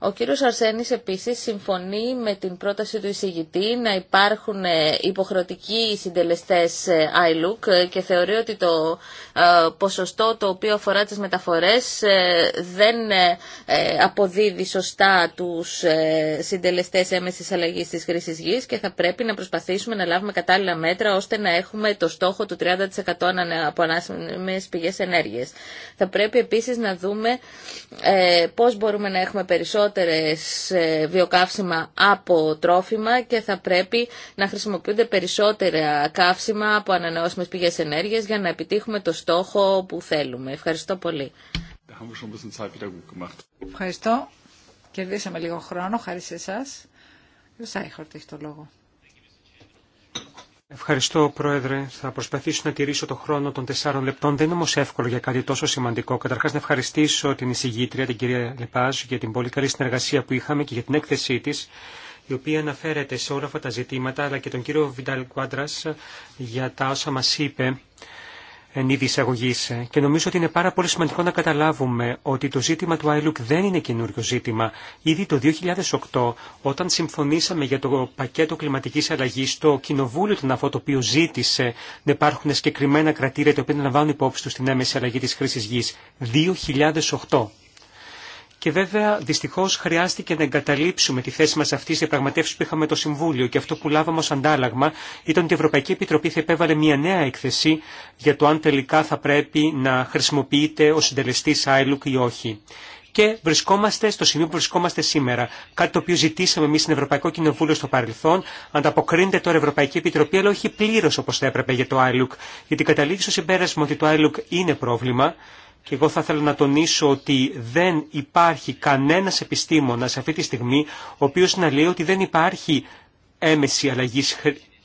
Ο κύριος Αρσένης επίσης συμφωνεί με την πρόταση του εισηγητή να υπάρχουν ε, υποχρεωτικοί συντελεστές ε, iLook ε, και θεωρεί ότι το ποσοστό το οποίο αφορά τις μεταφορές δεν αποδίδει σωστά τους συντελεστές έμεσης αλλαγής της χρήσης γης και θα πρέπει να προσπαθήσουμε να λάβουμε κατάλληλα μέτρα ώστε να έχουμε το στόχο του 30% από ανάσχημες πηγές ενέργειας. Θα πρέπει επίσης να δούμε πώς μπορούμε να έχουμε περισσότερο περισσότερες ε, βιοκαύσιμα από τρόφιμα και θα πρέπει να χρησιμοποιούνται περισσότερα καύσιμα από ανανεώσιμες πηγές ενέργειας για να επιτύχουμε το στόχο που θέλουμε. Ευχαριστώ πολύ. Ευχαριστώ. Κερδίσαμε λίγο χρόνο, χάρη σε εσάς. Ο Ευχαριστώ, Πρόεδρε. Θα προσπαθήσω να τηρήσω το χρόνο των τεσσάρων λεπτών. Δεν είναι όμω εύκολο για κάτι τόσο σημαντικό. Καταρχά, να ευχαριστήσω την εισηγήτρια, την κυρία Λεπάζ, για την πολύ καλή συνεργασία που είχαμε και για την έκθεσή τη, η οποία αναφέρεται σε όλα αυτά τα ζητήματα, αλλά και τον κύριο Βιντάλ Κουάντρα για τα όσα μα είπε εν είδη εισαγωγής. Και νομίζω ότι είναι πάρα πολύ σημαντικό να καταλάβουμε ότι το ζήτημα του Άιλουκ δεν είναι καινούριο ζήτημα. Ήδη το 2008, όταν συμφωνήσαμε για το πακέτο κλιματικής αλλαγής, το κοινοβούλιο ήταν αυτό το οποίο ζήτησε να υπάρχουν συγκεκριμένα κρατήρια τα οποία να λαμβάνουν υπόψη του στην έμεση αλλαγή της χρήσης γης. 2008. Και βέβαια, δυστυχώ, χρειάστηκε να εγκαταλείψουμε τη θέση μα αυτή σε πραγματεύσει που είχαμε το Συμβούλιο. Και αυτό που λάβαμε ω αντάλλαγμα ήταν ότι η Ευρωπαϊκή Επιτροπή θα επέβαλε μια νέα έκθεση για το αν τελικά θα πρέπει να χρησιμοποιείται ο συντελεστή ILUC ή όχι. Και βρισκόμαστε στο σημείο που βρισκόμαστε σήμερα. Κάτι το οποίο ζητήσαμε εμεί στην Ευρωπαϊκό Κοινοβούλιο στο παρελθόν. Ανταποκρίνεται τώρα η Ευρωπαϊκή Επιτροπή, αλλά όχι πλήρω όπω θα έπρεπε για το ILUC. Γιατί καταλήγει στο συμπέρασμα ότι το ILUC είναι πρόβλημα και εγώ θα ήθελα να τονίσω ότι δεν υπάρχει κανένας επιστήμονας αυτή τη στιγμή ο οποίος να λέει ότι δεν υπάρχει έμεση αλλαγή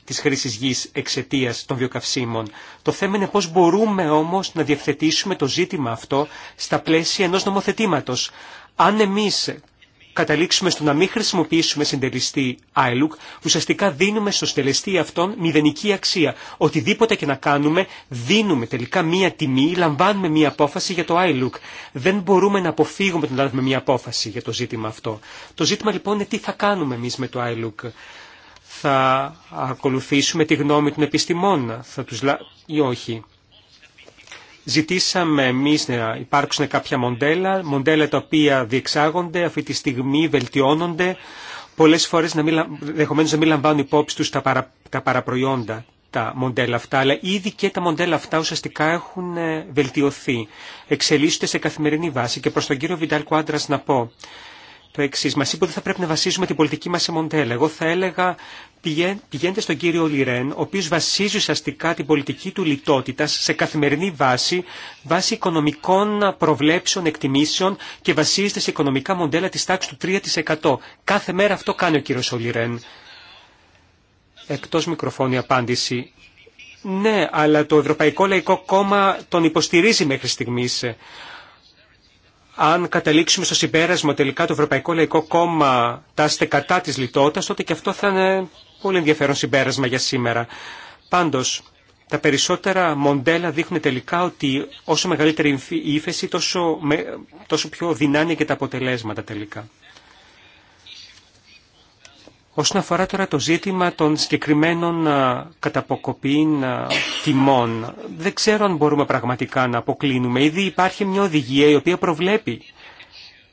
της χρήσης γης εξαιτία των βιοκαυσίμων. Το θέμα είναι πώς μπορούμε όμως να διευθετήσουμε το ζήτημα αυτό στα πλαίσια ενός νομοθετήματος. Αν εμείς καταλήξουμε στο να μην χρησιμοποιήσουμε συντελεστή ILUC, ουσιαστικά δίνουμε στο στελεστή αυτόν μηδενική αξία. Οτιδήποτε και να κάνουμε, δίνουμε τελικά μία τιμή, λαμβάνουμε μία απόφαση για το ILUC. Δεν μπορούμε να αποφύγουμε να λάβουμε μία απόφαση για το ζήτημα αυτό. Το ζήτημα λοιπόν είναι τι θα κάνουμε εμεί με το ILUC. Θα ακολουθήσουμε τη γνώμη των επιστημών θα τους λα... ή όχι. Ζητήσαμε εμείς να υπάρξουν κάποια μοντέλα, μοντέλα τα οποία διεξάγονται, αυτή τη στιγμή βελτιώνονται, πολλές φορές να δεχομένως να μην λαμβάνουν υπόψη τους τα, παρα, τα παραπροϊόντα, τα μοντέλα αυτά, αλλά ήδη και τα μοντέλα αυτά ουσιαστικά έχουν ε, βελτιωθεί, εξελίσσονται σε καθημερινή βάση και προς τον κύριο Βιντάλ Κουάντρας να πω το εξή. Μα είπε ότι θα πρέπει να βασίζουμε την πολιτική μα σε μοντέλα. Εγώ θα έλεγα πηγαίνετε στον κύριο Λιρέν, ο οποίο βασίζει ουσιαστικά την πολιτική του λιτότητα σε καθημερινή βάση, βάση οικονομικών προβλέψεων, εκτιμήσεων και βασίζεται σε οικονομικά μοντέλα τη τάξη του 3%. Κάθε μέρα αυτό κάνει ο κύριο Ολιρέν. Εκτό μικροφώνη απάντηση. Ναι, αλλά το Ευρωπαϊκό Λαϊκό Κόμμα τον υποστηρίζει μέχρι στιγμή αν καταλήξουμε στο συμπέρασμα τελικά το Ευρωπαϊκό Λαϊκό Κόμμα τάστε κατά της λιτότητας, τότε και αυτό θα είναι πολύ ενδιαφέρον συμπέρασμα για σήμερα. Πάντως, τα περισσότερα μοντέλα δείχνουν τελικά ότι όσο μεγαλύτερη η ύφεση, τόσο, πιο δυνάνει και τα αποτελέσματα τελικά. Όσον αφορά τώρα το ζήτημα των συγκεκριμένων καταποκοπήν τιμών, δεν ξέρω αν μπορούμε πραγματικά να αποκλίνουμε. Ήδη υπάρχει μια οδηγία η οποία προβλέπει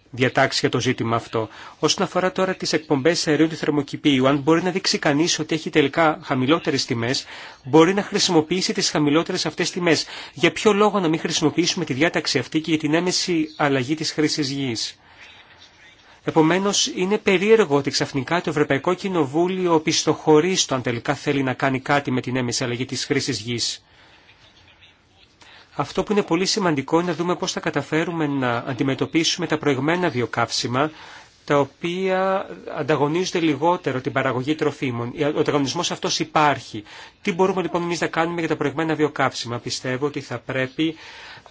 διατάξει για το ζήτημα αυτό. Όσον αφορά τώρα τις εκπομπές αερίου του θερμοκηπίου, αν μπορεί να δείξει κανεί ότι έχει τελικά χαμηλότερες τιμές, μπορεί να χρησιμοποιήσει τις χαμηλότερες αυτές τιμές. Για ποιο λόγο να μην χρησιμοποιήσουμε τη διάταξη αυτή και για την έμεση αλλαγή της χρήση γη. Επομένως, είναι περίεργο ότι ξαφνικά το Ευρωπαϊκό Κοινοβούλιο πιστοχωρεί στο αν τελικά θέλει να κάνει κάτι με την έμεση αλλαγή της χρήσης γης. Αυτό που είναι πολύ σημαντικό είναι να δούμε πώς θα καταφέρουμε να αντιμετωπίσουμε τα προηγμένα βιοκαύσιμα, τα οποία ανταγωνίζονται λιγότερο την παραγωγή τροφίμων. Ο ανταγωνισμός αυτός υπάρχει. Τι μπορούμε λοιπόν εμείς να κάνουμε για τα προηγμένα βιοκαύσιμα. Πιστεύω ότι θα πρέπει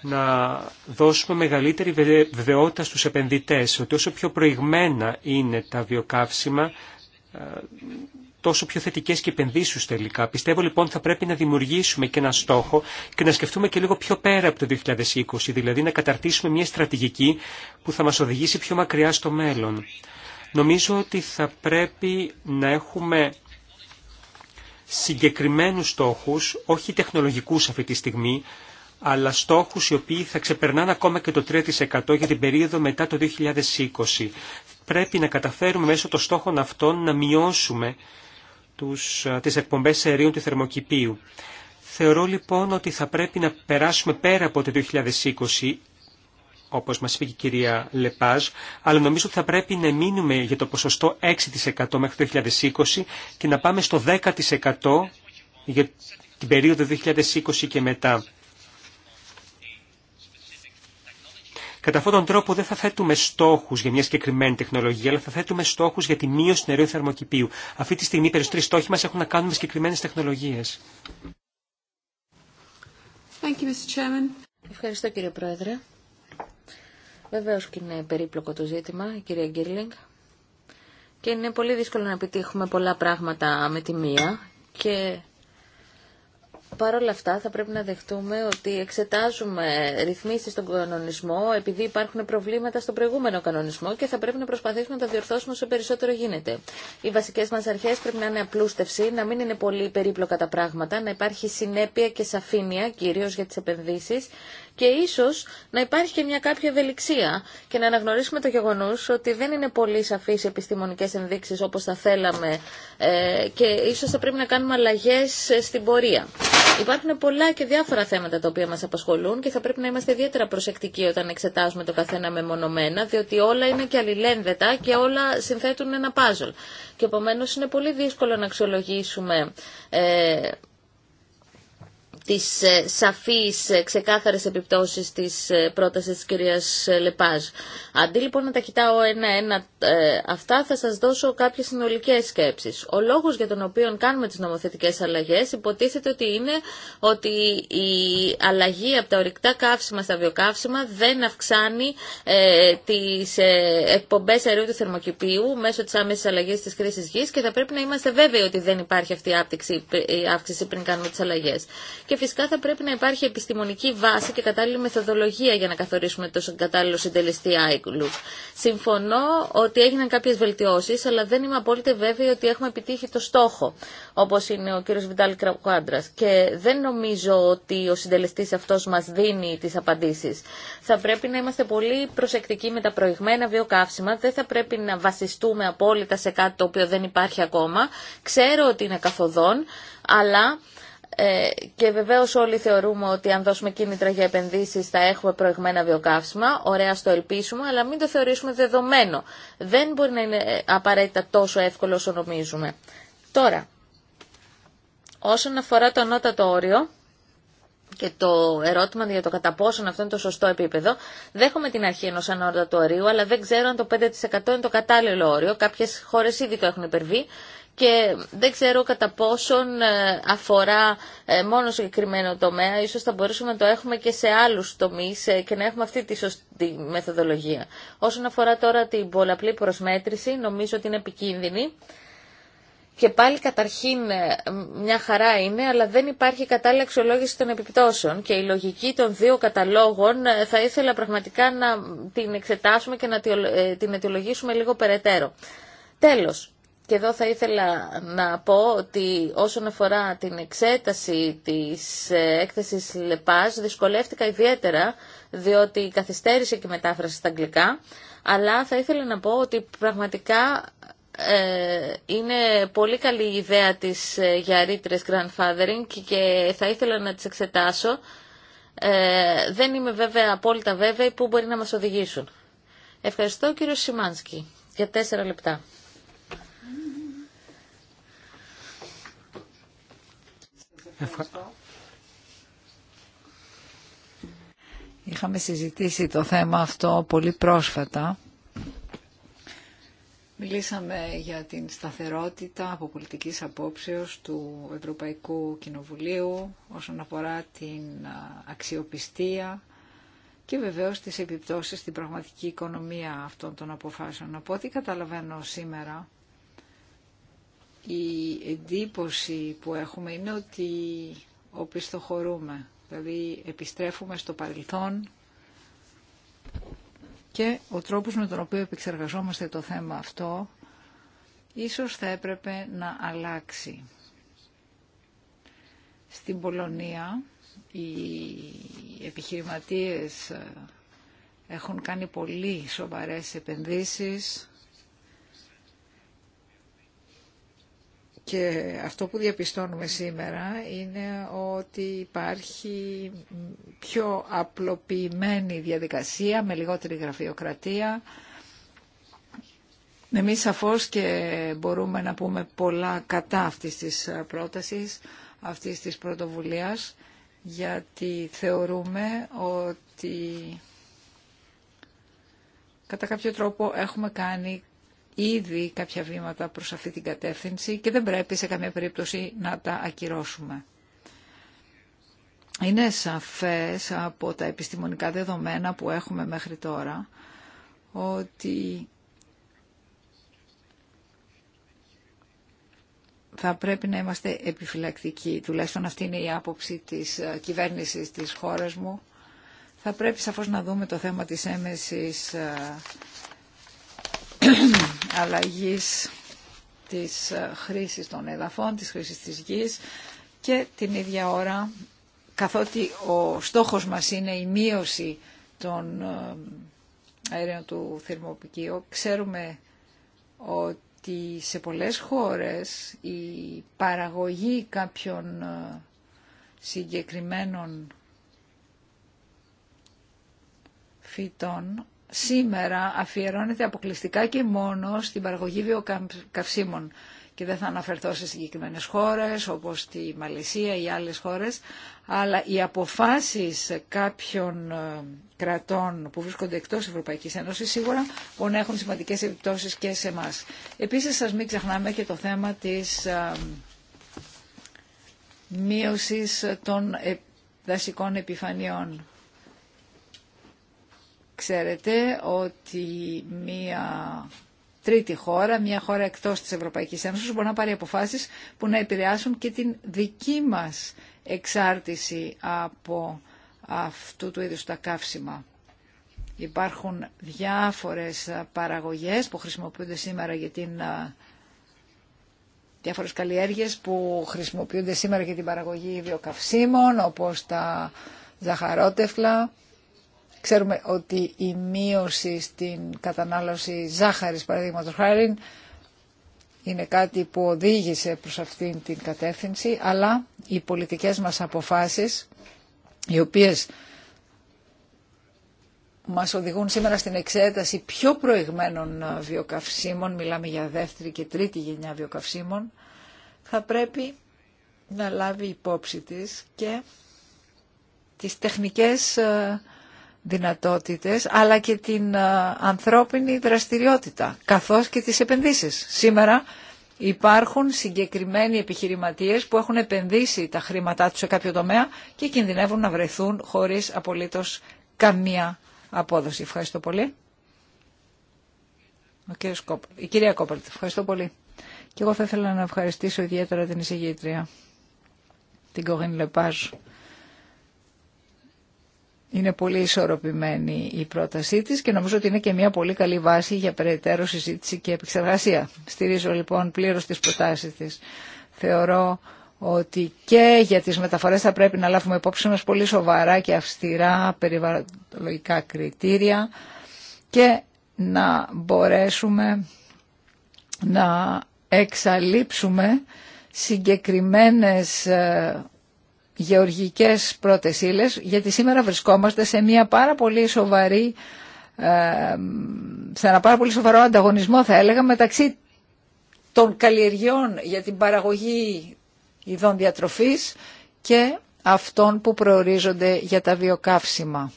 να δώσουμε μεγαλύτερη βεβαιότητα στους επενδυτές, ότι όσο πιο προηγμένα είναι τα βιοκαύσιμα, ε, τόσο πιο θετικές και επενδύσεις τελικά. Πιστεύω λοιπόν θα πρέπει να δημιουργήσουμε και ένα στόχο και να σκεφτούμε και λίγο πιο πέρα από το 2020, δηλαδή να καταρτήσουμε μια στρατηγική που θα μας οδηγήσει πιο μακριά στο μέλλον. Νομίζω ότι θα πρέπει να έχουμε συγκεκριμένους στόχους, όχι τεχνολογικούς αυτή τη στιγμή, αλλά στόχους οι οποίοι θα ξεπερνάνε ακόμα και το 3% για την περίοδο μετά το 2020. Πρέπει να καταφέρουμε μέσω των στόχων αυτών να μειώσουμε τους, τις εκπομπές αερίων του θερμοκηπίου. Θεωρώ λοιπόν ότι θα πρέπει να περάσουμε πέρα από το 2020 όπως μας είπε και η κυρία Λεπάζ, αλλά νομίζω ότι θα πρέπει να μείνουμε για το ποσοστό 6% μέχρι το 2020 και να πάμε στο 10% για την περίοδο 2020 και μετά. Κατά αυτόν τον τρόπο δεν θα θέτουμε στόχου για μια συγκεκριμένη τεχνολογία, αλλά θα θέτουμε στόχου για τη μείωση νερού θερμοκηπίου. Αυτή τη στιγμή οι περισσότεροι στόχοι μα έχουν να κάνουν με συγκεκριμένε τεχνολογίε. Ευχαριστώ κύριε Πρόεδρε. Βεβαίω και είναι περίπλοκο το ζήτημα, η κυρία Γκίρλινγκ. Και είναι πολύ δύσκολο να επιτύχουμε πολλά πράγματα με τη μία. Και Παρ' όλα αυτά θα πρέπει να δεχτούμε ότι εξετάζουμε ρυθμίσεις στον κανονισμό επειδή υπάρχουν προβλήματα στον προηγούμενο κανονισμό και θα πρέπει να προσπαθήσουμε να τα διορθώσουμε όσο περισσότερο γίνεται. Οι βασικές μας αρχές πρέπει να είναι απλούστευση, να μην είναι πολύ περίπλοκα τα πράγματα, να υπάρχει συνέπεια και σαφήνεια κυρίως για τις επενδύσεις και ίσω να υπάρχει και μια κάποια ευελιξία και να αναγνωρίσουμε το γεγονό ότι δεν είναι πολύ σαφεί οι επιστημονικές ενδείξεις όπως θα θέλαμε ε, και ίσω θα πρέπει να κάνουμε αλλαγέ ε, στην πορεία. Υπάρχουν πολλά και διάφορα θέματα τα οποία μα απασχολούν και θα πρέπει να είμαστε ιδιαίτερα προσεκτικοί όταν εξετάζουμε το καθένα μεμονωμένα, διότι όλα είναι και αλληλένδετα και όλα συνθέτουν ένα πάζολ. Και επομένω, είναι πολύ δύσκολο να αξιολογήσουμε ε, τις ε, σαφείς, ε, ξεκάθαρες επιπτώσεις της ε, πρότασης της κυρίας Λεπάζ. Αντί λοιπόν να τα κοιτάω ένα-ένα αυτά, θα σας δώσω κάποιες συνολικές σκέψεις. Ο λόγος για τον οποίο κάνουμε τις νομοθετικές αλλαγές υποτίθεται ότι είναι ότι η αλλαγή από τα ορυκτά καύσιμα στα βιοκαύσιμα δεν αυξάνει ε, τις ε, εκπομπές αερίου του θερμοκηπίου μέσω της άμεσης αλλαγής της χρήσης γης και θα πρέπει να είμαστε βέβαιοι ότι δεν υπάρχει αυτή η, η αύξηση πριν κάνουμε τις αλλαγές και φυσικά θα πρέπει να υπάρχει επιστημονική βάση και κατάλληλη μεθοδολογία για να καθορίσουμε το κατάλληλο συντελεστή άϊκλου. Συμφωνώ ότι έγιναν κάποιε βελτιώσει, αλλά δεν είμαι απόλυτα βέβαιη ότι έχουμε επιτύχει το στόχο, όπω είναι ο κ. Βιντάλ Κρακουάντρας. Και δεν νομίζω ότι ο συντελεστή αυτό μα δίνει τι απαντήσει. Θα πρέπει να είμαστε πολύ προσεκτικοί με τα προηγμένα βιοκαύσιμα. Δεν θα πρέπει να βασιστούμε απόλυτα σε κάτι το οποίο δεν υπάρχει ακόμα. Ξέρω ότι είναι καθοδόν, αλλά ε, και βεβαίω όλοι θεωρούμε ότι αν δώσουμε κίνητρα για επενδύσει θα έχουμε προηγμένα βιοκαύσιμα. Ωραία, στο ελπίσουμε, αλλά μην το θεωρήσουμε δεδομένο. Δεν μπορεί να είναι απαραίτητα τόσο εύκολο όσο νομίζουμε. Τώρα, όσον αφορά το ανώτατο όριο, και το ερώτημα για το κατά πόσον αυτό είναι το σωστό επίπεδο. Δέχομαι την αρχή ενό ανώτατου ορίου, αλλά δεν ξέρω αν το 5% είναι το κατάλληλο όριο. Κάποιε χώρε ήδη το έχουν υπερβεί και δεν ξέρω κατά πόσον ε, αφορά ε, μόνο συγκεκριμένο τομέα. Ίσως θα μπορούσαμε να το έχουμε και σε άλλους τομείς ε, και να έχουμε αυτή τη σωστή μεθοδολογία. Όσον αφορά τώρα την πολλαπλή προσμέτρηση, νομίζω ότι είναι επικίνδυνη. Και πάλι καταρχήν μια χαρά είναι, αλλά δεν υπάρχει κατάλληλη αξιολόγηση των επιπτώσεων και η λογική των δύο καταλόγων θα ήθελα πραγματικά να την εξετάσουμε και να την αιτιολογήσουμε λίγο περαιτέρω. Τέλος, και εδώ θα ήθελα να πω ότι όσον αφορά την εξέταση της ε, έκθεσης ΛΕΠΑΣ δυσκολεύτηκα ιδιαίτερα διότι καθυστέρησε και η μετάφραση στα αγγλικά αλλά θα ήθελα να πω ότι πραγματικά ε, είναι πολύ καλή η ιδέα της ε, για ρήτρες grandfathering και θα ήθελα να τις εξετάσω. δεν είμαι βέβαια απόλυτα βέβαιη που μπορεί να μας οδηγήσουν. Ευχαριστώ κύριο Σιμάνσκι για τέσσερα λεπτά. Είχαμε συζητήσει το θέμα αυτό πολύ πρόσφατα. Μιλήσαμε για την σταθερότητα από πολιτικής απόψεως του Ευρωπαϊκού Κοινοβουλίου όσον αφορά την αξιοπιστία και βεβαίως τις επιπτώσεις στην πραγματική οικονομία αυτών των αποφάσεων. Από ό,τι καταλαβαίνω σήμερα, η εντύπωση που έχουμε είναι ότι οπισθοχωρούμε. Δηλαδή επιστρέφουμε στο παρελθόν και ο τρόπος με τον οποίο επεξεργαζόμαστε το θέμα αυτό ίσως θα έπρεπε να αλλάξει. Στην Πολωνία οι επιχειρηματίες έχουν κάνει πολύ σοβαρές επενδύσεις Και αυτό που διαπιστώνουμε σήμερα είναι ότι υπάρχει πιο απλοποιημένη διαδικασία με λιγότερη γραφειοκρατία. Εμείς σαφώς και μπορούμε να πούμε πολλά κατά αυτής της πρότασης, αυτής της πρωτοβουλίας, γιατί θεωρούμε ότι κατά κάποιο τρόπο έχουμε κάνει ήδη κάποια βήματα προς αυτή την κατεύθυνση και δεν πρέπει σε καμία περίπτωση να τα ακυρώσουμε. Είναι σαφές από τα επιστημονικά δεδομένα που έχουμε μέχρι τώρα ότι θα πρέπει να είμαστε επιφυλακτικοί. Τουλάχιστον αυτή είναι η άποψη της κυβέρνησης της χώρας μου. Θα πρέπει σαφώς να δούμε το θέμα της έμεσης ε, αλλαγής της ε, χρήσης των εδαφών, της χρήσης της γης και την ίδια ώρα, καθότι ο στόχος μας είναι η μείωση των ε, αέριων του θερμοπικίου, ξέρουμε ότι σε πολλές χώρες η παραγωγή κάποιων ε, συγκεκριμένων φυτών σήμερα αφιερώνεται αποκλειστικά και μόνο στην παραγωγή βιοκαυσίμων και δεν θα αναφερθώ σε συγκεκριμένες χώρες όπως τη Μαλαισία ή άλλες χώρες, αλλά οι αποφάσεις κάποιων ε, κρατών που βρίσκονται εκτός Ευρωπαϊκής Ένωσης σίγουρα μπορούν να έχουν σημαντικές επιπτώσεις και σε εμά. Επίσης σας μην ξεχνάμε και το θέμα της ε, μείωσης των ε, δασικών επιφανειών. Ξέρετε ότι μία τρίτη χώρα, μία χώρα εκτός της Ευρωπαϊκής Ένωσης μπορεί να πάρει αποφάσεις που να επηρεάσουν και την δική μας εξάρτηση από αυτού του είδους τα καύσιμα. Υπάρχουν διάφορες παραγωγές που χρησιμοποιούνται σήμερα για την διάφορες καλλιέργειες που χρησιμοποιούνται σήμερα για την παραγωγή βιοκαυσίμων όπως τα ζαχαρότεφλα. Ξέρουμε ότι η μείωση στην κατανάλωση ζάχαρης, παραδείγματο χάρη, είναι κάτι που οδήγησε προς αυτήν την κατεύθυνση, αλλά οι πολιτικές μας αποφάσεις, οι οποίες μας οδηγούν σήμερα στην εξέταση πιο προηγμένων βιοκαυσίμων, μιλάμε για δεύτερη και τρίτη γενιά βιοκαυσίμων, θα πρέπει να λάβει υπόψη της και τις τεχνικές ε, δυνατότητες αλλά και την ε, ανθρώπινη δραστηριότητα καθώς και τις επενδύσεις. Σήμερα υπάρχουν συγκεκριμένοι επιχειρηματίες που έχουν επενδύσει τα χρήματά τους σε κάποιο τομέα και κινδυνεύουν να βρεθούν χωρίς απολύτως καμία απόδοση. Ευχαριστώ πολύ. Ο η κυρία Κόπερτ, ευχαριστώ πολύ. Και εγώ θα ήθελα να ευχαριστήσω ιδιαίτερα την εισηγήτρια, την Κορίν Λεπάζ. Είναι πολύ ισορροπημένη η πρότασή της και νομίζω ότι είναι και μια πολύ καλή βάση για περαιτέρω συζήτηση και επεξεργασία. Στηρίζω λοιπόν πλήρως τις προτάσεις της. Θεωρώ ότι και για τις μεταφορές θα πρέπει να λάβουμε υπόψη μας πολύ σοβαρά και αυστηρά περιβαλλοντικά κριτήρια και να μπορέσουμε να εξαλείψουμε συγκεκριμένες ε, γεωργικές πρώτες ύλες, γιατί σήμερα βρισκόμαστε σε μια πάρα πολύ σοβαρή ε, σε ένα πάρα πολύ σοβαρό ανταγωνισμό θα έλεγα μεταξύ των καλλιεργειών για την παραγωγή ειδών διατροφής και αυτών που προορίζονται για τα βιοκαύσιμα.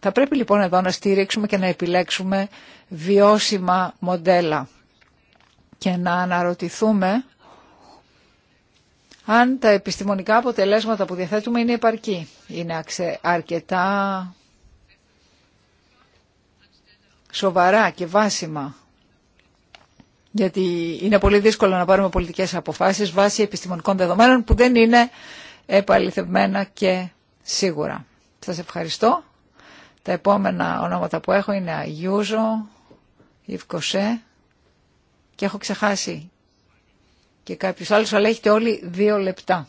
Θα πρέπει λοιπόν εδώ να στηρίξουμε και να επιλέξουμε βιώσιμα μοντέλα και να αναρωτηθούμε αν τα επιστημονικά αποτελέσματα που διαθέτουμε είναι επαρκή. Είναι αρκετά σοβαρά και βάσιμα. Γιατί είναι πολύ δύσκολο να πάρουμε πολιτικές αποφάσεις βάσει επιστημονικών δεδομένων που δεν είναι επαληθευμένα και σίγουρα. Σας ευχαριστώ. Τα επόμενα ονόματα που έχω είναι Αγιούζο, Ιβκοσέ και έχω ξεχάσει και κάποιος άλλος, αλλά έχετε όλοι δύο λεπτά.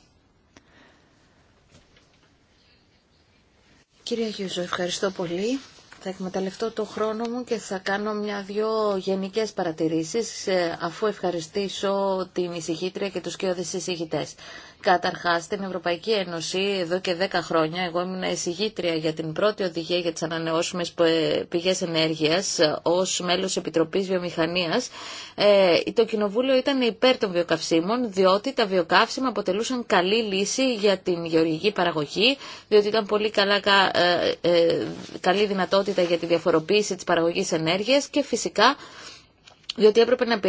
Κύριε Γιούζο, ευχαριστώ πολύ. Θα εκμεταλλευτώ το χρόνο μου και θα κάνω μια-δυο γενικές παρατηρήσεις ε, αφού ευχαριστήσω την ησυχήτρια και τους κοιόδες εισηγητές. Καταρχά, στην Ευρωπαϊκή Ένωση εδώ και 10 χρόνια, εγώ ήμουν εισηγήτρια για την πρώτη οδηγία για τι ανανεώσιμε πηγέ ενέργεια ε, ω μέλο επιτροπή βιομηχανία. Ε, το Κοινοβούλιο ήταν υπέρ των βιοκαυσίμων, διότι τα βιοκαύσιμα αποτελούσαν καλή λύση για την γεωργική παραγωγή, διότι ήταν πολύ καλά, ε, ε, καλή δυνατότητα για τη διαφοροποίηση τη παραγωγή ενέργεια και φυσικά διότι έπρεπε να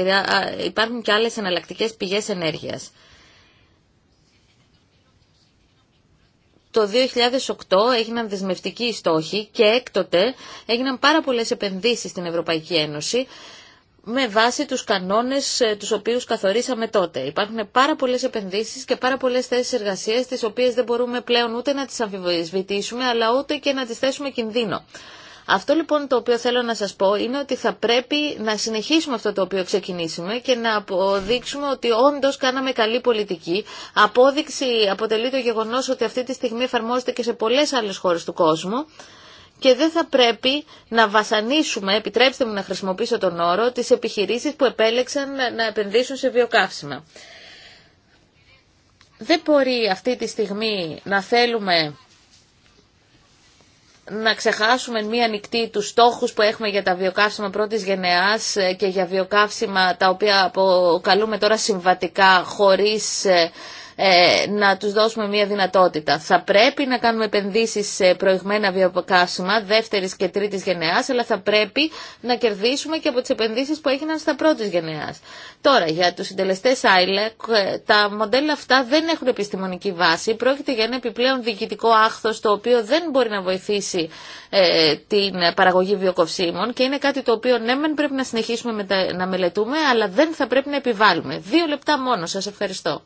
υπάρχουν και άλλες εναλλακτικές πηγές ενέργειας. το 2008 έγιναν δεσμευτικοί οι στόχοι και έκτοτε έγιναν πάρα πολλές επενδύσεις στην Ευρωπαϊκή Ένωση με βάση τους κανόνες ε, τους οποίους καθορίσαμε τότε. Υπάρχουν πάρα πολλές επενδύσεις και πάρα πολλές θέσεις εργασίας τις οποίες δεν μπορούμε πλέον ούτε να τις αμφισβητήσουμε αλλά ούτε και να τις θέσουμε κινδύνο. Αυτό λοιπόν το οποίο θέλω να σας πω είναι ότι θα πρέπει να συνεχίσουμε αυτό το οποίο ξεκινήσαμε και να αποδείξουμε ότι όντως κάναμε καλή πολιτική. Απόδειξη αποτελεί το γεγονός ότι αυτή τη στιγμή εφαρμόζεται και σε πολλές άλλες χώρες του κόσμου και δεν θα πρέπει να βασανίσουμε, επιτρέψτε μου να χρησιμοποιήσω τον όρο, τις επιχειρήσεις που επέλεξαν να επενδύσουν σε βιοκαύσιμα. Δεν μπορεί αυτή τη στιγμή να θέλουμε να ξεχάσουμε μία νυχτή του στόχους που έχουμε για τα βιοκαύσιμα πρώτης γενεάς ε, και για βιοκαύσιμα τα οποία αποκαλούμε τώρα συμβατικά χωρίς ε, ε, να τους δώσουμε μια δυνατότητα. Θα πρέπει να κάνουμε επενδύσεις σε προηγμένα βιοκάσιμα δεύτερης και τρίτης γενεάς, αλλά θα πρέπει να κερδίσουμε και από τις επενδύσεις που έγιναν στα πρώτης γενεάς. Τώρα, για τους συντελεστές ILEC, ε, τα μοντέλα αυτά δεν έχουν επιστημονική βάση. Πρόκειται για ένα επιπλέον διοικητικό άχθος το οποίο δεν μπορεί να βοηθήσει ε, την παραγωγή βιοκοψίμων και είναι κάτι το οποίο ναι, μεν πρέπει να συνεχίσουμε να μελετούμε, αλλά δεν θα πρέπει να επιβάλλουμε. Δύο λεπτά μόνο. Σας ευχαριστώ.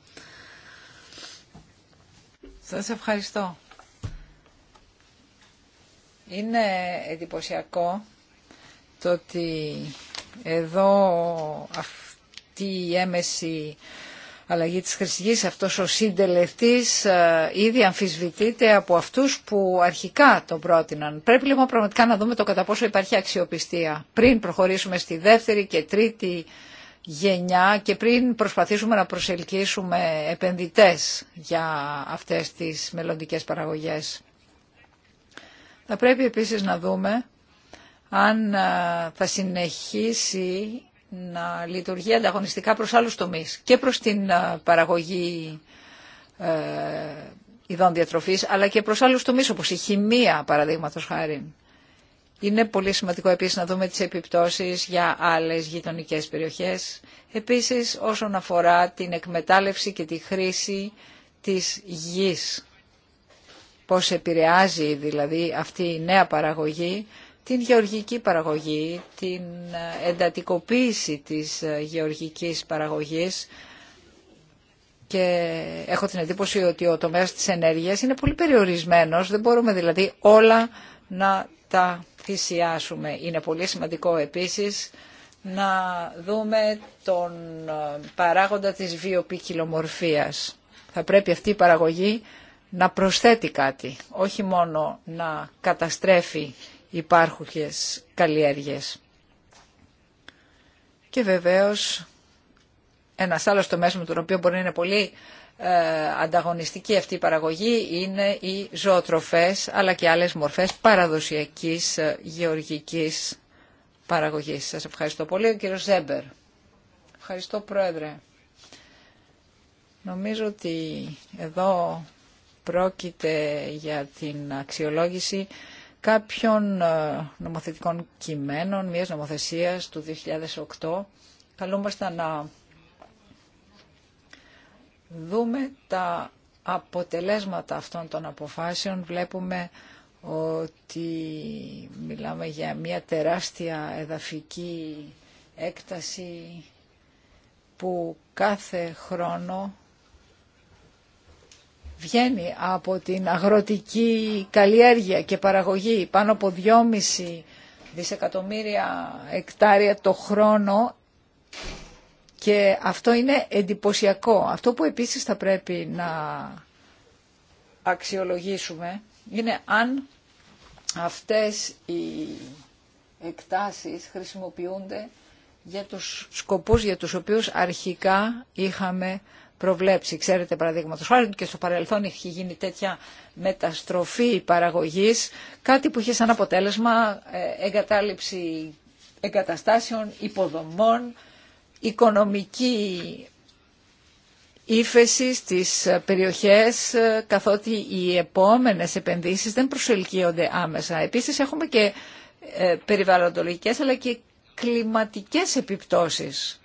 Σας ευχαριστώ. Είναι εντυπωσιακό το ότι εδώ αυτή η έμεση αλλαγή της χρηστικής, αυτός ο συντελευτής, ε, ήδη αμφισβητείται από αυτούς που αρχικά τον πρότειναν. Πρέπει λοιπόν πραγματικά να δούμε το κατά πόσο υπάρχει αξιοπιστία πριν προχωρήσουμε στη δεύτερη και τρίτη γενιά και πριν προσπαθήσουμε να προσελκύσουμε επενδυτές για αυτές τις μελλοντικές παραγωγές. Θα πρέπει επίσης να δούμε αν θα συνεχίσει να λειτουργεί ανταγωνιστικά προς άλλους τομείς και προς την παραγωγή ε, ειδών διατροφής αλλά και προς άλλους τομείς όπως η χημεία παραδείγματος χάρη. Είναι πολύ σημαντικό επίσης να δούμε τις επιπτώσεις για άλλες γειτονικές περιοχές. Επίσης όσον αφορά την εκμετάλλευση και τη χρήση της γης. Πώς επηρεάζει δηλαδή αυτή η νέα παραγωγή την γεωργική παραγωγή, την εντατικοποίηση της γεωργικής παραγωγής και έχω την εντύπωση ότι ο τομέας της ενέργειας είναι πολύ περιορισμένος, δεν μπορούμε δηλαδή όλα να τα θυσιάσουμε. Είναι πολύ σημαντικό επίσης να δούμε τον ε, παράγοντα της βιοποικιλομορφίας. Θα πρέπει αυτή η παραγωγή να προσθέτει κάτι, όχι μόνο να καταστρέφει υπάρχουχες καλλιέργειες. Και βεβαίως ένας άλλος τομέας με τον οποίο μπορεί να είναι πολύ ε, ανταγωνιστική αυτή η παραγωγή είναι οι ζωοτροφές αλλά και άλλες μορφές παραδοσιακής ε, γεωργικής παραγωγής. Σας ευχαριστώ πολύ. Ο κύριος Ζέμπερ. Ευχαριστώ Πρόεδρε. Νομίζω ότι εδώ πρόκειται για την αξιολόγηση κάποιων ε, νομοθετικών κειμένων μιας νομοθεσίας του 2008. Καλούμαστε να δούμε τα αποτελέσματα αυτών των αποφάσεων βλέπουμε ότι μιλάμε για μια τεράστια εδαφική έκταση που κάθε χρόνο βγαίνει από την αγροτική καλλιέργεια και παραγωγή πάνω από 2,5 δισεκατομμύρια εκτάρια το χρόνο και αυτό είναι εντυπωσιακό. Αυτό που επίσης θα πρέπει να αξιολογήσουμε είναι αν αυτές οι εκτάσεις χρησιμοποιούνται για τους σκοπούς για τους οποίους αρχικά είχαμε προβλέψει. Ξέρετε παραδείγματος χάρη και στο παρελθόν είχε γίνει τέτοια μεταστροφή παραγωγής, κάτι που είχε σαν αποτέλεσμα ε, εγκατάλειψη εγκαταστάσεων, υποδομών, οικονομική ύφεση στις περιοχές καθότι οι επόμενες επενδύσεις δεν προσελκύονται άμεσα. Επίσης έχουμε και ε, περιβαλλοντολογικές αλλά και κλιματικές επιπτώσεις.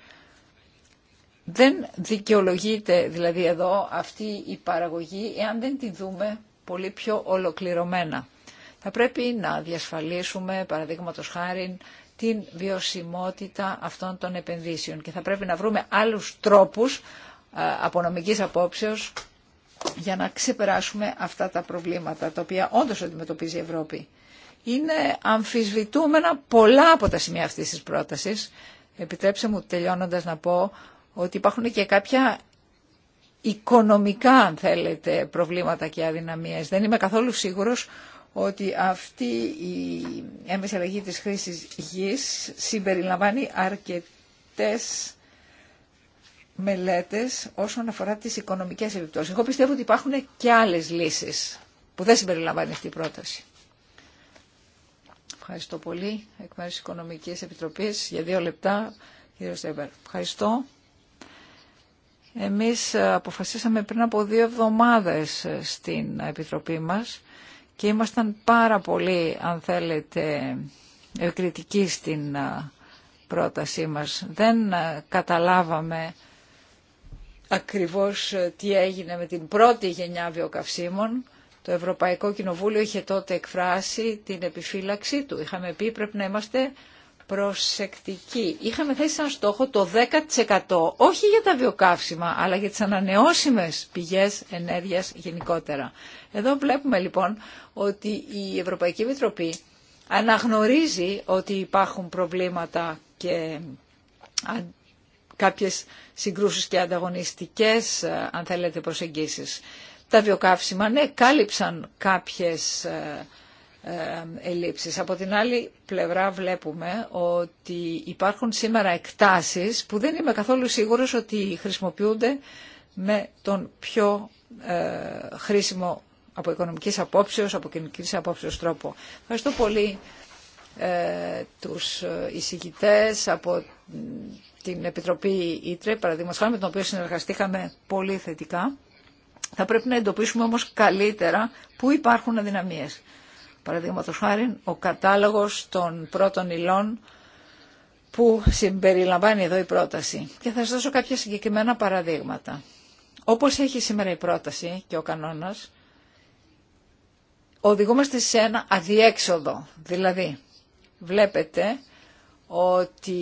Δεν δικαιολογείται δηλαδή εδώ αυτή η παραγωγή εάν δεν τη δούμε πολύ πιο ολοκληρωμένα. Θα πρέπει να διασφαλίσουμε, παραδείγματο χάρη, την βιωσιμότητα αυτών των επενδύσεων και θα πρέπει να βρούμε άλλους τρόπους ε, από νομικής απόψεως για να ξεπεράσουμε αυτά τα προβλήματα τα οποία όντως αντιμετωπίζει η Ευρώπη. Είναι αμφισβητούμενα πολλά από τα σημεία αυτής της πρότασης. Επιτρέψτε μου τελειώνοντας να πω ότι υπάρχουν και κάποια οικονομικά αν θέλετε προβλήματα και αδυναμίες. Δεν είμαι καθόλου σίγουρος ότι αυτή η έμεση αλλαγή της χρήσης γης συμπεριλαμβάνει αρκετές μελέτες όσον αφορά τις οικονομικές επιπτώσεις. Εγώ πιστεύω ότι υπάρχουν και άλλες λύσεις που δεν συμπεριλαμβάνει αυτή η πρόταση. Ευχαριστώ πολύ. Εκ μέρους της Οικονομικής Επιτροπής για δύο λεπτά, κύριο Στέμπερ. Ευχαριστώ. Εμείς ε, αποφασίσαμε πριν από δύο εβδομάδες ε, στην Επιτροπή μας και ήμασταν πάρα πολύ, αν θέλετε, ευκριτικοί στην πρότασή μας. Δεν καταλάβαμε ακριβώς ε, τι έγινε με την πρώτη γενιά βιοκαυσίμων. Το Ευρωπαϊκό Κοινοβούλιο είχε τότε εκφράσει την επιφύλαξή του. Είχαμε πει πρέπει να είμαστε προσεκτική. Είχαμε θέσει σαν στόχο το 10% όχι για τα βιοκαύσιμα αλλά για τις ανανεώσιμες πηγές ενέργειας γενικότερα. Εδώ βλέπουμε λοιπόν ότι η Ευρωπαϊκή Επιτροπή αναγνωρίζει ότι υπάρχουν προβλήματα και κάποιες συγκρούσεις και ανταγωνιστικές, ε, αν θέλετε, προσεγγίσεις. Τα βιοκαύσιμα, ναι, κάλυψαν κάποιες ε, ελλείψεις. Από την άλλη πλευρά βλέπουμε ότι υπάρχουν σήμερα εκτάσεις που δεν είμαι καθόλου σίγουρος ότι χρησιμοποιούνται με τον πιο ε, χρήσιμο από οικονομικής απόψεως, από κοινωνικής απόψεως τρόπο. Ευχαριστώ πολύ ε, τους ε, εισηγητές από την Επιτροπή Ήτρε, παραδείγματος χάρη με τον οποίο συνεργαστήκαμε πολύ θετικά. Θα πρέπει να εντοπίσουμε όμως καλύτερα πού υπάρχουν αδυναμίες. Παραδείγματο χάρη, ο κατάλογος των πρώτων υλών που συμπεριλαμβάνει εδώ η πρόταση. Και θα σα δώσω κάποια συγκεκριμένα παραδείγματα. Όπως έχει σήμερα η πρόταση και ο κανόνας, οδηγούμαστε σε ένα αδιέξοδο. Δηλαδή, βλέπετε ότι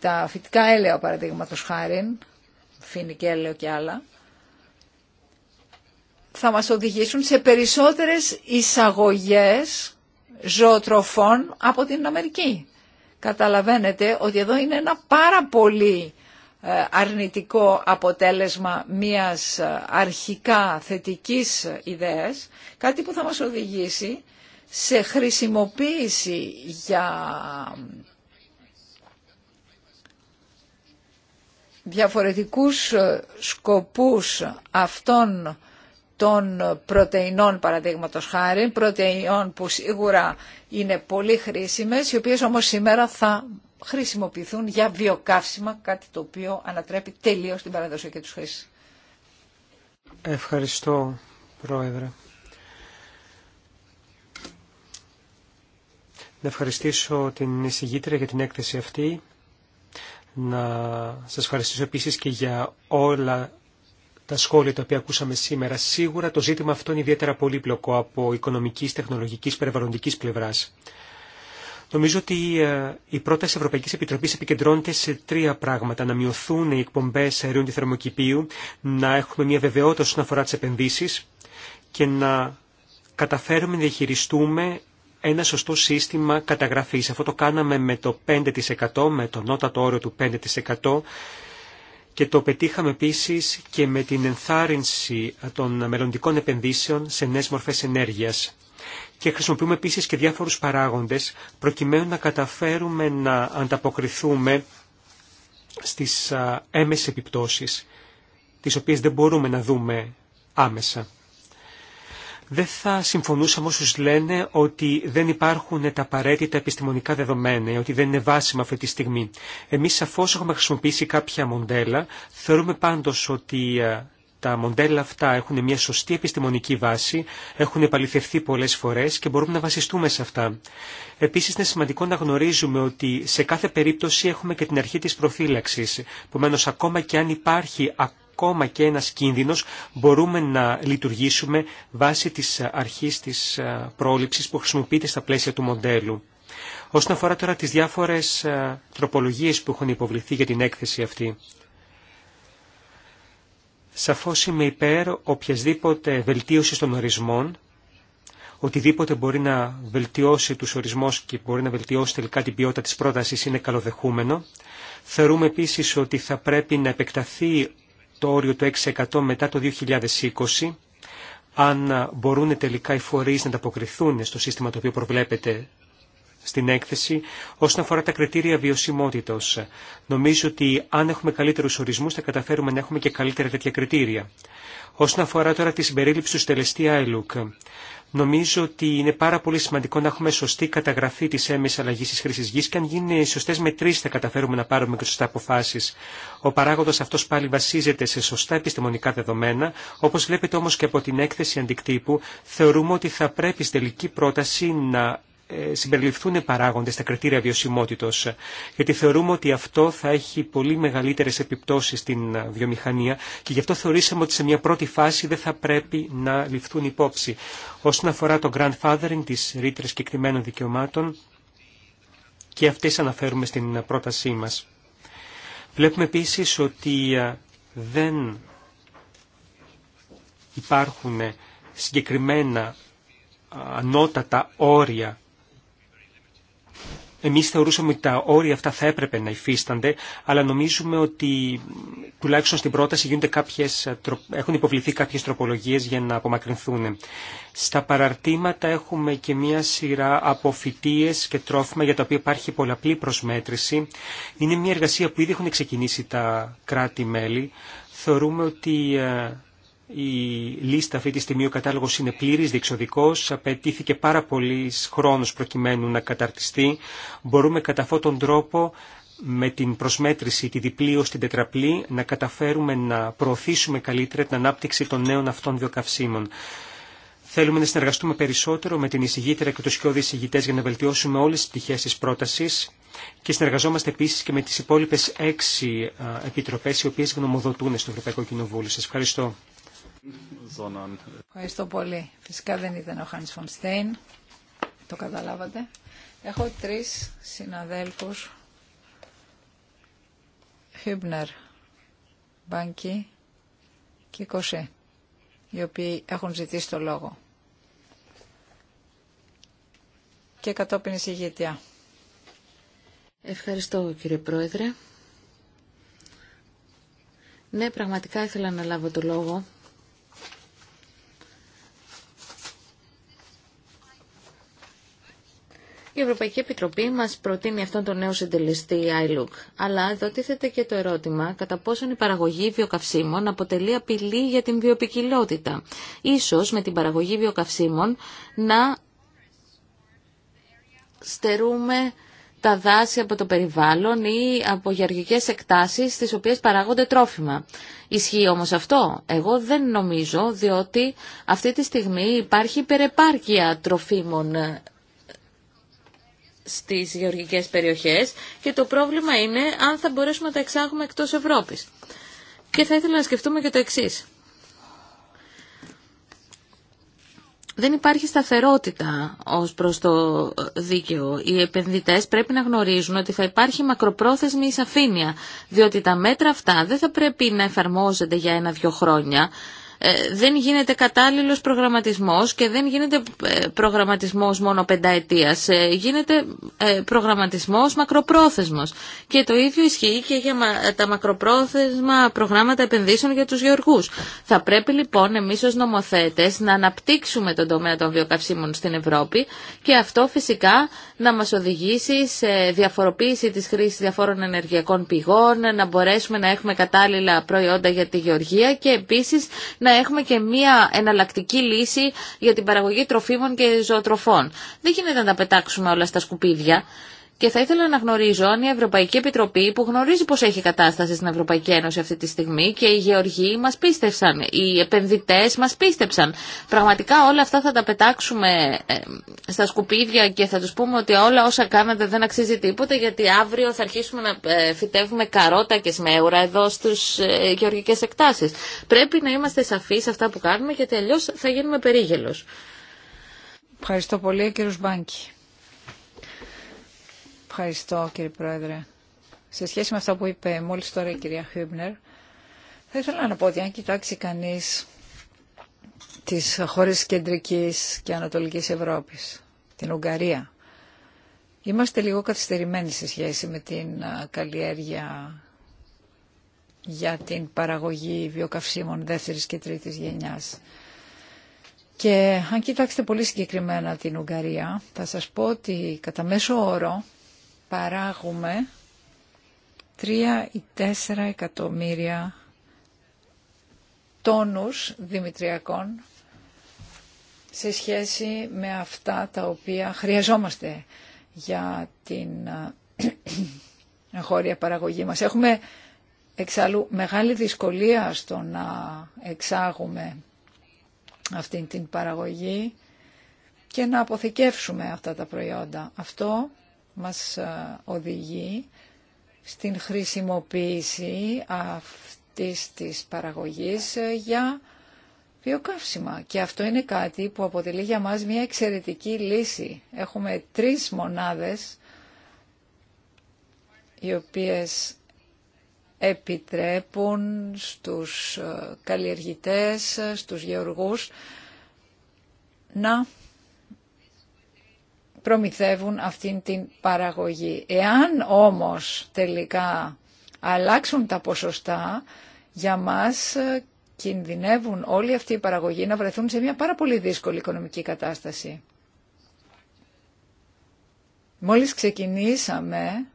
τα φυτικά έλαια, παραδείγματο χάρη, φοινικέλαιο έλαιο και άλλα, θα μας οδηγήσουν σε περισσότερες εισαγωγές ζωοτροφών από την Αμερική. Καταλαβαίνετε ότι εδώ είναι ένα πάρα πολύ ε, αρνητικό αποτέλεσμα μιας ε, αρχικά θετικής ιδέας, κάτι που θα μας οδηγήσει σε χρησιμοποίηση για ε, διαφορετικούς σκοπούς αυτών των πρωτεϊνών παραδείγματο χάρη, πρωτεϊνών που σίγουρα είναι πολύ χρήσιμες, οι οποίες όμως σήμερα θα χρησιμοποιηθούν για βιοκαύσιμα, κάτι το οποίο ανατρέπει τελείως την παραδοσιακή τους χρήση. Ευχαριστώ, Πρόεδρε. Να ευχαριστήσω την εισηγήτρια για την έκθεση αυτή. Να σας ευχαριστήσω επίσης και για όλα τα σχόλια τα οποία ακούσαμε σήμερα. Σίγουρα το ζήτημα αυτό είναι ιδιαίτερα πολύπλοκο από οικονομικής, τεχνολογικής, περιβαλλοντικής πλευράς. Νομίζω ότι ε, η πρόταση Ευρωπαϊκή Επιτροπή επικεντρώνεται σε τρία πράγματα. Να μειωθούν οι εκπομπέ αερίων του θερμοκηπίου, να έχουμε μια βεβαιότητα όσον αφορά τι επενδύσει και να καταφέρουμε να διαχειριστούμε ένα σωστό σύστημα καταγραφή. Αυτό το κάναμε με το 5%, με το νότατο όριο του 5% και το πετύχαμε επίσης και με την ενθάρρυνση των μελλοντικών επενδύσεων σε νέες μορφές ενέργειας. Και χρησιμοποιούμε επίσης και διάφορους παράγοντες προκειμένου να καταφέρουμε να ανταποκριθούμε στις έμεσες επιπτώσεις, τις οποίες δεν μπορούμε να δούμε άμεσα. Δεν θα συμφωνούσαμε όσου λένε ότι δεν υπάρχουν τα απαραίτητα επιστημονικά δεδομένα, ότι δεν είναι βάσιμα αυτή τη στιγμή. Εμεί σαφώ έχουμε χρησιμοποιήσει κάποια μοντέλα. Θεωρούμε πάντω ότι ε, τα μοντέλα αυτά έχουν μια σωστή επιστημονική βάση, έχουν επαληθευθεί πολλές φορές και μπορούμε να βασιστούμε σε αυτά. Επίσης είναι σημαντικό να γνωρίζουμε ότι σε κάθε περίπτωση έχουμε και την αρχή της προφύλαξης. Επομένω, ακόμα και αν υπάρχει ακόμα και ένας κίνδυνος μπορούμε να λειτουργήσουμε βάσει της αρχής της ε, πρόληψης που χρησιμοποιείται στα πλαίσια του μοντέλου. Όσον αφορά τώρα τις διάφορες ε, τροπολογίες που έχουν υποβληθεί για την έκθεση αυτή. Σαφώς είμαι υπέρ οποιασδήποτε βελτίωση των ορισμών, οτιδήποτε μπορεί να βελτιώσει τους ορισμούς και μπορεί να βελτιώσει τελικά την ποιότητα της πρότασης είναι καλοδεχούμενο. Θεωρούμε επίσης ότι θα πρέπει να επεκταθεί το όριο του 6% μετά το 2020, αν μπορούν τελικά οι φορείς να ανταποκριθούν στο σύστημα το οποίο προβλέπεται στην έκθεση όσον αφορά τα κριτήρια βιωσιμότητα. Νομίζω ότι αν έχουμε καλύτερου ορισμού θα καταφέρουμε να έχουμε και καλύτερα τέτοια κριτήρια. Όσον αφορά τώρα τη συμπερίληψη του στελεστή Άιλουκ. Νομίζω ότι είναι πάρα πολύ σημαντικό να έχουμε σωστή καταγραφή τη έμεση αλλαγή τη χρήση γη και αν γίνουν σωστέ μετρήσει θα καταφέρουμε να πάρουμε και σωστά αποφάσει. Ο παράγοντα αυτό πάλι βασίζεται σε σωστά επιστημονικά δεδομένα. Όπω βλέπετε όμω και από την έκθεση αντικτύπου, θεωρούμε ότι θα πρέπει στην τελική πρόταση να ε, συμπεριληφθούν παράγοντες στα κριτήρια βιωσιμότητος, γιατί θεωρούμε ότι αυτό θα έχει πολύ μεγαλύτερες επιπτώσεις στην ε, βιομηχανία και γι' αυτό θεωρήσαμε ότι σε μια πρώτη φάση δεν θα πρέπει να ληφθούν υπόψη. Όσον αφορά το grandfathering της ρήτρες κεκτημένων δικαιωμάτων, και αυτές αναφέρουμε στην πρότασή μας. Βλέπουμε επίσης ότι ε, δεν υπάρχουν συγκεκριμένα ανώτατα όρια εμείς θεωρούσαμε ότι τα όρια αυτά θα έπρεπε να υφίστανται, αλλά νομίζουμε ότι τουλάχιστον στην πρόταση γίνονται κάποιες, έχουν υποβληθεί κάποιες τροπολογίες για να απομακρυνθούν. Στα παραρτήματα έχουμε και μία σειρά από φυτίες και τρόφιμα για τα οποία υπάρχει πολλαπλή προσμέτρηση. Είναι μια εργασία που ήδη έχουν ξεκινήσει τα κράτη-μέλη. Θεωρούμε ότι ε, η λίστα αυτή τη στιγμή, ο κατάλογο είναι πλήρη διεξοδικό. απαιτήθηκε πάρα πολύ χρόνο προκειμένου να καταρτιστεί. Μπορούμε κατά αυτόν τον τρόπο με την προσμέτρηση τη διπλή ως την τετραπλή να καταφέρουμε να προωθήσουμε καλύτερα την ανάπτυξη των νέων αυτών βιοκαυσίμων. Θέλουμε να συνεργαστούμε περισσότερο με την εισηγήτρια και του σκιώδη εισηγητέ για να βελτιώσουμε όλε τι πτυχέ τη πρόταση και συνεργαζόμαστε επίση και με τι υπόλοιπε έξι επιτροπέ οι οποίε γνωμοδοτούν στο Ευρωπαϊκό Κοινοβούλιο. Σα ευχαριστώ. Ευχαριστώ πολύ. Φυσικά δεν ήταν ο Χάνης Φωνστέιν. Το καταλάβατε. Έχω τρεις συναδέλφους. Χίμπνερ, Μπάνκι και Κωσέ, οι οποίοι έχουν ζητήσει το λόγο. Και κατόπιν εισηγήτια. Ευχαριστώ κύριε Πρόεδρε. Ναι, πραγματικά ήθελα να λάβω το λόγο η Ευρωπαϊκή Επιτροπή μας προτείνει αυτόν τον νέο συντελεστή iLook. Αλλά εδώ και το ερώτημα κατά πόσον η παραγωγή βιοκαυσίμων αποτελεί απειλή για την βιοπικιλότητα. Ίσως με την παραγωγή βιοκαυσίμων να στερούμε τα δάση από το περιβάλλον ή από γεωργικές εκτάσεις στις οποίες παράγονται τρόφιμα. Ισχύει όμως αυτό. Εγώ δεν νομίζω διότι αυτή τη στιγμή υπάρχει υπερεπάρκεια τροφίμων ε, στις γεωργικές περιοχές και το πρόβλημα είναι αν θα μπορέσουμε να τα εξάγουμε εκτός Ευρώπης. Και θα ήθελα να σκεφτούμε και το εξής. δεν υπάρχει σταθερότητα ως προς το δίκαιο. Οι επενδυτές πρέπει να γνωρίζουν ότι θα υπάρχει μακροπρόθεσμη σαφήνεια, διότι τα μέτρα αυτά δεν θα πρέπει να εφαρμόζονται για ένα-δυο χρόνια, ε, δεν γίνεται κατάλληλος προγραμματισμός και δεν γίνεται ε, προγραμματισμός μόνο πενταετίας, ε, γίνεται προγραμματισμός μακροπρόθεσμος. Και το ίδιο ισχύει και για τα μακροπρόθεσμα προγράμματα επενδύσεων για τους γεωργούς. Θα πρέπει λοιπόν εμείς ως νομοθέτες να αναπτύξουμε τον τομέα των βιοκαυσίμων στην Ευρώπη και αυτό φυσικά να μας οδηγήσει σε διαφοροποίηση της χρήσης διαφόρων ενεργειακών πηγών, να μπορέσουμε να έχουμε κατάλληλα προϊόντα για τη γεωργία και επίσης να να έχουμε και μία εναλλακτική λύση για την παραγωγή τροφίμων και ζωοτροφών. Δεν γίνεται να τα πετάξουμε όλα στα σκουπίδια και θα ήθελα να γνωρίζω αν η Ευρωπαϊκή Επιτροπή που γνωρίζει πως έχει κατάσταση στην Ευρωπαϊκή Ένωση αυτή τη στιγμή και οι γεωργοί μας πίστευσαν, οι επενδυτές μας πίστεψαν. Πραγματικά όλα αυτά θα τα πετάξουμε ε, στα σκουπίδια και θα τους πούμε ότι όλα όσα κάνατε δεν αξίζει τίποτα γιατί αύριο θα αρχίσουμε να ε, φυτεύουμε καρότα και σμέουρα εδώ στους ε, γεωργικές εκτάσεις. Πρέπει να είμαστε σαφείς αυτά που κάνουμε γιατί αλλιώ θα γίνουμε περίγελος. Ευχαριστώ πολύ κύριο Μπάνκη. Ευχαριστώ κύριε Πρόεδρε. Σε σχέση με αυτά που είπε μόλις τώρα η κυρία Χιούμπνερ, θα ήθελα να πω ότι αν κοιτάξει κανείς τις χώρες κεντρικής και ανατολικής Ευρώπης, την Ουγγαρία, είμαστε λίγο καθυστερημένοι σε σχέση με την καλλιέργεια για την παραγωγή βιοκαυσίμων δεύτερης και τρίτης γενιάς. Και αν κοιτάξετε πολύ συγκεκριμένα την Ουγγαρία, θα σας πω ότι κατά μέσο όρο παράγουμε 3 ή 4 εκατομμύρια τόνους δημητριακών σε σχέση με αυτά τα οποία χρειαζόμαστε για την χώρια παραγωγή μας. Έχουμε εξάλλου μεγάλη δυσκολία στο να εξάγουμε αυτή την παραγωγή και να αποθηκεύσουμε αυτά τα προϊόντα. Αυτό μας ε, οδηγεί στην χρησιμοποίηση αυτής της παραγωγής ε, για βιοκαύσιμα. Και αυτό είναι κάτι που αποτελεί για μας μια εξαιρετική λύση. Έχουμε τρεις μονάδες οι οποίες επιτρέπουν στους ε, καλλιεργητές, στους γεωργούς να προμηθεύουν αυτήν την παραγωγή. Εάν όμως τελικά αλλάξουν τα ποσοστά, για μας ε, κινδυνεύουν όλοι αυτοί οι παραγωγοί να βρεθούν σε μια πάρα πολύ δύσκολη οικονομική κατάσταση. Μόλις ξεκινήσαμε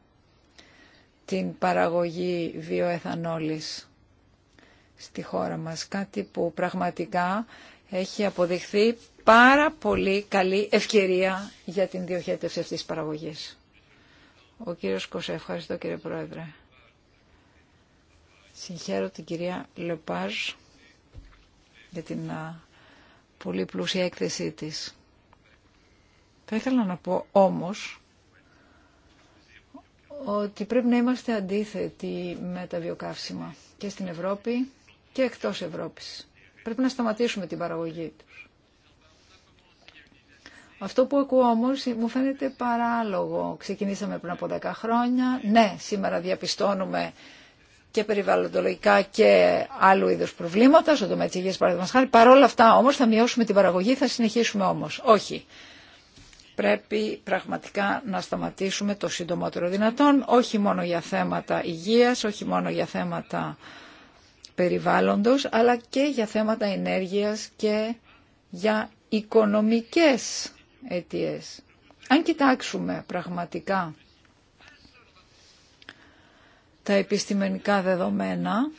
την παραγωγή βιοεθανόλης στη χώρα μας, κάτι που πραγματικά έχει αποδειχθεί πάρα πολύ καλή ευκαιρία για την διοχέτευση αυτής της παραγωγής. Ο κύριος Κωσέ, ευχαριστώ κύριε Πρόεδρε. Συγχαίρω την κυρία Λεπάζ για την πολύ πλούσια έκθεσή της. Θα ήθελα να πω όμως ότι πρέπει να είμαστε αντίθετοι με τα βιοκαύσιμα και στην Ευρώπη και εκτός Ευρώπης. Πρέπει να σταματήσουμε την παραγωγή του. Αυτό που ακούω όμως μου φαίνεται παράλογο. Ξεκινήσαμε πριν από 10 χρόνια. Ναι, σήμερα διαπιστώνουμε και περιβαλλοντολογικά και άλλου είδου προβλήματα, στον τομέα τη υγεία παραδείγματο χάρη. Παρ' όλα αυτά όμω, θα μειώσουμε την παραγωγή, θα συνεχίσουμε όμω, Όχι. Πρέπει πραγματικά να σταματήσουμε το συντομότερο δυνατόν, όχι μόνο για θέματα υγείας, όχι μόνο για θέματα περιβάλλοντος, αλλά και για θέματα ενέργειας και για οικονομικές αιτίες. Αν κοιτάξουμε πραγματικά τα επιστημονικά δεδομένα,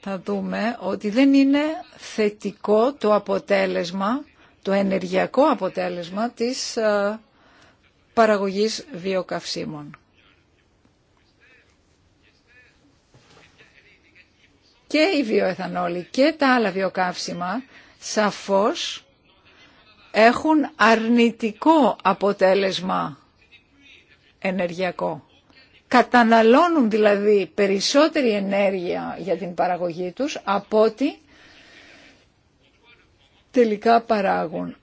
θα δούμε ότι δεν είναι θετικό το αποτέλεσμα, το ενεργειακό αποτέλεσμα της ε, παραγωγής βιοκαυσίμων. Και η βιοεθανόλη και τα άλλα βιοκαύσιμα σαφώς έχουν αρνητικό αποτέλεσμα ενεργειακό. Καταναλώνουν δηλαδή περισσότερη ενέργεια για την παραγωγή τους από ό,τι τελικά παράγουν.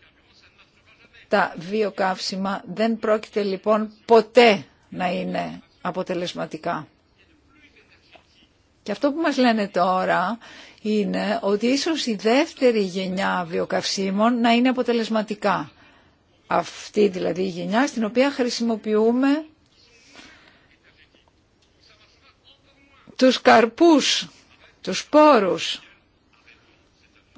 Τα βιοκαύσιμα δεν πρόκειται λοιπόν ποτέ να είναι αποτελεσματικά. Και αυτό που μας λένε τώρα είναι ότι ίσως η δεύτερη γενιά βιοκαυσίμων να είναι αποτελεσματικά. Αυτή δηλαδή η γενιά στην οποία χρησιμοποιούμε τους καρπούς, τους σπόρους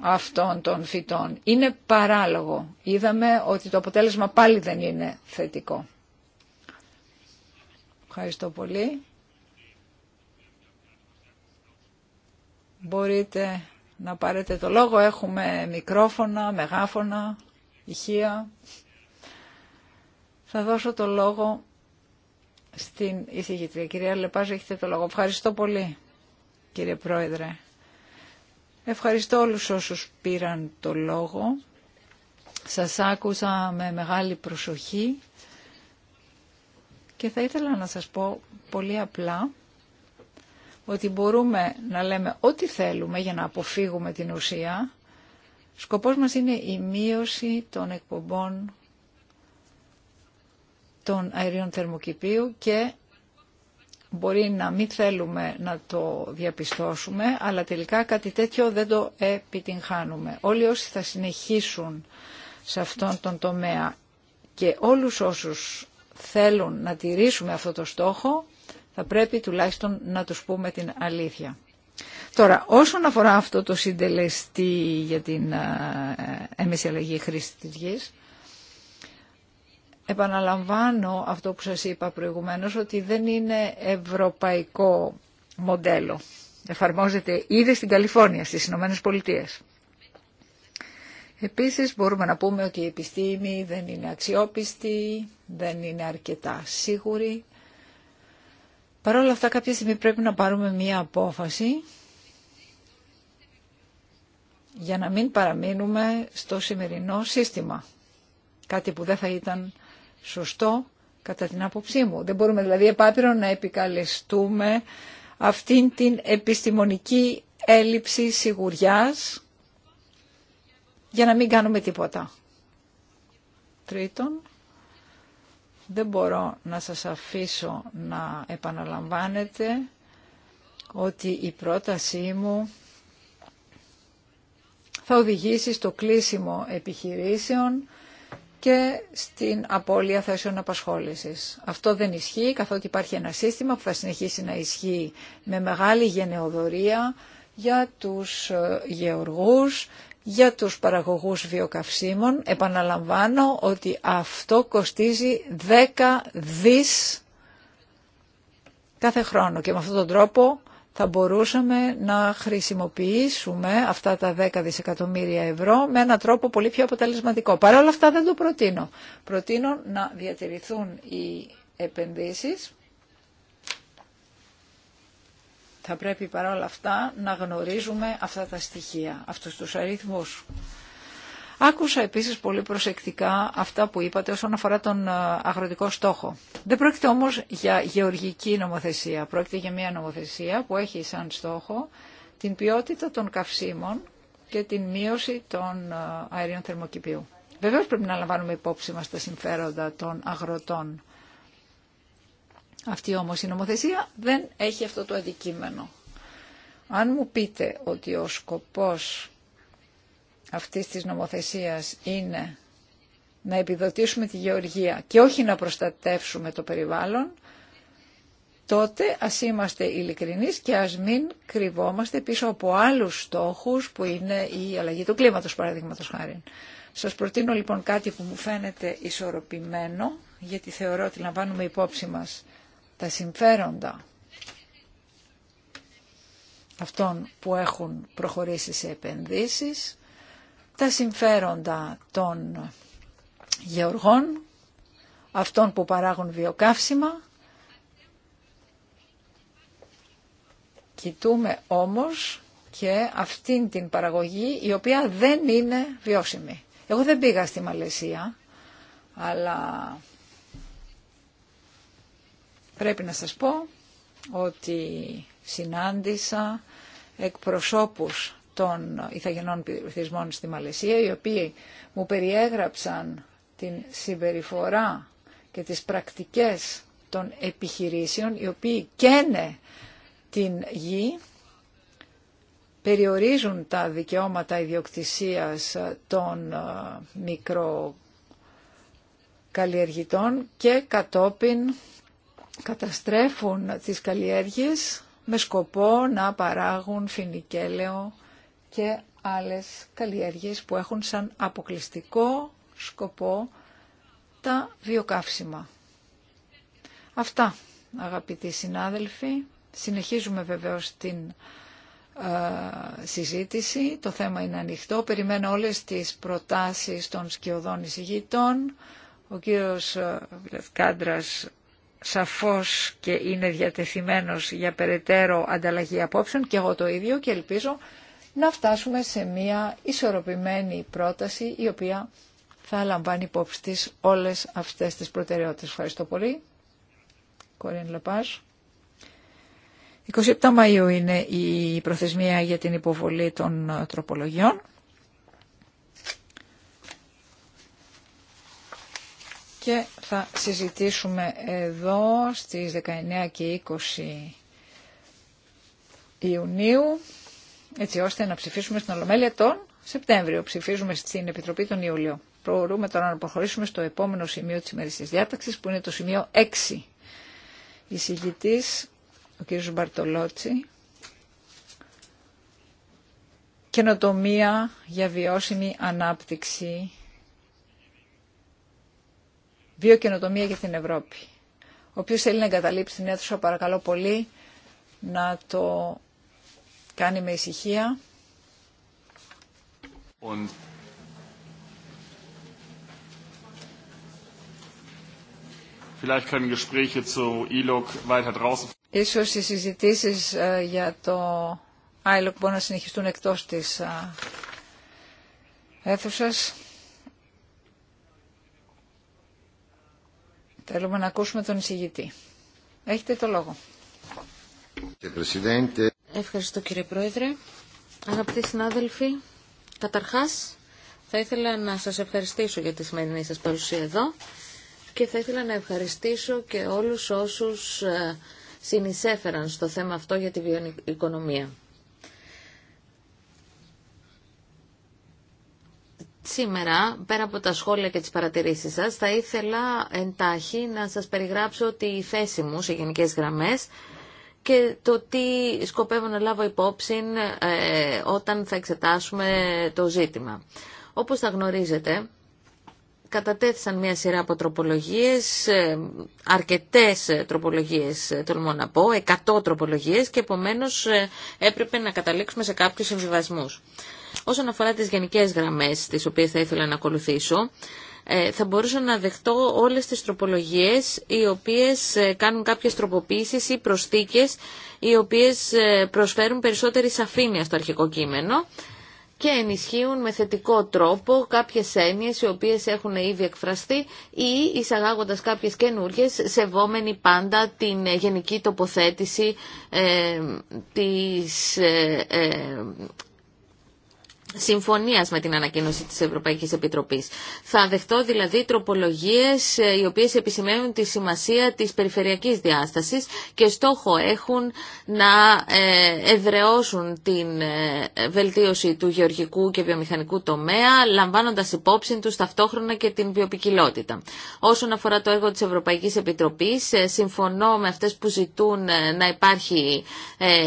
αυτών των φυτών. Είναι παράλογο. Είδαμε ότι το αποτέλεσμα πάλι δεν είναι θετικό. Ευχαριστώ πολύ. μπορείτε να πάρετε το λόγο. Έχουμε μικρόφωνα, μεγάφωνα, ηχεία. Θα δώσω το λόγο στην ηθηγητρία. Κυρία Λεπάζ, έχετε το λόγο. Ευχαριστώ πολύ, κύριε Πρόεδρε. Ευχαριστώ όλους όσους πήραν το λόγο. Σας άκουσα με μεγάλη προσοχή και θα ήθελα να σας πω πολύ απλά ότι μπορούμε να λέμε ό,τι θέλουμε για να αποφύγουμε την ουσία. Σκοπός μας είναι η μείωση των εκπομπών των αερίων θερμοκηπίου και μπορεί να μην θέλουμε να το διαπιστώσουμε, αλλά τελικά κάτι τέτοιο δεν το επιτυγχάνουμε. Όλοι όσοι θα συνεχίσουν σε αυτόν τον τομέα και όλους όσους θέλουν να τηρήσουμε αυτό το στόχο, θα πρέπει τουλάχιστον να τους πούμε την αλήθεια. Τώρα, όσον αφορά αυτό το συντελεστή για την ε, έμεση αλλαγή χρήση της επαναλαμβάνω αυτό που σας είπα προηγουμένως, ότι δεν είναι ευρωπαϊκό μοντέλο. Εφαρμόζεται ήδη στην Καλιφόρνια, στις Ηνωμένε Πολιτείε. Επίσης μπορούμε να πούμε ότι η επιστήμη δεν είναι αξιόπιστη, δεν είναι αρκετά σίγουρη Παρ' όλα αυτά κάποια στιγμή πρέπει να πάρουμε μία απόφαση για να μην παραμείνουμε στο σημερινό σύστημα. Κάτι που δεν θα ήταν σωστό κατά την άποψή μου. Δεν μπορούμε δηλαδή επάπειρο να επικαλεστούμε αυτήν την επιστημονική έλλειψη σιγουριάς για να μην κάνουμε τίποτα. Τρίτον, δεν μπορώ να σας αφήσω να επαναλαμβάνετε ότι η πρότασή μου θα οδηγήσει στο κλείσιμο επιχειρήσεων και στην απώλεια θέσεων απασχόλησης. Αυτό δεν ισχύει καθότι υπάρχει ένα σύστημα που θα συνεχίσει να ισχύει με μεγάλη γενεοδορία για τους ε, γεωργούς, για τους παραγωγούς βιοκαυσίμων. Επαναλαμβάνω ότι αυτό κοστίζει 10 δις κάθε χρόνο και με αυτόν τον τρόπο θα μπορούσαμε να χρησιμοποιήσουμε αυτά τα 10 δισεκατομμύρια ευρώ με έναν τρόπο πολύ πιο αποτελεσματικό. Παρ' όλα αυτά δεν το προτείνω. Προτείνω να διατηρηθούν οι επενδύσεις Θα πρέπει παρόλα αυτά να γνωρίζουμε αυτά τα στοιχεία, αυτούς τους αριθμούς. Άκουσα επίσης πολύ προσεκτικά αυτά που είπατε όσον αφορά τον ε, αγροτικό στόχο. Δεν πρόκειται όμως για γεωργική νομοθεσία. Πρόκειται για μια νομοθεσία που έχει σαν στόχο την ποιότητα των καυσίμων και την μείωση των ε, αερίων θερμοκηπίου. Βεβαίως πρέπει να λαμβάνουμε υπόψη μας τα συμφέροντα των αγροτών. Αυτή όμως η νομοθεσία δεν έχει αυτό το αντικείμενο. Αν μου πείτε ότι ο σκοπός αυτής της νομοθεσίας είναι να επιδοτήσουμε τη γεωργία και όχι να προστατεύσουμε το περιβάλλον, τότε ας είμαστε ειλικρινείς και ας μην κρυβόμαστε πίσω από άλλους στόχους που είναι η αλλαγή του κλίματος, παραδείγματο χάρη. Σας προτείνω λοιπόν κάτι που μου φαίνεται ισορροπημένο, γιατί θεωρώ ότι λαμβάνουμε υπόψη μας τα συμφέροντα αυτών που έχουν προχωρήσει σε επενδύσεις, τα συμφέροντα των γεωργών, αυτών που παράγουν βιοκαύσιμα. Κοιτούμε όμως και αυτήν την παραγωγή η οποία δεν είναι βιώσιμη. Εγώ δεν πήγα στη Μαλαισία, αλλά Πρέπει να σας πω ότι συνάντησα εκπροσώπους των Ιθαγενών πληθυσμών στη Μαλαισία, οι οποίοι μου περιέγραψαν την συμπεριφορά και τις πρακτικές των επιχειρήσεων, οι οποίοι καίνε την γη, περιορίζουν τα δικαιώματα ιδιοκτησίας των ε, μικροκαλλιεργητών και κατόπιν καταστρέφουν τις καλλιέργειες με σκοπό να παράγουν φινικέλαιο και άλλες καλλιέργειες που έχουν σαν αποκλειστικό σκοπό τα βιοκαύσιμα. Αυτά, αγαπητοί συνάδελφοι. Συνεχίζουμε βεβαίως την ε, συζήτηση. Το θέμα είναι ανοιχτό. Περιμένω όλες τις προτάσεις των σκιωδών εισηγητών. Ο κύριος ε, Βλευκάντρας σαφώς και είναι διατεθειμένος για περαιτέρω ανταλλαγή απόψεων και εγώ το ίδιο και ελπίζω να φτάσουμε σε μια ισορροπημένη πρόταση η οποία θα λαμβάνει υπόψη της όλες αυτές τις προτεραιότητες. Ευχαριστώ πολύ. Κορίν Λεπάς. 27 Μαΐου είναι η προθεσμία για την υποβολή των τροπολογιών. και θα συζητήσουμε εδώ στις 19 και 20 Ιουνίου έτσι ώστε να ψηφίσουμε στην Ολομέλεια τον Σεπτέμβριο. Ψηφίζουμε στην Επιτροπή τον Ιούλιο. Προωρούμε τώρα να προχωρήσουμε στο επόμενο σημείο της της διάταξης που είναι το σημείο 6. Η συγητής, ο κ. Μπαρτολότσι, καινοτομία για βιώσιμη ανάπτυξη βιοκαινοτομία για την Ευρώπη. Ο Όποιος θέλει να εγκαταλείψει την αίθουσα παρακαλώ πολύ να το κάνει με ησυχία. Und Ίσως οι συζητήσεις ε, για το ILOC μπορούν να συνεχιστούν εκτός της ε, αίθουσας. Θέλουμε να ακούσουμε τον εισηγητή. Έχετε το λόγο. Ευχαριστώ κύριε Πρόεδρε. Αγαπητοί συνάδελφοι, καταρχάς θα ήθελα να σας ευχαριστήσω για τη σημερινή σας παρουσία εδώ και θα ήθελα να ευχαριστήσω και όλους όσους ε, συνεισέφεραν στο θέμα αυτό για τη βιοοικονομία. Σήμερα, πέρα από τα σχόλια και τις παρατηρήσεις σας, θα ήθελα εντάχει να σας περιγράψω τη θέση μου σε γενικές γραμμές και το τι σκοπεύω να λάβω υπόψη ε, όταν θα εξετάσουμε το ζήτημα. Όπως θα γνωρίζετε, κατατέθησαν μια σειρά από τροπολογίες, ε, αρκετές τροπολογίες ε, τολμώ να πω, 100 τροπολογίες και επομένως έπρεπε να καταλήξουμε σε κάποιους συμβιβασμούς. Όσον αφορά τις γενικές γραμμές τις οποίες θα ήθελα να ακολουθήσω, ε, θα μπορούσα να δεχτώ όλες τις τροπολογίες οι οποίες ε, κάνουν κάποιες τροποποίησεις ή προσθήκες οι οποίες ε, προσφέρουν περισσότερη σαφήνεια στο αρχικό κείμενο και ενισχύουν με θετικό τρόπο κάποιες έννοιες οι οποίες έχουν ήδη εκφραστεί ή εισαγάγοντας κάποιες καινούργιες σεβόμενοι πάντα την γενική τοποθέτηση ε, της Συμφωνία με την ανακοίνωση της Ευρωπαϊκής Επιτροπής. Θα δεχτώ δηλαδή τροπολογίες ε, οι οποίες επισημαίνουν τη σημασία της περιφερειακής διάσταση και στόχο έχουν να ε, εδρεώσουν την ε, βελτίωση του γεωργικού και βιομηχανικού τομέα λαμβάνοντας υπόψη του ταυτόχρονα και την βιοπικιλότητα. Όσον αφορά το έργο τη Ευρωπαϊκή Επιτροπή. συμφωνώ με αυτέ που ζητούν να υπάρχει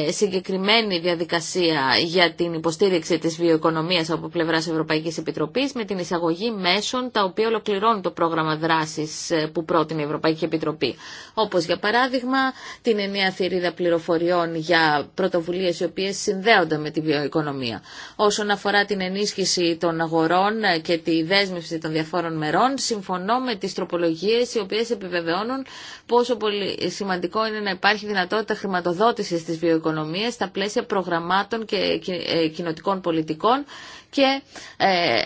συγκεκριμένη διαδικασία για την υποστήριξη τη βιοοικονομία από πλευρά Ευρωπαϊκή Επιτροπή, με την εισαγωγή μέσων τα οποία ολοκληρώνουν το πρόγραμμα δράση ε, που πρότεινε η Ευρωπαϊκή Επιτροπή. Όπω για παράδειγμα την ενιαία θηρίδα πληροφοριών για πρωτοβουλίε, οι οποίε συνδέονται με τη βιοοικονομία. Όσον αφορά την ενίσχυση των αγορών ε, και τη δέσμευση των διαφόρων μερών, συμφωνώ με τι τροπολογίε, οι οποίε επιβεβαιώνουν πόσο πολύ σημαντικό είναι να υπάρχει δυνατότητα χρηματοδότηση τη βιοοικονομία στα πλαίσια προγραμμάτων και ε, κοινοτικών πολιτικών και ε,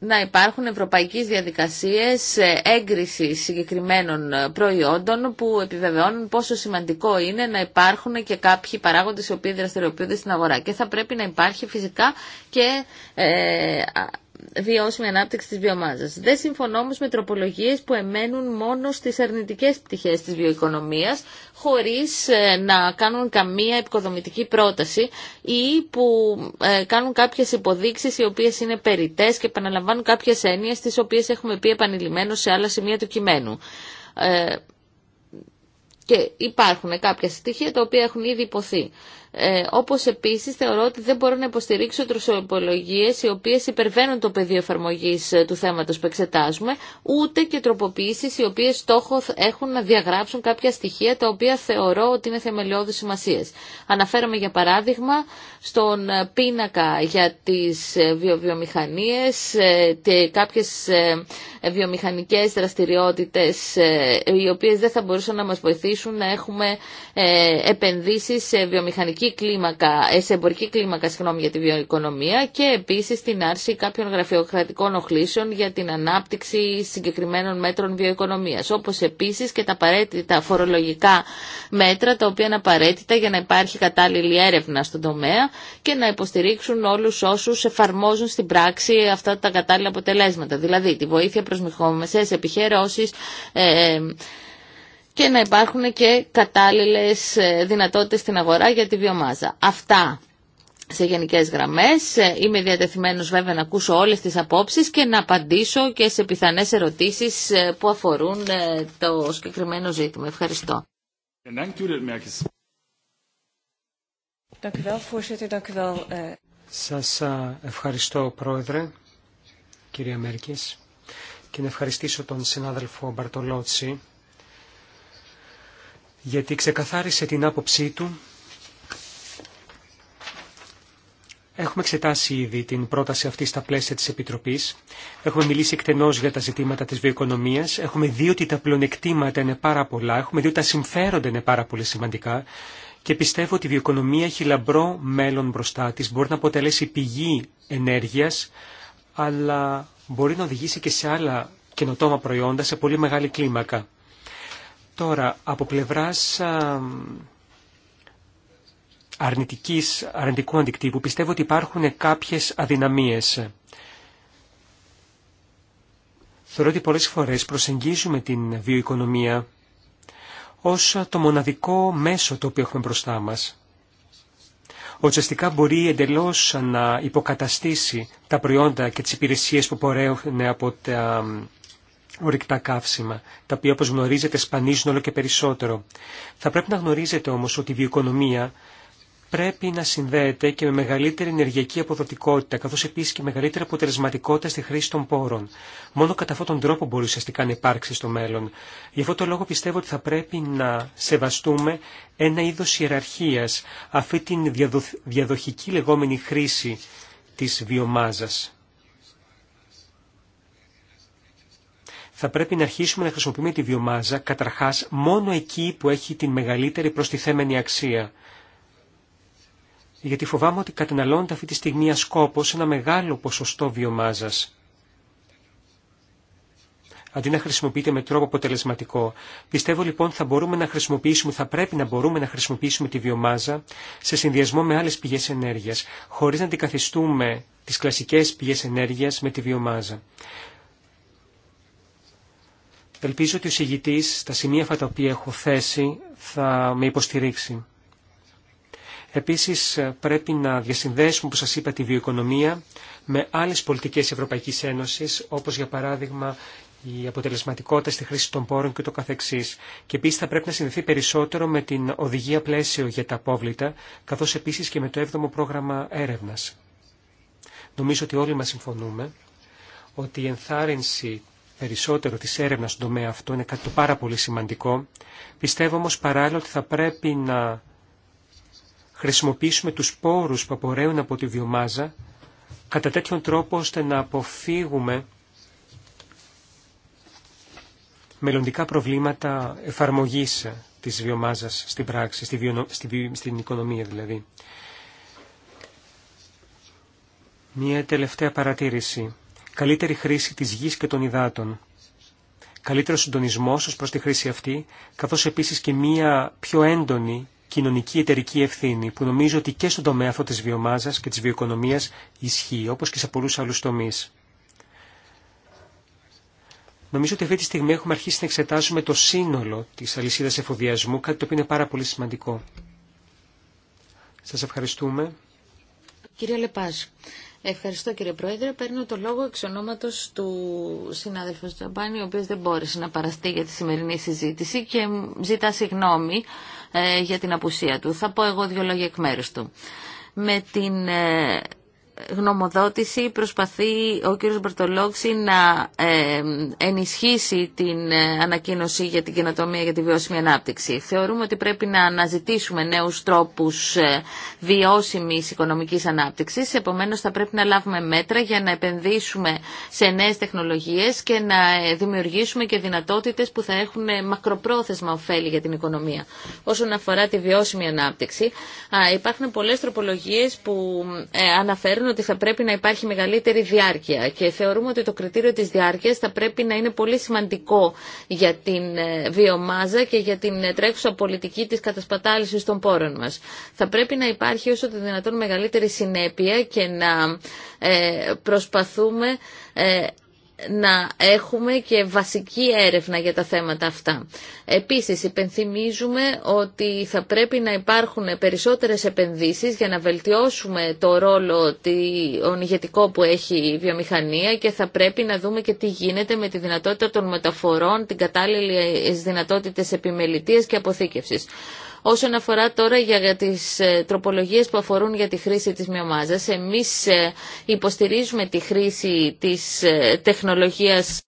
να υπάρχουν ευρωπαϊκές διαδικασίες ε, έγκριση συγκεκριμένων ε, προϊόντων που επιβεβαιώνουν πόσο σημαντικό είναι να υπάρχουν και κάποιοι παράγοντες οι οποίοι δραστηριοποιούνται στην αγορά. Και θα πρέπει να υπάρχει φυσικά και βιώσιμη ανάπτυξη της βιομάζας. Δεν συμφωνώ όμως με τροπολογίες που εμένουν μόνο στις αρνητικές πτυχές της βιοοικονομίας χωρίς ε, να κάνουν καμία επικοδομητική πρόταση ή που ε, κάνουν κάποιες υποδείξεις οι οποίες είναι περιτές και επαναλαμβάνουν κάποιες έννοιες τις οποίες έχουμε πει επανειλημμένως σε άλλα σημεία του κειμένου. Ε, και υπάρχουν κάποια στοιχεία τα οποία έχουν ήδη υποθεί. Ε, όπως επίσης θεωρώ ότι δεν μπορώ να υποστηρίξω τροσοπολογίε, οι οποίες υπερβαίνουν το πεδίο εφαρμογή ε, του θέματος που εξετάζουμε, ούτε και τροποποιήσεις οι οποίες στόχο έχουν να διαγράψουν κάποια στοιχεία τα οποία θεωρώ ότι είναι θεμελιώδη σημασία. Αναφέρομαι για παράδειγμα στον ε, πίνακα για τις ε, βιομηχανίες και κάποιες βιομηχανικές δραστηριότητες οι οποίες δεν θα μπορούσαν να μας βοηθήσουν να έχουμε επενδύσεις σε βιομηχανικές εμπορική κλίμακα, ε, σε εμπορική κλίμακα συγγνώμη, για τη βιοοικονομία και επίσης την άρση κάποιων γραφειοκρατικών οχλήσεων για την ανάπτυξη συγκεκριμένων μέτρων βιοοικονομίας, όπως επίσης και τα απαραίτητα φορολογικά μέτρα, τα οποία είναι απαραίτητα για να υπάρχει κατάλληλη έρευνα στον τομέα και να υποστηρίξουν όλους όσους εφαρμόζουν στην πράξη αυτά τα κατάλληλα αποτελέσματα, δηλαδή τη βοήθεια προς επιχειρώσει. επιχειρώσεις, ε, ε και να υπάρχουν και κατάλληλες ε, δυνατότητες στην αγορά για τη βιομάζα. Αυτά σε γενικές γραμμές. Ε, είμαι διατεθειμένος βέβαια να ακούσω όλες τις απόψεις και να απαντήσω και σε πιθανές ερωτήσεις ε, που αφορούν το συγκεκριμένο ζήτημα. Ευχαριστώ. Eh. Σας ευχαριστώ Πρόεδρε, κυρία Μέρκης, και να ευχαριστήσω τον συνάδελφο Μπαρτολότσι γιατί ξεκαθάρισε την άποψή του. Έχουμε εξετάσει ήδη την πρόταση αυτή στα πλαίσια της Επιτροπής. Έχουμε μιλήσει εκτενώς για τα ζητήματα της βιοοικονομίας. Έχουμε δει ότι τα πλονεκτήματα είναι πάρα πολλά. Έχουμε δει ότι τα συμφέροντα είναι πάρα πολύ σημαντικά. Και πιστεύω ότι η βιοοικονομία έχει λαμπρό μέλλον μπροστά της. Μπορεί να αποτελέσει πηγή ενέργειας, αλλά μπορεί να οδηγήσει και σε άλλα καινοτόμα προϊόντα σε πολύ μεγάλη κλίμακα. Τώρα, από πλευράς αρνητικής, αρνητικού αντικτύπου, πιστεύω ότι υπάρχουν κάποιες αδυναμίες. Θεωρώ ότι πολλές φορές προσεγγίζουμε την βιοοικονομία ως το μοναδικό μέσο το οποίο έχουμε μπροστά μας. Ουσιαστικά μπορεί εντελώς να υποκαταστήσει τα προϊόντα και τις υπηρεσίες που πορεύουν από τα ορυκτά καύσιμα, τα οποία όπως γνωρίζετε σπανίζουν όλο και περισσότερο. Θα πρέπει να γνωρίζετε όμως ότι η βιοοικονομία πρέπει να συνδέεται και με μεγαλύτερη ενεργειακή αποδοτικότητα, καθώς επίσης και μεγαλύτερη αποτελεσματικότητα στη χρήση των πόρων. Μόνο κατά αυτόν τον τρόπο μπορεί ουσιαστικά να υπάρξει στο μέλλον. Γι' αυτό το λόγο πιστεύω ότι θα πρέπει να σεβαστούμε ένα είδος ιεραρχίας, αυτή την διαδοχική λεγόμενη χρήση της βιομάζας. θα πρέπει να αρχίσουμε να χρησιμοποιούμε τη βιομάζα καταρχάς μόνο εκεί που έχει την μεγαλύτερη προστιθέμενη αξία. Γιατί φοβάμαι ότι καταναλώνεται αυτή τη στιγμή σε ένα μεγάλο ποσοστό βιομάζας. Αντί να χρησιμοποιείται με τρόπο αποτελεσματικό. Πιστεύω λοιπόν θα μπορούμε να χρησιμοποιήσουμε, θα πρέπει να μπορούμε να χρησιμοποιήσουμε τη βιομάζα σε συνδυασμό με άλλες πηγές ενέργειας, χωρίς να αντικαθιστούμε τις κλασικές πηγές ενέργειας με τη βιομάζα. Ελπίζω ότι ο συγητής στα σημεία αυτά τα οποία έχω θέσει θα με υποστηρίξει. Επίσης πρέπει να διασυνδέσουμε, όπως σας είπα, τη βιοοικονομία με άλλες πολιτικές Ευρωπαϊκής Ένωσης, όπως για παράδειγμα η αποτελεσματικότητα στη χρήση των πόρων και το καθεξής. Και επίσης θα πρέπει να συνδεθεί περισσότερο με την οδηγία πλαίσιο για τα απόβλητα, καθώς επίσης και με το 7ο πρόγραμμα έρευνας. Νομίζω ότι όλοι μας συμφωνούμε ότι η ενθάρρυνση περισσότερο της έρευνας στον τομέα αυτό, είναι κάτι το πάρα πολύ σημαντικό. Πιστεύω όμως παράλληλα ότι θα πρέπει να χρησιμοποιήσουμε τους πόρους που απορρέουν από τη βιομάζα κατά τέτοιον τρόπο ώστε να αποφύγουμε μελλοντικά προβλήματα εφαρμογής της βιομάζας στην πράξη, στην οικονομία δηλαδή. Μία τελευταία παρατήρηση καλύτερη χρήση της γης και των υδάτων, καλύτερο συντονισμό ως προς τη χρήση αυτή, καθώς επίσης και μία πιο έντονη κοινωνική εταιρική ευθύνη, που νομίζω ότι και στον τομέα αυτό της βιομάζας και της βιοοικονομίας ισχύει, όπως και σε πολλούς άλλους τομείς. Νομίζω ότι αυτή τη στιγμή έχουμε αρχίσει να εξετάζουμε το σύνολο της αλυσίδας εφοδιασμού, κάτι το οποίο είναι πάρα πολύ σημαντικό. Σας ευχαριστούμε. Κύριε Ευχαριστώ κύριε Πρόεδρε. Παίρνω το λόγο εξ ονόματος του συνάδελφου Τζαμπάνη, ο οποίος δεν μπόρεσε να παραστεί για τη σημερινή συζήτηση και ζητά συγγνώμη ε, για την απουσία του. Θα πω εγώ δύο λόγια εκ μέρους του. Με την ε, γνωμοδότηση προσπαθεί ο κύριος Μπαρτολόξη να ε, ενισχύσει την ε, ανακοίνωση για την καινοτομία για τη βιώσιμη ανάπτυξη. Θεωρούμε ότι πρέπει να αναζητήσουμε νέους τρόπους ε, βιώσιμης οικονομικής ανάπτυξης, επομένως θα πρέπει να λάβουμε μέτρα για να επενδύσουμε σε νέες τεχνολογίες και να δημιουργήσουμε και δυνατότητες που θα έχουν μακροπρόθεσμα ωφέλη για την οικονομία. Όσον αφορά τη βιώσιμη ανάπτυξη, υπάρχουν πολλές τροπολογίες που αναφέρουν ότι θα πρέπει να υπάρχει μεγαλύτερη διάρκεια και θεωρούμε ότι το κριτήριο της διάρκειας θα πρέπει να είναι πολύ σημαντικό για την ε, βιομάζα και για την ε, τρέχουσα πολιτική της κατασπατάλησης των πόρων μας. Θα πρέπει να υπάρχει όσο το δυνατόν μεγαλύτερη συνέπεια και να ε, προσπαθούμε να έχουμε και βασική έρευνα για τα θέματα αυτά. Επίσης, υπενθυμίζουμε ότι θα πρέπει να υπάρχουν περισσότερες επενδύσεις για να βελτιώσουμε το ρόλο των ηγετικό που έχει η βιομηχανία και θα πρέπει να δούμε και τι γίνεται με τη δυνατότητα των μεταφορών, την κατάλληλη ε, δυνατότητες επιμελητίας και αποθήκευσης. Όσον αφορά τώρα για τις ε, τροπολογίες που αφορούν για τη χρήση της μειομάζας, εμείς ε, υποστηρίζουμε τη χρήση της ε, τεχνολογίας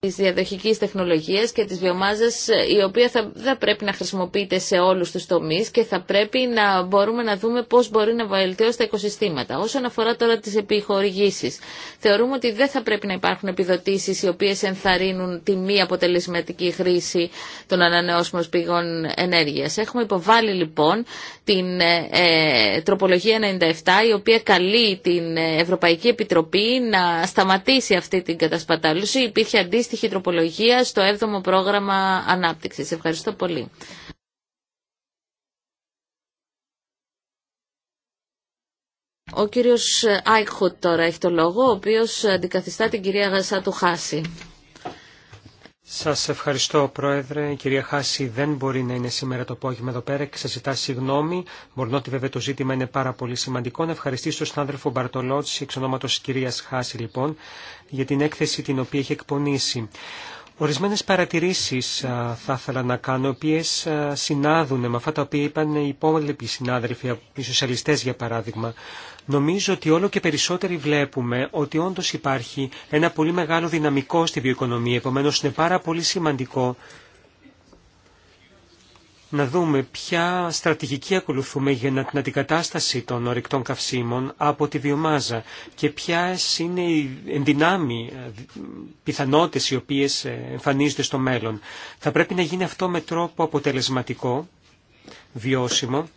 τη διαδοχική τεχνολογία και τη βιομάζας η οποία θα, θα πρέπει να χρησιμοποιείται σε όλους τους τομείς και θα πρέπει να μπορούμε να δούμε πώς μπορεί να βελτιώσει τα οικοσυστήματα. Όσον αφορά τώρα τις επιχορηγήσεις, θεωρούμε ότι δεν θα πρέπει να υπάρχουν επιδοτήσεις οι οποίες ενθαρρύνουν τη μη αποτελεσματική χρήση των ανανεώσιμων πηγών ενέργειας. Έχουμε υποβάλει λοιπόν την ε, ε τροπολογία 97 η οποία καλεί την Ευρωπαϊκή Επιτροπή να σταματήσει αυτή την κατασπατάλωση. Υπήρχε αντίστοιχη αντίστοιχη τροπολογία στο 7ο πρόγραμμα ανάπτυξης. Ευχαριστώ πολύ. Ο κύριος Άιχου τώρα έχει το λόγο, ο οποίος αντικαθιστά την κυρία του Χάση. Σας ευχαριστώ Πρόεδρε. Η κυρία Χάση δεν μπορεί να είναι σήμερα το απόγευμα εδώ πέρα και σας ζητά συγγνώμη. Μπορεί ότι βέβαια το ζήτημα είναι πάρα πολύ σημαντικό. Να ευχαριστήσω τον συνάδελφο Μπαρτολότση, εξ ονόματος κυρίας Χάση λοιπόν, για την έκθεση την οποία έχει εκπονήσει. Ορισμένες παρατηρήσεις θα ήθελα να κάνω, οι οποίες συνάδουν με αυτά τα οποία είπαν οι υπόλοιποι συνάδελφοι, οι σοσιαλιστές για παράδειγμα. Νομίζω ότι όλο και περισσότεροι βλέπουμε ότι όντως υπάρχει ένα πολύ μεγάλο δυναμικό στη βιοοικονομία, επομένως είναι πάρα πολύ σημαντικό να δούμε ποια στρατηγική ακολουθούμε για την αντικατάσταση των ορεικτών καυσίμων από τη βιομάζα και ποιε είναι οι ενδυνάμει ε, πιθανότητες οι οποίες ε, εμφανίζονται στο μέλλον. Θα πρέπει να γίνει αυτό με τρόπο αποτελεσματικό, βιώσιμο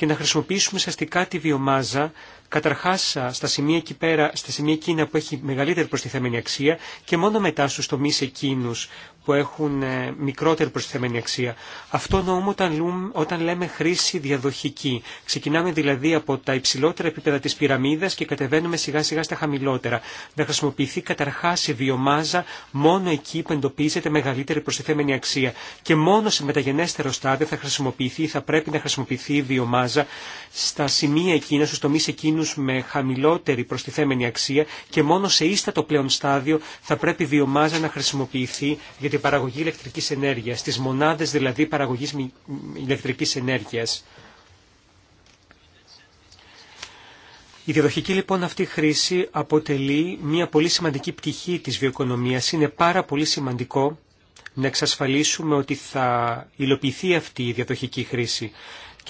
και να χρησιμοποιήσουμε ουσιαστικά τη βιομάζα Καταρχά, στα σημεία εκεί πέρα, στα σημεία εκείνα που έχει μεγαλύτερη προστιθέμενη αξία και μόνο μετά στου τομεί εκείνου που έχουν ε, μικρότερη προστιθέμενη αξία. Αυτό εννοούμε όταν, όταν λέμε χρήση διαδοχική. Ξεκινάμε δηλαδή από τα υψηλότερα επίπεδα τη πυραμίδα και κατεβαίνουμε σιγά σιγά στα χαμηλότερα. Να χρησιμοποιηθεί καταρχάς η βιομάζα μόνο εκεί που εντοπίζεται μεγαλύτερη προστιθέμενη αξία και μόνο σε μεταγενέστερο στάδιο θα χρησιμοποιηθεί, θα πρέπει να χρησιμοποιηθεί η βιομάζα στα σημεία εκείνα, στους τομείς εκείνους με χαμηλότερη προστιθέμενη αξία και μόνο σε ίστατο πλέον στάδιο θα πρέπει η βιομάζα να χρησιμοποιηθεί για την παραγωγή ηλεκτρικής ενέργειας, στις μονάδες δηλαδή παραγωγής ηλεκτρικής ενέργειας. Η διαδοχική λοιπόν αυτή χρήση αποτελεί μια πολύ σημαντική πτυχή της βιοοικονομίας. Είναι πάρα πολύ σημαντικό να εξασφαλίσουμε ότι θα υλοποιηθεί αυτή η διαδοχική χρήση.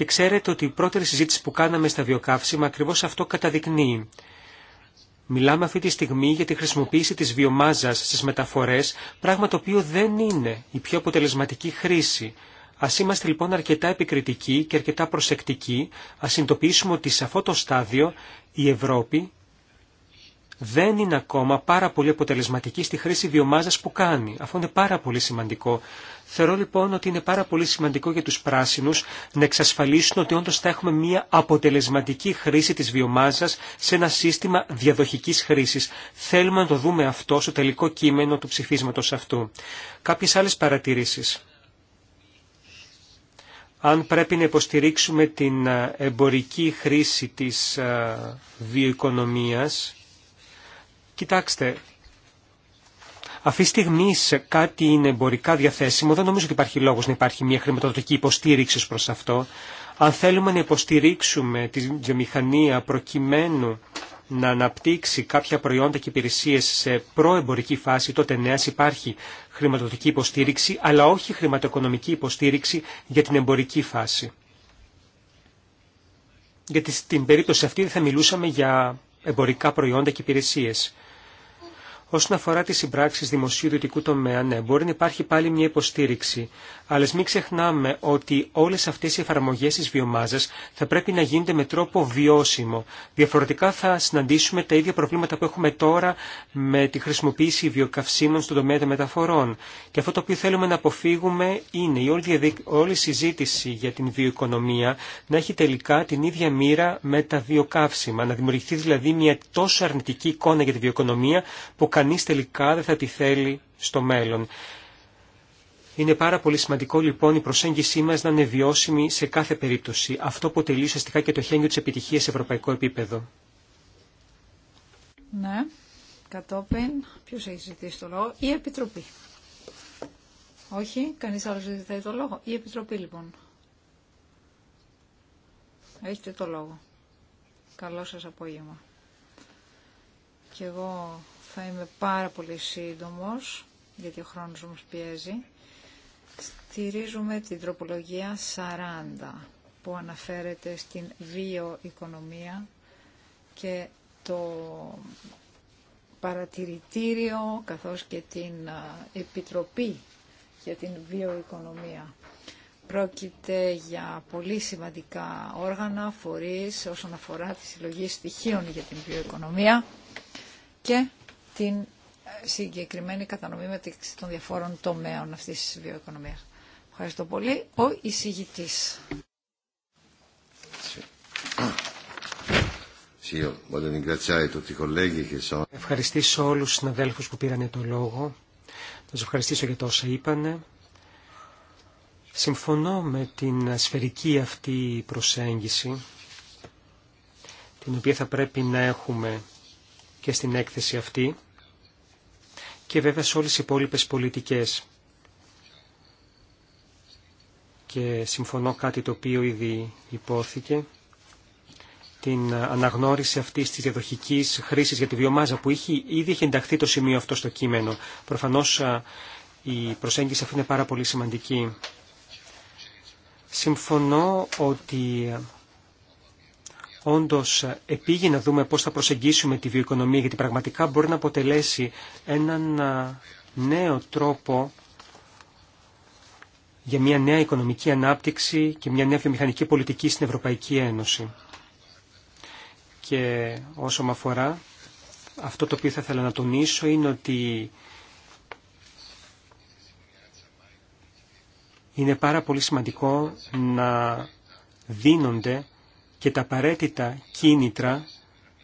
Και ξέρετε ότι η πρώτη συζήτηση που κάναμε στα βιοκαύσιμα ακριβώς αυτό καταδεικνύει. Μιλάμε αυτή τη στιγμή για τη χρησιμοποίηση της βιομάζας στις μεταφορές, πράγμα το οποίο δεν είναι η πιο αποτελεσματική χρήση. Α είμαστε λοιπόν αρκετά επικριτικοί και αρκετά προσεκτικοί, α συνειδητοποιήσουμε ότι σε αυτό το στάδιο η Ευρώπη δεν είναι ακόμα πάρα πολύ αποτελεσματική στη χρήση βιομάζας που κάνει. Αυτό είναι πάρα πολύ σημαντικό. Θεωρώ λοιπόν ότι είναι πάρα πολύ σημαντικό για τους πράσινους να εξασφαλίσουν ότι όντως θα έχουμε μια αποτελεσματική χρήση της βιομάζας σε ένα σύστημα διαδοχικής χρήσης. Θέλουμε να το δούμε αυτό στο τελικό κείμενο του ψηφίσματος αυτού. Κάποιες άλλες παρατηρήσεις αν πρέπει να υποστηρίξουμε την ε, εμπορική χρήση της ε, βιοοικονομίας Κοιτάξτε, αυτή τη στιγμή κάτι είναι εμπορικά διαθέσιμο. Δεν νομίζω ότι υπάρχει λόγος να υπάρχει μια χρηματοδοτική υποστήριξη προς αυτό. Αν θέλουμε να υποστηρίξουμε τη βιομηχανία προκειμένου να αναπτύξει κάποια προϊόντα και υπηρεσίες σε προεμπορική φάση, τότε νέα υπάρχει χρηματοδοτική υποστήριξη, αλλά όχι χρηματοοικονομική υποστήριξη για την εμπορική φάση. Γιατί στην περίπτωση αυτή δεν θα μιλούσαμε για εμπορικά προϊόντα και υπηρεσίες. Όσον αφορά τι συμπράξει δημοσίου ιδιωτικού τομέα, ναι, μπορεί να υπάρχει πάλι μια υποστήριξη. Αλλά μην ξεχνάμε ότι όλε αυτέ οι εφαρμογέ τη βιομάζα θα πρέπει να γίνονται με τρόπο βιώσιμο. Διαφορετικά θα συναντήσουμε τα ίδια προβλήματα που έχουμε τώρα με τη χρησιμοποίηση βιοκαυσίμων στον τομέα των μεταφορών. Και αυτό το οποίο θέλουμε να αποφύγουμε είναι η όλη, όλη συζήτηση για την βιοοικονομία να έχει τελικά την ίδια μοίρα με τα βιοκαύσιμα. Να δημιουργηθεί δηλαδή μια τόσο αρνητική εικόνα για τη βιοοικονομία που κανείς τελικά δεν θα τη θέλει στο μέλλον. Είναι πάρα πολύ σημαντικό λοιπόν η προσέγγιση μας να είναι βιώσιμη σε κάθε περίπτωση. Αυτό αποτελεί ουσιαστικά και το χένιο τη επιτυχία σε ευρωπαϊκό επίπεδο. Ναι. Κατόπιν, ποιο έχει ζητήσει το λόγο, η Επιτροπή. Όχι, κανείς άλλος δεν ζητάει το λόγο. Η Επιτροπή λοιπόν. Έχετε το λόγο. Καλό σας απόγευμα. Και εγώ θα είμαι πάρα πολύ σύντομος, γιατί ο χρόνος μας πιέζει. Στηρίζουμε την τροπολογία 40 που αναφέρεται στην βιοοικονομία και το παρατηρητήριο καθώς και την Επιτροπή για την βιοοικονομία. Πρόκειται για πολύ σημαντικά όργανα, φορείς όσον αφορά τη συλλογή στοιχείων για την βιοοικονομία και την συγκεκριμένη κατανομή μεταξύ των διαφόρων τομέων αυτής της βιοοικονομίας. Ευχαριστώ πολύ. Ο εισηγητής. Ευχαριστήσω όλους τους συναδέλφους που πήραν το λόγο. Θα σας ευχαριστήσω για το όσα είπανε. Συμφωνώ με την σφαιρική αυτή προσέγγιση, την οποία θα πρέπει να έχουμε και στην έκθεση αυτή και βέβαια σε όλες τις υπόλοιπες πολιτικές. Και συμφωνώ κάτι το οποίο ήδη υπόθηκε, την αναγνώριση αυτή τη διαδοχική χρήση για τη βιομάζα που είχε, ήδη είχε ενταχθεί το σημείο αυτό στο κείμενο. Προφανώ η προσέγγιση αυτή είναι πάρα πολύ σημαντική. Συμφωνώ ότι όντως ε, επήγει να δούμε πώς θα προσεγγίσουμε τη βιοοικονομία, γιατί πραγματικά μπορεί να αποτελέσει έναν ε, νέο τρόπο για μια νέα οικονομική ανάπτυξη και μια νέα βιομηχανική πολιτική στην Ευρωπαϊκή Ένωση. Και όσο με αφορά, αυτό το οποίο θα ήθελα να τονίσω είναι ότι είναι πάρα πολύ σημαντικό να δίνονται και τα απαραίτητα κίνητρα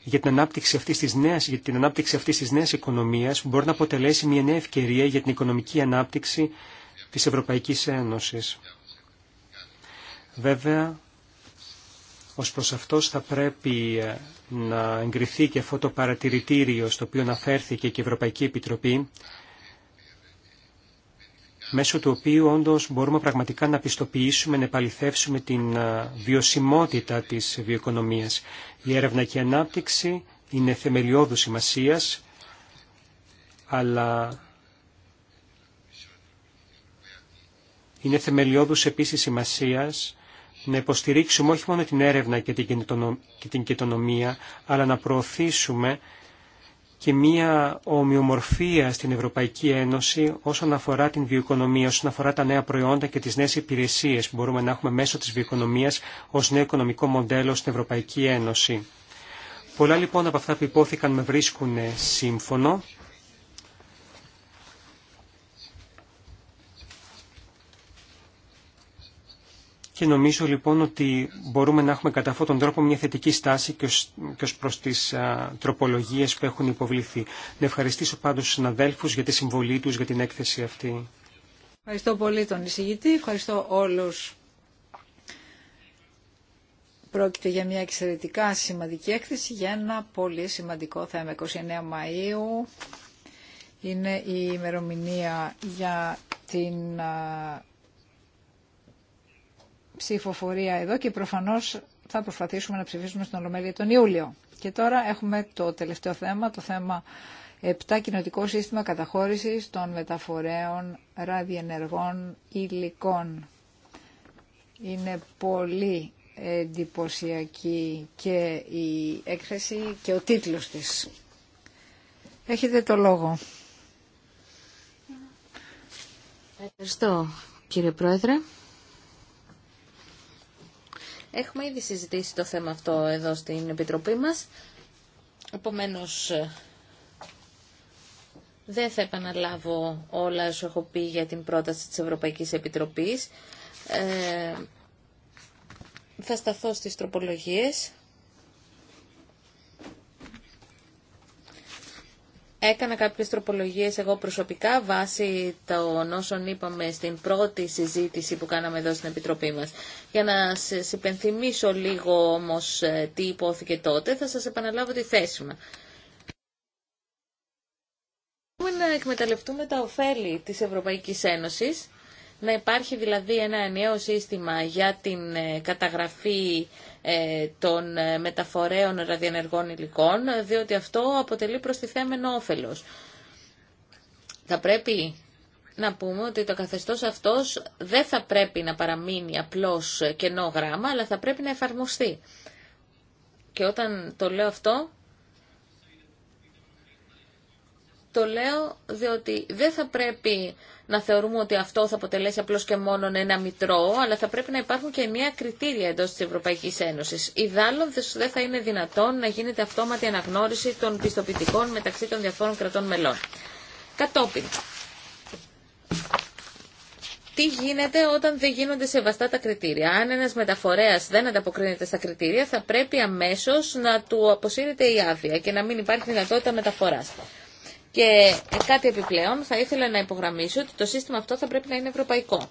για την ανάπτυξη αυτής της νέας, για την ανάπτυξη αυτής της νέας οικονομίας που μπορεί να αποτελέσει μια νέα ευκαιρία για την οικονομική ανάπτυξη της Ευρωπαϊκής Ένωσης. Βέβαια, ως προς αυτό, θα πρέπει ε, να εγκριθεί και αυτό το παρατηρητήριο στο οποίο αναφέρθηκε και η Ευρωπαϊκή Επιτροπή μέσω του οποίου όντως μπορούμε πραγματικά να πιστοποιήσουμε, να επαληθεύσουμε την βιωσιμότητα της βιοοικονομίας. Η έρευνα και η ανάπτυξη είναι θεμελιώδου σημασία, αλλά είναι θεμελιώδους επίσης σημασία να υποστηρίξουμε όχι μόνο την έρευνα και την κοινωνία, αλλά να προωθήσουμε και μία ομοιομορφία στην Ευρωπαϊκή Ένωση όσον αφορά την βιοοικονομία, όσον αφορά τα νέα προϊόντα και τις νέες υπηρεσίες που μπορούμε να έχουμε μέσω της βιοοικονομίας ως νέο οικονομικό μοντέλο στην Ευρωπαϊκή Ένωση. Πολλά λοιπόν από αυτά που υπόθηκαν με βρίσκουν σύμφωνο. και νομίζω λοιπόν ότι μπορούμε να έχουμε κατά αυτόν τον τρόπο μια θετική στάση και ως, τι προς τις τροπολογίες που έχουν υποβληθεί. Να ευχαριστήσω πάντως τους συναδέλφους για τη συμβολή τους για την έκθεση αυτή. Ευχαριστώ πολύ τον εισηγητή, ευχαριστώ όλους. Πρόκειται για μια εξαιρετικά σημαντική έκθεση για ένα πολύ σημαντικό θέμα. 29 Μαΐου είναι η ημερομηνία για την ψηφοφορία εδώ και προφανώς θα προσπαθήσουμε να ψηφίσουμε στην Ολομέλεια τον Ιούλιο. Και τώρα έχουμε το τελευταίο θέμα, το θέμα 7 κοινοτικό σύστημα καταχώρησης των μεταφορέων ραδιενεργών υλικών. Είναι πολύ εντυπωσιακή και η έκθεση και ο τίτλος της. Έχετε το λόγο. Ευχαριστώ κύριε Πρόεδρε. Έχουμε ήδη συζητήσει το θέμα αυτό εδώ στην Επιτροπή μας. Επομένως, ε, δεν θα επαναλάβω όλα όσο έχω πει για την πρόταση της Ευρωπαϊκής Επιτροπής. Ε, θα σταθώ στις τροπολογίες. Έκανα κάποιες τροπολογίες εγώ προσωπικά βάσει των όσων είπαμε στην πρώτη συζήτηση που κάναμε εδώ στην Επιτροπή μας. Για να σας υπενθυμίσω λίγο όμως ε, τι υπόθηκε τότε, θα σας επαναλάβω τη θέση μου. Μπορούμε να εκμεταλλευτούμε τα ωφέλη της Ευρωπαϊκής Ένωσης να υπάρχει δηλαδή ένα ενιαίο σύστημα για την ε, καταγραφή ε, των ε, μεταφορέων ραδιενεργών υλικών, διότι αυτό αποτελεί προστιθέμενο όφελος. Θα πρέπει να πούμε ότι το καθεστώς αυτός δεν θα πρέπει να παραμείνει απλώς κενό γράμμα, αλλά θα πρέπει να εφαρμοστεί. Και όταν το λέω αυτό, Το λέω διότι δεν θα πρέπει να θεωρούμε ότι αυτό θα αποτελέσει απλώς και μόνο ένα μητρό, αλλά θα πρέπει να υπάρχουν και μια κριτήρια εντός της Ευρωπαϊκής Ένωσης. Ιδάλλον δεν θα είναι δυνατόν να γίνεται αυτόματη αναγνώριση των πιστοποιητικών μεταξύ των διαφόρων κρατών μελών. Κατόπιν, τι γίνεται όταν δεν γίνονται σεβαστά τα κριτήρια. Αν ένας μεταφορέας δεν ανταποκρίνεται στα κριτήρια, θα πρέπει αμέσως να του αποσύρεται η άδεια και να μην υπάρχει δυνατότητα μεταφοράς. Και ε, κάτι επιπλέον, θα ήθελα να υπογραμμίσω ότι το σύστημα αυτό θα πρέπει να είναι ευρωπαϊκό.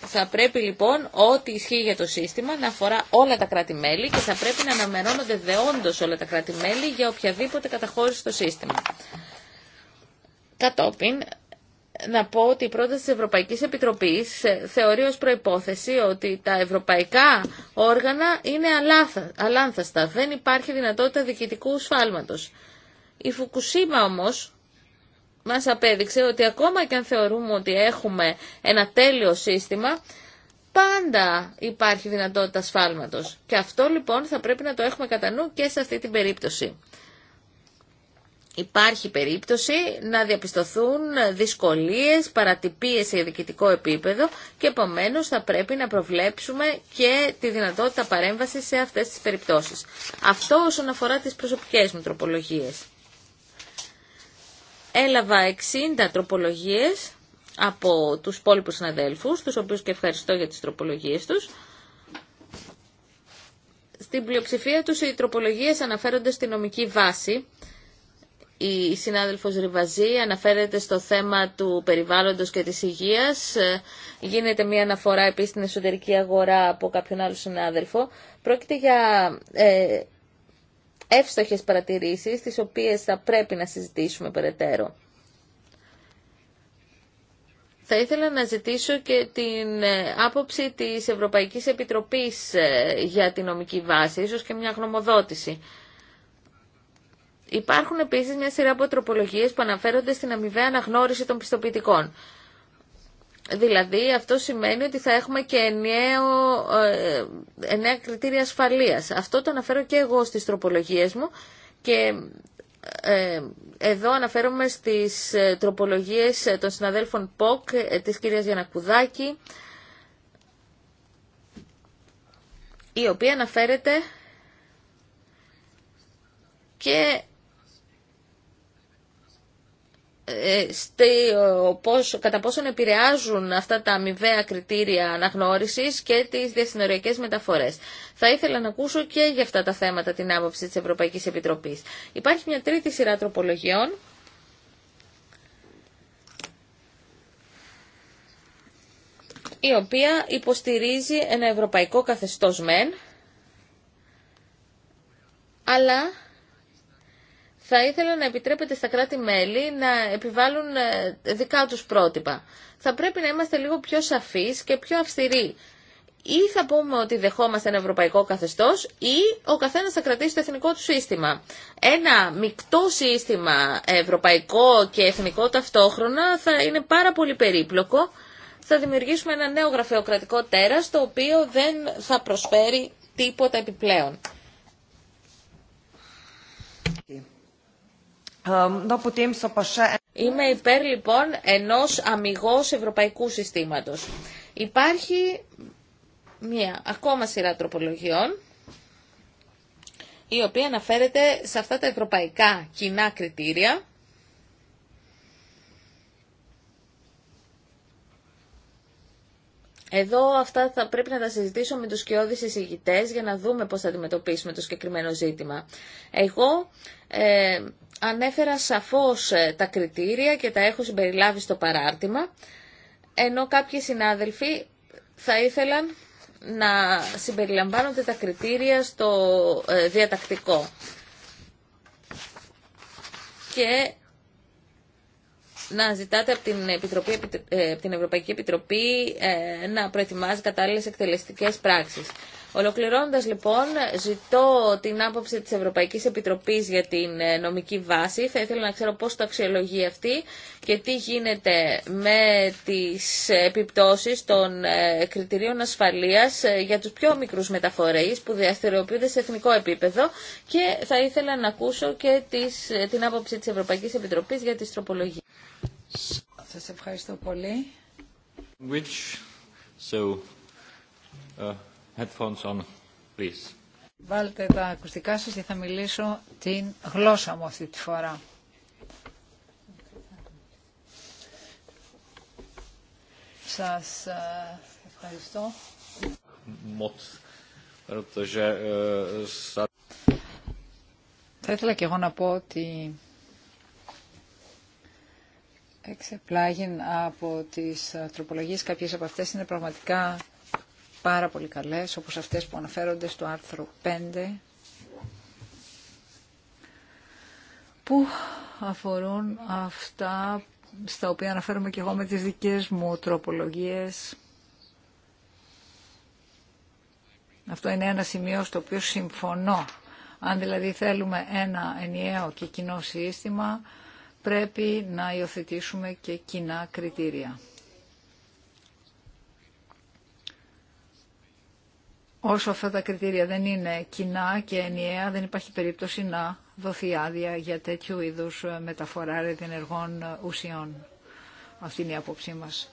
Θα πρέπει λοιπόν ό,τι ισχύει για το σύστημα να αφορά όλα τα κράτη-μέλη και θα πρέπει να αναμερώνονται δεόντως όλα τα κράτη-μέλη για οποιαδήποτε καταχώρηση στο σύστημα. Κατόπιν, να πω ότι η πρόταση της Ευρωπαϊκής Επιτροπής ε, θεωρεί ως προϋπόθεση ότι τα ευρωπαϊκά όργανα είναι αλάνθαστα. Δεν υπάρχει δυνατότητα διοικητικού σφάλματος. Η Φουκουσίμα όμως μας απέδειξε ότι ακόμα και αν θεωρούμε ότι έχουμε ένα τέλειο σύστημα, πάντα υπάρχει δυνατότητα σφάλματος. Και αυτό λοιπόν θα πρέπει να το έχουμε κατά νου και σε αυτή την περίπτωση υπάρχει περίπτωση να διαπιστωθούν δυσκολίες, παρατυπίες σε διοικητικό επίπεδο και επομένως θα πρέπει να προβλέψουμε και τη δυνατότητα παρέμβασης σε αυτές τις περιπτώσεις. Αυτό όσον αφορά τις προσωπικές μου τροπολογίες. Έλαβα 60 τροπολογίες από τους πόλοιπους συναδέλφους, τους οποίους και ευχαριστώ για τις τροπολογίες τους. Στην πλειοψηφία τους οι τροπολογίες αναφέρονται στη νομική βάση η συνάδελφος Ριβαζή αναφέρεται στο θέμα του περιβάλλοντος και της υγείας. Ε, γίνεται μια αναφορά επίσης στην εσωτερική αγορά από κάποιον άλλο συνάδελφο. Πρόκειται για ε, εύστοχες παρατηρήσεις, τις οποίες θα πρέπει να συζητήσουμε περαιτέρω. Θα ήθελα να ζητήσω και την ε, άποψη της Ευρωπαϊκής Επιτροπής ε, για τη νομική βάση, ίσως και μια γνωμοδότηση. Υπάρχουν επίσης μια σειρά από τροπολογίε που αναφέρονται στην αμοιβαία αναγνώριση των πιστοποιητικών. Δηλαδή αυτό σημαίνει ότι θα έχουμε και ενιαίο, ε, εννέα κριτήρια ασφαλεία. Αυτό το αναφέρω και εγώ στις τροπολογίες μου και ε, εδώ αναφέρομαι στις ε, τροπολογίες των συναδέλφων ΠΟΚ, της κυρίας Γιανακουδάκη, η οποία αναφέρεται και ε, πως κατά πόσον επηρεάζουν αυτά τα αμοιβαία κριτήρια αναγνώρισης και τις διασυνοριακές μεταφορές. Θα ήθελα να ακούσω και για αυτά τα θέματα την άποψη της Ευρωπαϊκής Επιτροπής. Υπάρχει μια τρίτη σειρά τροπολογιών. η οποία υποστηρίζει ένα ευρωπαϊκό καθεστώς μεν, αλλά θα ήθελα να επιτρέπεται στα κράτη-μέλη να επιβάλλουν ε, δικά τους πρότυπα. Θα πρέπει να είμαστε λίγο πιο σαφείς και πιο αυστηροί. Ή θα πούμε ότι δεχόμαστε ένα ευρωπαϊκό καθεστώς ή ο καθένας θα κρατήσει το εθνικό του σύστημα. Ένα μεικτό σύστημα ευρωπαϊκό και εθνικό ταυτόχρονα θα είναι πάρα πολύ περίπλοκο. Θα δημιουργήσουμε ένα νέο γραφειοκρατικό τέρας το οποίο δεν θα προσφέρει τίποτα επιπλέον. Ε, Είμαι υπέρ λοιπόν ενός αμυγός ευρωπαϊκού συστήματος. Υπάρχει μία ακόμα σειρά τροπολογιών η οποία αναφέρεται σε αυτά τα ευρωπαϊκά κοινά κριτήρια Εδώ αυτά θα πρέπει να τα συζητήσω με τους σκιώδεις εισηγητές για να δούμε πώς θα αντιμετωπίσουμε το συγκεκριμένο ζήτημα. Εγώ ε, ανέφερα σαφώς ε, τα κριτήρια και τα έχω συμπεριλάβει στο παράρτημα, ενώ κάποιοι συνάδελφοι θα ήθελαν να συμπεριλαμβάνονται τα κριτήρια στο ε, διατακτικό. Και να ζητάτε από την, Επιτροπή, ε, την Ευρωπαϊκή Επιτροπή να προετοιμάζει κατάλληλες εκτελεστικές πράξεις. Ολοκληρώνοντας λοιπόν, ζητώ την άποψη της Ευρωπαϊκής Επιτροπής για την ε, νομική βάση. Θα ήθελα να ξέρω πώς το αξιολογεί αυτή και τι γίνεται με τις επιπτώσεις των ε, κριτηρίων ασφαλείας ε, για τους πιο μικρούς μεταφορείς που διαστηριοποιούνται σε εθνικό επίπεδο και θα ήθελα να ακούσω και τις, την άποψη της Ευρωπαϊκή Επιτροπή για τι τροπολογίε. Σα ευχαριστώ πολύ. Which, so, uh, headphones Βάλτε τα ακουστικά σας και θα μιλήσω την γλώσσα μου αυτή τη φορά. Σας ε, ευχαριστώ. Ε, θα ήθελα και εγώ να πω ότι εξεπλάγει από τις ε, τροπολογίες κάποιες από αυτές είναι πραγματικά πάρα πολύ καλές, όπως αυτές που αναφέρονται στο άρθρο 5, που αφορούν αυτά στα οποία αναφέρομαι και εγώ με τις δικές μου τροπολογίες. Αυτό είναι ένα σημείο στο οποίο συμφωνώ. Αν δηλαδή θέλουμε ένα ενιαίο και κοινό σύστημα, πρέπει να υιοθετήσουμε και κοινά κριτήρια. Όσο αυτά τα κριτήρια δεν είναι κοινά και ενιαία, δεν υπάρχει περίπτωση να δοθεί άδεια για τέτοιου είδους μεταφορά ρεδινεργών ουσιών. Αυτή είναι η άποψή μας.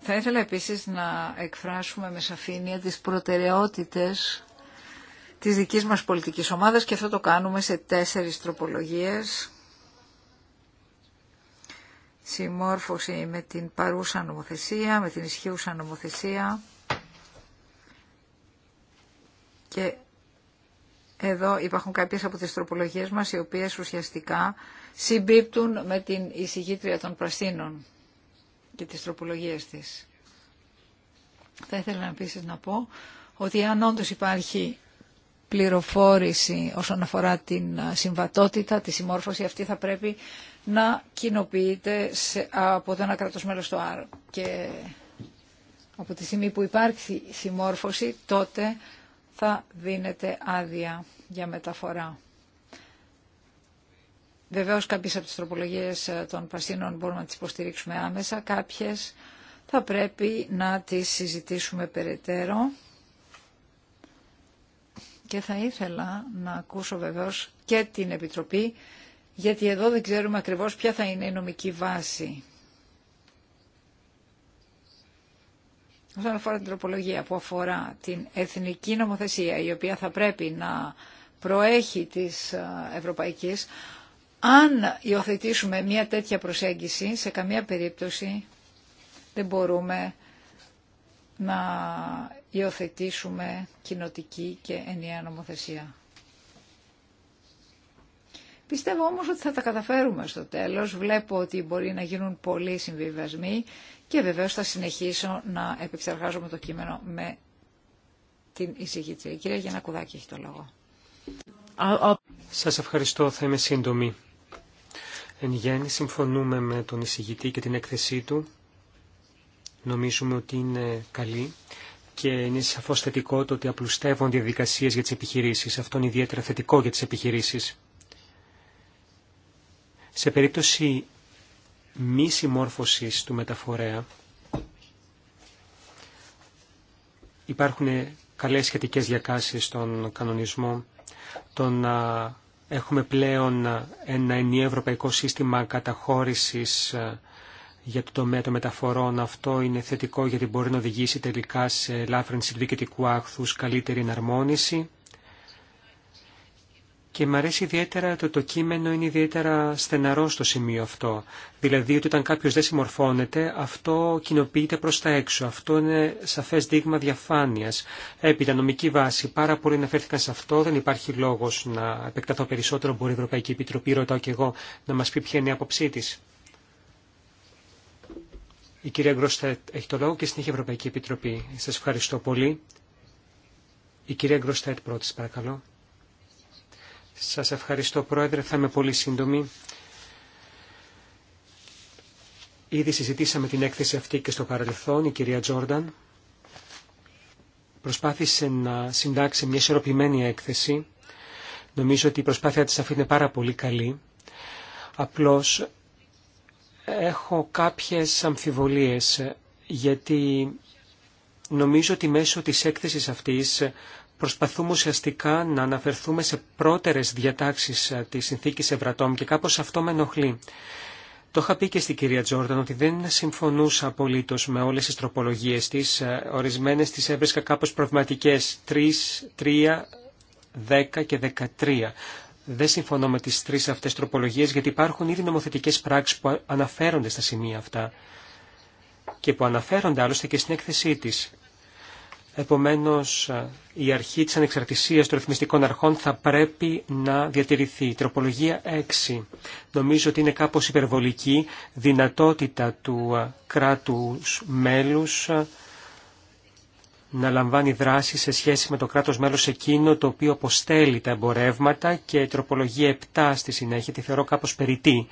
Θα ήθελα επίσης να εκφράσουμε με σαφήνεια τις προτεραιότητες της δικής μας πολιτικής ομάδας και αυτό το κάνουμε σε τέσσερις τροπολογίες. Συμμόρφωση με την παρούσα νομοθεσία, με την ισχύουσα νομοθεσία. Και εδώ υπάρχουν κάποιες από τις τροπολογίες μας οι οποίες ουσιαστικά συμπίπτουν με την εισηγήτρια των Πρασίνων και τις τροπολογίες της. Θα ήθελα επίση να πω ότι αν όντως υπάρχει πληροφόρηση όσον αφορά την συμβατότητα, τη συμμόρφωση αυτή θα πρέπει να κοινοποιείται από το ένα κράτος μέλος στο άλλο. Και από τη στιγμή που υπάρχει συμμόρφωση τότε θα δίνεται άδεια για μεταφορά. Βεβαίω, κάποιες από τι τροπολογίε ε, των πασίνων μπορούμε να τις υποστηρίξουμε άμεσα, κάποιε, θα πρέπει να τις συζητήσουμε περαιτέρω και θα ήθελα να ακούσω βεβαίω και την Επιτροπή γιατί εδώ δεν ξέρουμε ακριβώ ποια θα είναι η νομική βάση. Όσον αφορά την τροπολογία που αφορά την εθνική νομοθεσία, η οποία θα πρέπει να προέχει της ε, ευρωπαϊκής, αν υιοθετήσουμε μια τέτοια προσέγγιση, σε καμία περίπτωση δεν μπορούμε να υιοθετήσουμε κοινοτική και ενιαία νομοθεσία. Πιστεύω όμως ότι θα τα καταφέρουμε στο τέλος. Βλέπω ότι μπορεί να γίνουν πολλοί συμβιβασμοί και βεβαίως θα συνεχίσω να επεξεργάζομαι το κείμενο με την εισηγήτρια. Η κυρία Γιάννα Κουδάκη έχει το λόγο. Σας ευχαριστώ, θα είμαι σύντομη. Εν γέννη συμφωνούμε με τον εισηγητή και την έκθεσή του. Νομίζουμε ότι είναι καλή και είναι σαφώ θετικό το ότι απλουστεύουν διαδικασίε για τι επιχειρήσει. Αυτό είναι ιδιαίτερα θετικό για τις επιχειρήσεις. Σε περίπτωση μη συμμόρφωσης του μεταφορέα. Υπάρχουν καλές σχετικές διακάσεις στον κανονισμό. Το να έχουμε πλέον ένα ενιαίο ευρωπαϊκό σύστημα καταχώρησης ε, για το τομέα των μεταφορών. Αυτό είναι θετικό γιατί μπορεί να οδηγήσει τελικά σε ελάφρυνση του διοικητικού άχθους, καλύτερη εναρμόνιση. Και μου αρέσει ιδιαίτερα το το κείμενο είναι ιδιαίτερα στεναρό στο σημείο αυτό. Δηλαδή ότι όταν κάποιο δεν συμμορφώνεται, αυτό κοινοποιείται προ τα έξω. Αυτό είναι σαφέ δείγμα διαφάνεια. Έπειτα, νομική βάση. Πάρα πολλοί αναφέρθηκαν σε αυτό. Δεν υπάρχει λόγο να επεκταθώ περισσότερο. Μπορεί η Ευρωπαϊκή Επιτροπή, ρωτάω και εγώ, να μα πει ποια είναι η άποψή τη. Η κυρία Γκροστέτ έχει το λόγο και στην Ευρωπαϊκή Επιτροπή. Σα ευχαριστώ πολύ. Η κυρία Γκροστέτ πρώτη, παρακαλώ. Σας ευχαριστώ Πρόεδρε, θα είμαι πολύ σύντομη. Ήδη συζητήσαμε την έκθεση αυτή και στο παρελθόν, η κυρία Τζόρνταν. Προσπάθησε να συντάξει μια ισορροπημένη έκθεση. Νομίζω ότι η προσπάθεια της αυτή είναι πάρα πολύ καλή. Απλώς έχω κάποιες αμφιβολίες γιατί νομίζω ότι μέσω της έκθεσης αυτής προσπαθούμε ουσιαστικά να αναφερθούμε σε πρώτερες διατάξεις ε, της συνθήκης Ευρατόμ και κάπως αυτό με ενοχλεί. Το είχα πει και στην κυρία Τζόρνταν ότι δεν συμφωνούσα απολύτω με όλε τι τροπολογίε τη. Ε, Ορισμένε τι έβρισκα κάπω προβληματικέ. 3, 3, 10 και 13. Δεν συμφωνώ με τι τρει αυτέ τροπολογίε γιατί υπάρχουν ήδη νομοθετικέ πράξει που αναφέρονται στα σημεία αυτά και που αναφέρονται άλλωστε και στην έκθεσή τη. Επομένως, η αρχή της ανεξαρτησίας των ρυθμιστικών αρχών θα πρέπει να διατηρηθεί. Τροπολογία 6. Νομίζω ότι είναι κάπως υπερβολική δυνατότητα του ε, κράτους μέλους ε, να λαμβάνει δράση σε σχέση με το κράτος μέλος εκείνο το οποίο αποστέλει τα εμπορεύματα και τροπολογία 7 στη συνέχεια τη θεωρώ κάπως περιττή.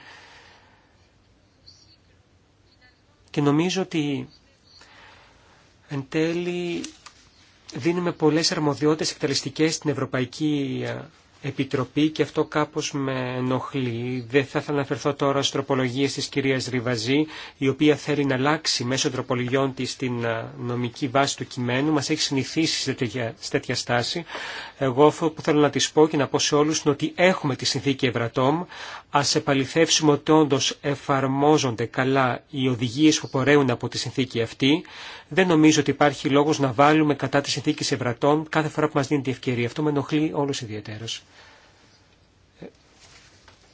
Και νομίζω ότι εν τέλει δίνουμε πολλές αρμοδιότητες εκτελεστικές στην Ευρωπαϊκή ε, Επιτροπή και αυτό κάπως με ενοχλεί. Δεν θα, να αναφερθώ τώρα στις τροπολογίες της κυρίας Ριβαζή, η οποία θέλει να αλλάξει μέσω τροπολογιών της την ε, νομική βάση του κειμένου. Μας έχει συνηθίσει σε τέτοια, στάση. Εγώ αυτό που θέλω να της πω και να πω σε όλους είναι ότι έχουμε τη συνθήκη Ευρατόμ, ας επαληθεύσουμε ότι όντω εφαρμόζονται καλά οι οδηγίες που πορεύουν από τη συνθήκη αυτή. Δεν νομίζω ότι υπάρχει λόγος να βάλουμε κατά τη συνθήκη σε βρατών κάθε φορά που μας δίνει τη ευκαιρία. Αυτό με ενοχλεί όλους ιδιαίτερος.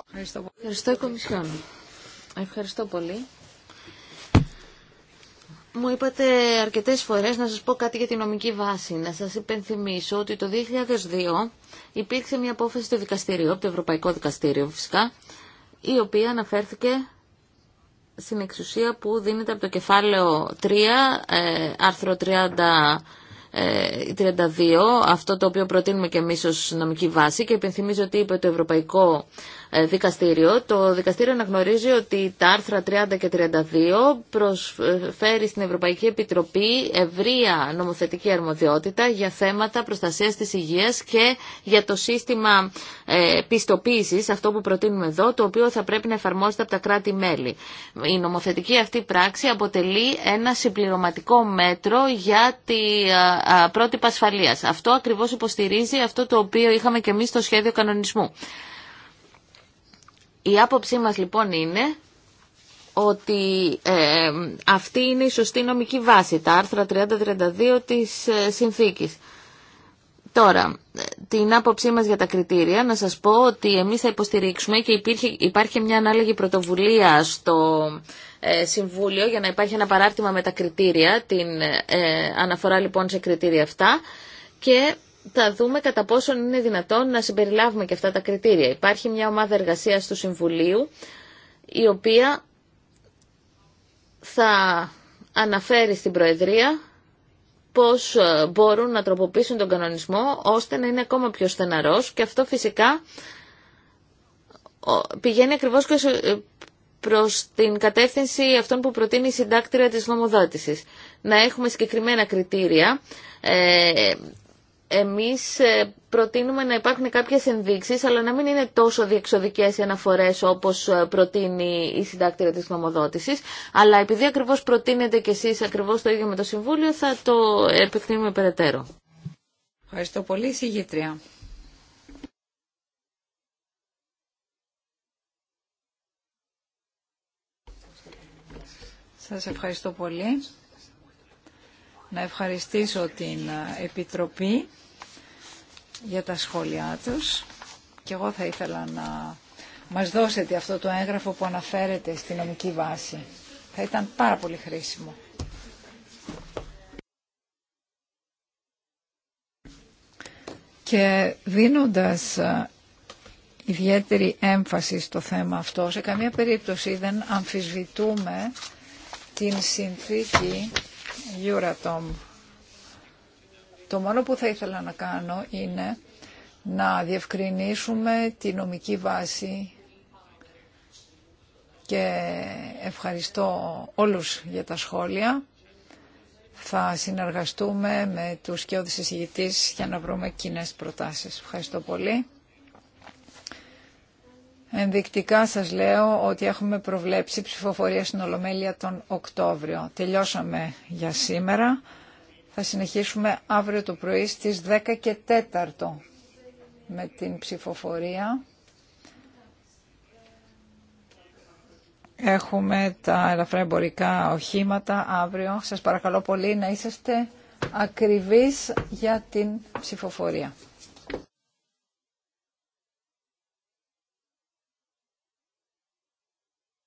Ευχαριστώ, Ευχαριστώ πολύ. Μου είπατε αρκετές φορές να σας πω κάτι για τη νομική βάση. Να σας υπενθυμίσω ότι το 2002 υπήρξε μια απόφαση στο δικαστηρίου, από το Ευρωπαϊκό Δικαστήριο φυσικά, η οποία αναφέρθηκε στην εξουσία που δίνεται από το κεφάλαιο 3, ε, άρθρο 30, 32, ε, αυτό το οποίο προτείνουμε και εμείς ως νομική βάση και υπενθυμίζω ότι είπε το Ευρωπαϊκό ε, δικαστήριο. Το δικαστήριο αναγνωρίζει ότι τα άρθρα 30 και 32 προσφέρει στην Ευρωπαϊκή Επιτροπή ευρεία νομοθετική αρμοδιότητα για θέματα προστασίας της υγείας και για το σύστημα ε, πιστοποίησης, αυτό που προτείνουμε εδώ, το οποίο θα πρέπει να εφαρμόζεται από τα κράτη-μέλη. Η νομοθετική αυτή πράξη αποτελεί ένα συμπληρωματικό μέτρο για τη ε, πρότυπα ασφαλείας. Αυτό ακριβώς υποστηρίζει αυτό το οποίο είχαμε και εμείς στο σχέδιο κανονισμού. Η άποψή μας λοιπόν είναι ότι ε, αυτή είναι η σωστή νομική βάση, τα άρθρα 30-32 της ε, συνθήκης. Τώρα, ε, την άποψή μας για τα κριτήρια, να σας πω ότι εμείς θα υποστηρίξουμε και υπήρχε, υπάρχει μια ανάλογη πρωτοβουλία στο ε, Συμβούλιο για να υπάρχει ένα παράρτημα με τα κριτήρια, την αναφορά λοιπόν σε κριτήρια αυτά και θα δούμε κατά πόσον είναι δυνατόν να συμπεριλάβουμε και αυτά τα κριτήρια. Υπάρχει μια ομάδα εργασίας του Συμβουλίου η οποία θα αναφέρει στην Προεδρία πώς ε, μπορούν να τροποποιήσουν τον κανονισμό ώστε να είναι ακόμα πιο στεναρός και αυτό φυσικά πηγαίνει ακριβώς και ε, προς την κατεύθυνση αυτών που προτείνει η συντάκτρια της νομοδότησης. Να έχουμε συγκεκριμένα κριτήρια ε, εμείς ε, προτείνουμε να υπάρχουν κάποιες ενδείξεις, αλλά να μην είναι τόσο διεξοδικές οι αναφορές όπως ε, προτείνει η συντάκτηρα της νομοδότησης. Αλλά επειδή ακριβώς προτείνετε κι εσείς ακριβώς το ίδιο με το Συμβούλιο, θα το επεκτείνουμε περαιτέρω. Ευχαριστώ πολύ, συγγήτρια. Σας ευχαριστώ πολύ να ευχαριστήσω την Επιτροπή για τα σχόλιά τους και εγώ θα ήθελα να μας δώσετε αυτό το έγγραφο που αναφέρεται στη νομική βάση. Θα ήταν πάρα πολύ χρήσιμο. Και δίνοντας ιδιαίτερη έμφαση στο θέμα αυτό, σε καμία περίπτωση δεν αμφισβητούμε την συνθήκη Euratom. Το μόνο που θα ήθελα να κάνω είναι να διευκρινίσουμε τη νομική βάση και ευχαριστώ όλους για τα σχόλια. Θα συνεργαστούμε με τους και όδησης για να βρούμε κοινέ προτάσεις. Ευχαριστώ πολύ. Ενδεικτικά σας λέω ότι έχουμε προβλέψει ψηφοφορία στην Ολομέλεια τον Οκτώβριο. Τελειώσαμε για σήμερα. Θα συνεχίσουμε αύριο το πρωί στις 10 και με την ψηφοφορία. Έχουμε τα ελαφρά εμπορικά οχήματα αύριο. Σας παρακαλώ πολύ να είσαστε ακριβείς για την ψηφοφορία.